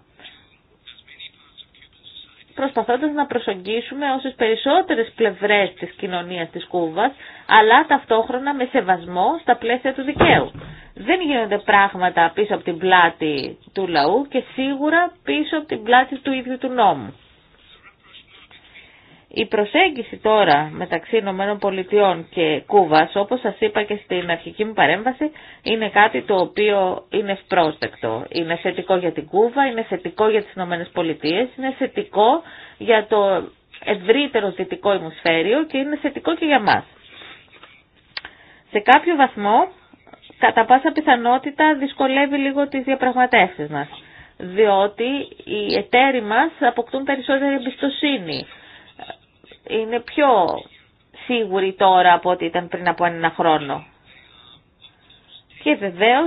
Προσπαθώντας να προσεγγίσουμε όσες περισσότερες πλευρές της κοινωνίας της Κούβας, αλλά ταυτόχρονα με σεβασμό στα πλαίσια του δικαίου. Δεν γίνονται πράγματα πίσω από την πλάτη του λαού και σίγουρα πίσω από την πλάτη του ίδιου του νόμου. Η προσέγγιση τώρα μεταξύ Ηνωμένων Πολιτειών και Κούβας, όπως σας είπα και στην αρχική μου παρέμβαση, είναι κάτι το οποίο είναι ευπρόσδεκτο. Είναι θετικό για την Κούβα, είναι θετικό για τις Ηνωμένες Πολιτείες, είναι θετικό για το ευρύτερο δυτικό ημουσφαίριο και είναι θετικό και για μας. Σε κάποιο βαθμό, κατά πάσα πιθανότητα, δυσκολεύει λίγο τις διαπραγματεύσεις μας, διότι οι εταίροι μας αποκτούν περισσότερη εμπιστοσύνη είναι πιο σίγουρη τώρα από ό,τι ήταν πριν από ένα χρόνο. Και βεβαίω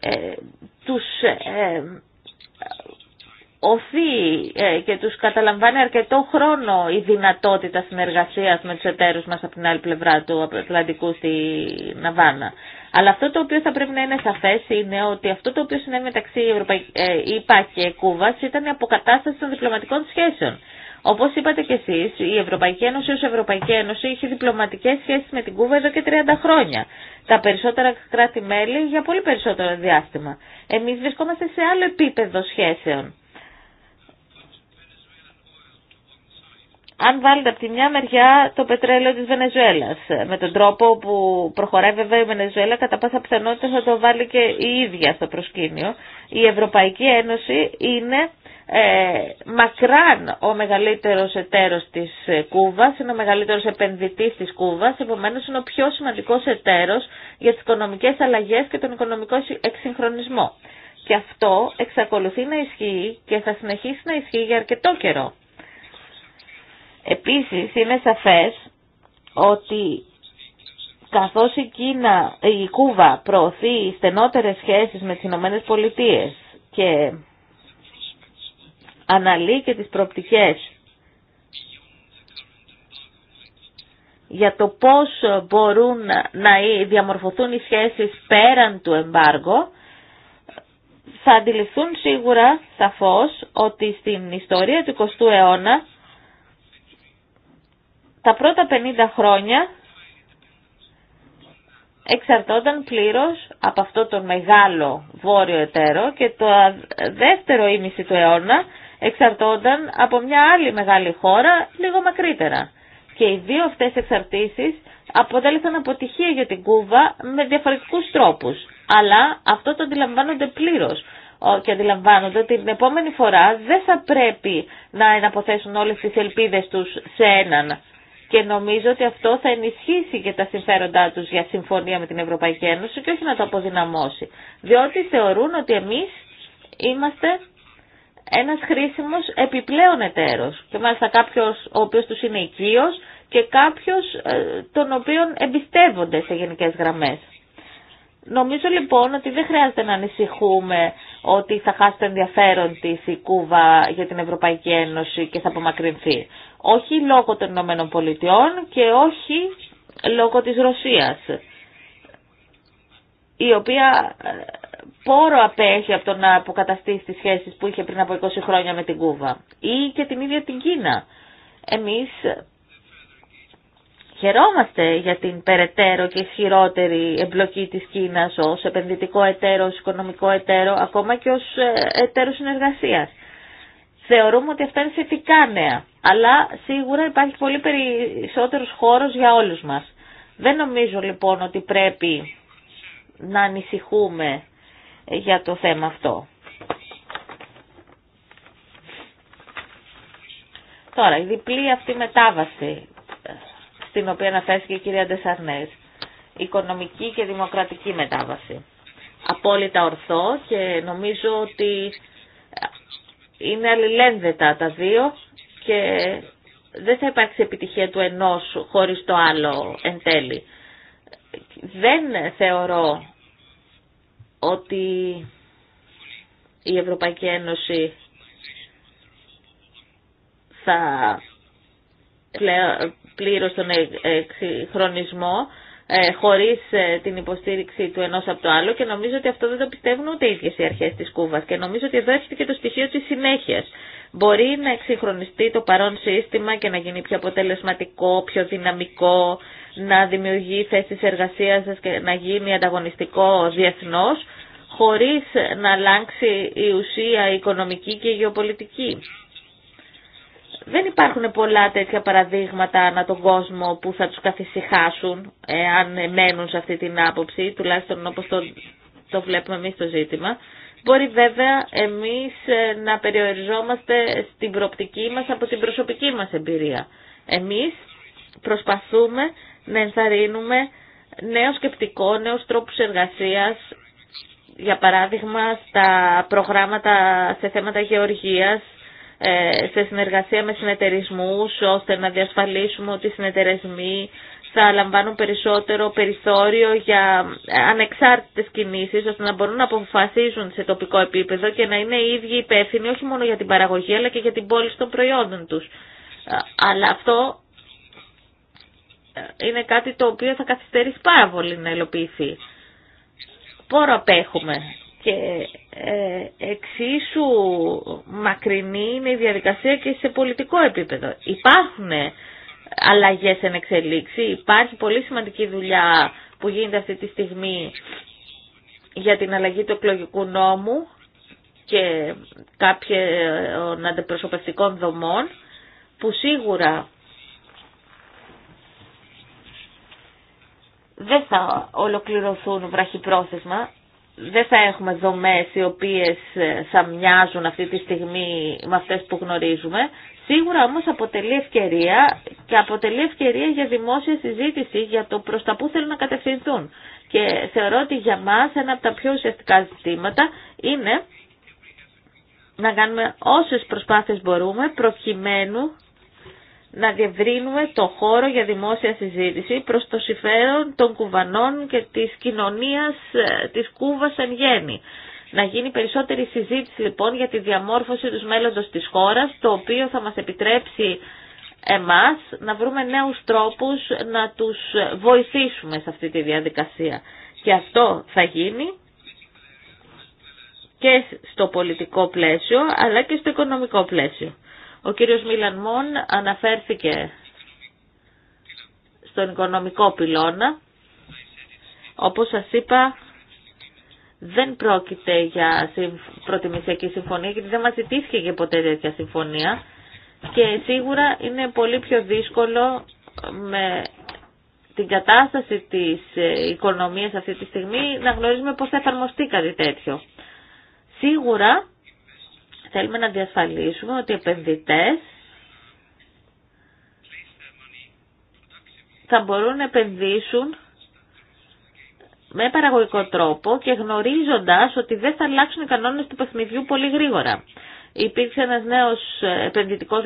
ε, τους ε, οθεί ε, και τους καταλαμβάνει αρκετό χρόνο η δυνατότητα συνεργασίας με τους εταίρους μας από την άλλη πλευρά του Ατλαντικού στη Ναβάνα. Αλλά αυτό το οποίο θα πρέπει να είναι σαφέ είναι ότι αυτό το οποίο συνέβη μεταξύ ΕΠΑ ε, και Κούβα ήταν η αποκατάσταση των διπλωματικών σχέσεων. Όπω είπατε κι εσεί, η Ευρωπαϊκή Ένωση ω Ευρωπαϊκή Ένωση είχε διπλωματικέ σχέσει με την Κούβα εδώ και 30 χρόνια. Τα περισσότερα κράτη-μέλη για πολύ περισσότερο διάστημα. Εμεί βρισκόμαστε σε άλλο επίπεδο σχέσεων. αν βάλετε από τη μια μεριά το πετρέλαιο της Βενεζουέλας, ε, με τον τρόπο που προχωράει βέβαια η Βενεζουέλα, κατά πάσα πιθανότητα θα το βάλει και η ίδια στο προσκήνιο. Η Ευρωπαϊκή Ένωση είναι ε, μακράν ο μεγαλύτερος εταίρος της ε, Κούβας, είναι ο μεγαλύτερος επενδυτής της Κούβας, επομένως είναι ο πιο σημαντικός εταίρος για τις οικονομικές αλλαγές και τον οικονομικό εξυγχρονισμό. Και αυτό εξακολουθεί να ισχύει και θα συνεχίσει να ισχύει για αρκετό καιρό. Επίσης είναι σαφές ότι καθώς η, Κίνα, η Κούβα προωθεί στενότερες σχέσεις με τις Ηνωμένες Πολιτείες και αναλύει και τις προοπτικές για το πώς μπορούν να διαμορφωθούν οι σχέσεις πέραν του εμπάργου, θα αντιληφθούν σίγουρα σαφώς ότι στην ιστορία του 20ου αιώνα τα πρώτα 50 χρόνια εξαρτώνταν πλήρως από αυτό το μεγάλο βόρειο εταίρο και το δεύτερο ήμιση του αιώνα εξαρτώνταν από μια άλλη μεγάλη χώρα λίγο μακρύτερα. Και οι δύο αυτές εξαρτήσεις αποτέλεσαν αποτυχία για την Κούβα με διαφορετικούς τρόπους. Αλλά αυτό το αντιλαμβάνονται πλήρως και αντιλαμβάνονται ότι την επόμενη φορά δεν θα πρέπει να εναποθέσουν όλες τις ελπίδες τους σε έναν και νομίζω ότι αυτό θα ενισχύσει και τα συμφέροντά τους για συμφωνία με την Ευρωπαϊκή Ένωση και όχι να το αποδυναμώσει. Διότι θεωρούν ότι εμείς είμαστε ένας χρήσιμος επιπλέον εταίρος και μάλιστα κάποιος ο οποίος τους είναι οικείος και κάποιος ε, τον οποίον εμπιστεύονται σε γενικές γραμμές. Νομίζω λοιπόν ότι δεν χρειάζεται να ανησυχούμε ότι θα χάσει το ενδιαφέρον της η Κούβα για την Ευρωπαϊκή Ένωση και θα απομακρυνθεί όχι λόγω των Ηνωμένων Πολιτειών και όχι λόγω της Ρωσίας, η οποία ε, πόρο απέχει από το να αποκαταστήσει τις σχέσεις που είχε πριν από 20 χρόνια με την Κούβα ή και την ίδια την Κίνα. Εμείς χαιρόμαστε για την περαιτέρω και ισχυρότερη εμπλοκή της Κίνας ως επενδυτικό εταίρο, ως οικονομικό εταίρο, ακόμα και ως ε, εταίρο συνεργασίας θεωρούμε ότι αυτά είναι θετικά νέα. Αλλά σίγουρα υπάρχει πολύ περισσότερος χώρος για όλους μας. Δεν νομίζω λοιπόν ότι πρέπει να ανησυχούμε για το θέμα αυτό. Τώρα, η διπλή αυτή μετάβαση στην οποία αναφέρθηκε η κυρία Ντεσαρνές, οικονομική και δημοκρατική μετάβαση. Απόλυτα ορθό και νομίζω ότι είναι αλληλένδετα τα δύο και δεν θα υπάρξει επιτυχία του ενός χωρίς το άλλο εν τέλει. Δεν θεωρώ ότι η Ευρωπαϊκή Ένωση θα πλήρω τον εξυγχρονισμό ε, χωρίς ε, την υποστήριξη του ενός από το άλλο και νομίζω ότι αυτό δεν το πιστεύουν ούτε οι ίδιες οι αρχές της Κούβας και νομίζω ότι εδώ έρχεται και το στοιχείο της συνέχειας. Μπορεί να εξυγχρονιστεί το παρόν σύστημα και να γίνει πιο αποτελεσματικό, πιο δυναμικό, να δημιουργεί θέσεις εργασίας και να γίνει ανταγωνιστικό διεθνώς, χωρίς να αλλάξει η ουσία οικονομική και η γεωπολιτική. Δεν υπάρχουν πολλά τέτοια παραδείγματα ανά τον κόσμο που θα τους καθησυχάσουν αν μένουν σε αυτή την άποψη, τουλάχιστον όπως το, το βλέπουμε εμείς το ζήτημα. Μπορεί βέβαια εμείς ε, να περιοριζόμαστε στην προοπτική μας από την προσωπική μας εμπειρία. Εμείς προσπαθούμε να ενθαρρύνουμε νέο σκεπτικό, νέους τρόπους εργασίας, για παράδειγμα στα προγράμματα σε θέματα γεωργίας, ε, σε συνεργασία με συνεταιρισμούς ώστε να διασφαλίσουμε ότι οι συνεταιρισμοί θα λαμβάνουν περισσότερο περιθώριο για ανεξάρτητες κινήσεις ώστε να μπορούν να αποφασίζουν σε τοπικό επίπεδο και να είναι οι ίδιοι υπεύθυνοι όχι μόνο για την παραγωγή αλλά και για την πώληση των προϊόντων τους. Ε, αλλά αυτό ε, είναι κάτι το οποίο θα καθυστερήσει πάρα πολύ να υλοποιηθεί. Πόρο απέχουμε. Και ε, εξίσου μακρινή είναι η διαδικασία και σε πολιτικό επίπεδο. Υπάρχουν αλλαγές εν εξελίξη, υπάρχει πολύ σημαντική δουλειά που γίνεται αυτή τη στιγμή για την αλλαγή του εκλογικού νόμου και κάποιων αντιπροσωπευτικών δομών που σίγουρα δεν θα ολοκληρωθούν βραχυπρόθεσμα δεν θα έχουμε δομές οι οποίες ε, θα μοιάζουν αυτή τη στιγμή με αυτές που γνωρίζουμε. Σίγουρα όμως αποτελεί ευκαιρία και αποτελεί ευκαιρία για δημόσια συζήτηση για το προς τα που θέλουν να κατευθυνθούν. Και θεωρώ ότι για μας ένα από τα πιο ουσιαστικά ζητήματα είναι να κάνουμε όσες προσπάθειες μπορούμε προκειμένου να διευρύνουμε το χώρο για δημόσια συζήτηση προς το συμφέρον των κουβανών και της κοινωνίας ε, της Κούβας εν γέννη. Να γίνει περισσότερη συζήτηση λοιπόν για τη διαμόρφωση του μέλλοντος της χώρας, το οποίο θα μας επιτρέψει εμάς να βρούμε νέους τρόπους να τους βοηθήσουμε σε αυτή τη διαδικασία. Και αυτό θα γίνει και στο πολιτικό πλαίσιο αλλά και στο οικονομικό πλαίσιο. Ο κύριος Μιλανμόν Μον αναφέρθηκε στον οικονομικό πυλώνα. Όπως σας είπα, δεν πρόκειται για προτιμησιακή συμφωνία, γιατί δεν μας ζητήθηκε και ποτέ τέτοια συμφωνία. Και σίγουρα είναι πολύ πιο δύσκολο με την κατάσταση της ε, οικονομίας αυτή τη στιγμή να γνωρίζουμε πώς θα εφαρμοστεί κάτι τέτοιο. Σίγουρα Θέλουμε να διασφαλίσουμε ότι οι επενδυτές θα μπορούν να επενδύσουν με παραγωγικό τρόπο και γνωρίζοντας ότι δεν θα αλλάξουν οι κανόνες του παιχνιδιού πολύ γρήγορα. Υπήρξε ένας νέος επενδυτικός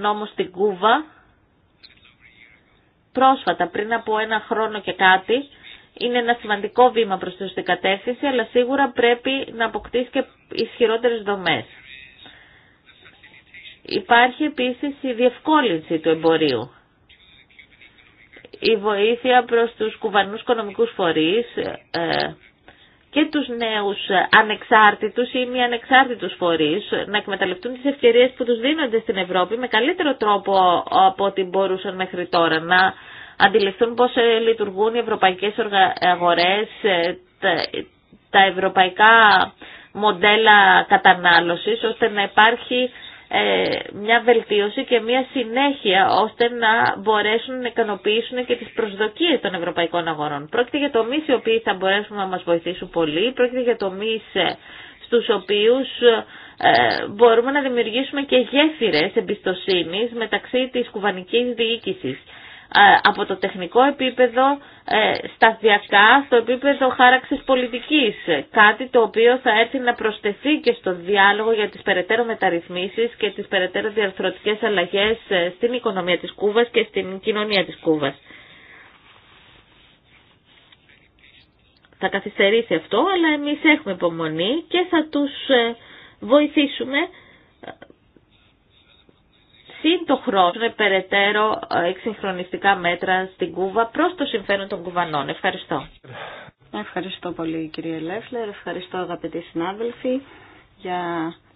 νόμος στην Κούβα πρόσφατα, πριν από ένα χρόνο και κάτι. Είναι ένα σημαντικό βήμα προς τη κατεύθυνση, αλλά σίγουρα πρέπει να αποκτήσει και ισχυρότερες δομές. Υπάρχει επίσης η διευκόλυνση του εμπορίου. Η βοήθεια προς τους κουβανούς οικονομικούς φορείς ε, και τους νέους ανεξάρτητους ή μη ανεξάρτητους φορείς να εκμεταλλευτούν τις ευκαιρίες που τους δίνονται στην Ευρώπη με καλύτερο τρόπο από ό,τι μπορούσαν μέχρι τώρα να αντιληφθούν πώς ε, λειτουργούν οι ευρωπαϊκές αγορές, ε, τα ευρωπαϊκά μοντέλα κατανάλωσης ώστε να υπάρχει ε, μια βελτίωση και μια συνέχεια ώστε να μπορέσουν να ικανοποιήσουν και τις προσδοκίες των ευρωπαϊκών αγορών. Πρόκειται για τομείς οι οποίοι θα μπορέσουν να μας βοηθήσουν πολύ, πρόκειται για τομείς ε, στους οποίους ε, μπορούμε να δημιουργήσουμε και γέφυρες εμπιστοσύνης μεταξύ της κουβανικής διοίκησης ε, από το τεχνικό επίπεδο ε, σταδιακά στο επίπεδο χάραξης πολιτικής. Κάτι το οποίο θα έρθει να προσθεθεί και στο διάλογο για τις περαιτέρω μεταρρυθμίσεις και τις περαιτέρω διαρθρωτικές αλλαγές ε, στην οικονομία της Κούβας και στην κοινωνία της Κούβας. Θα καθυστερήσει αυτό, αλλά εμείς έχουμε υπομονή και θα τους βοηθήσουμε σύν το χρόνο ε, περαιτέρω ε, εξυγχρονιστικά μέτρα στην Κούβα προς το συμφέρον των Κουβανών. Ευχαριστώ. Ευχαριστώ πολύ κύριε Λέφλερ, ευχαριστώ αγαπητοί συνάδελφοι για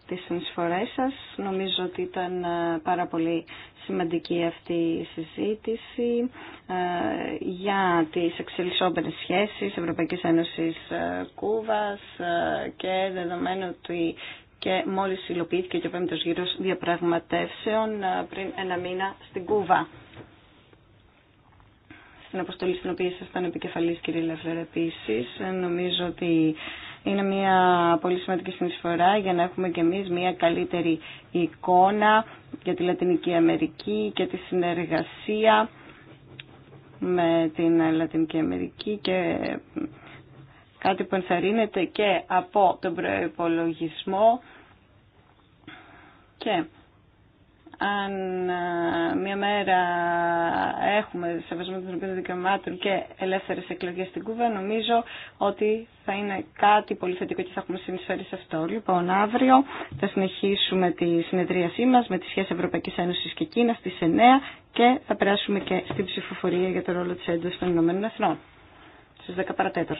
τις συνεισφορές σας. Νομίζω ότι ήταν ε, πάρα πολύ σημαντική αυτή η συζήτηση για τις εξελισσόμενες σχέσεις Ευρωπαϊκής Ένωσης Κούβας και δεδομένου ότι και μόλις υλοποιήθηκε και ο πέμπτος γύρος διαπραγματεύσεων ε, πριν ένα μήνα στην Κούβα. Στην αποστολή στην οποία ήσασταν επικεφαλής κύριε Λεφλερ επίσης, ε, νομίζω ότι είναι μια πολύ σημαντική συνεισφορά για να έχουμε και εμείς μια καλύτερη εικόνα για τη Λατινική Αμερική και τη συνεργασία με την Λατινική Αμερική και κάτι που ενθαρρύνεται και από τον προϋπολογισμό και αν ε, μια μέρα έχουμε σεβασμό των δικαιωμάτων και ελεύθερες εκλογές στην Κούβα, νομίζω ότι θα είναι κάτι πολύ θετικό και θα έχουμε συνεισφέρει σε αυτό. Λοιπόν, αύριο θα συνεχίσουμε τη συνεδρίασή μας με τη σχέση Ευρωπαϊκής Ένωσης και Κίνας στις 9 και θα περάσουμε και στην ψηφοφορία για το ρόλο της έντασης των Ηνωμένων Εθνών στις 10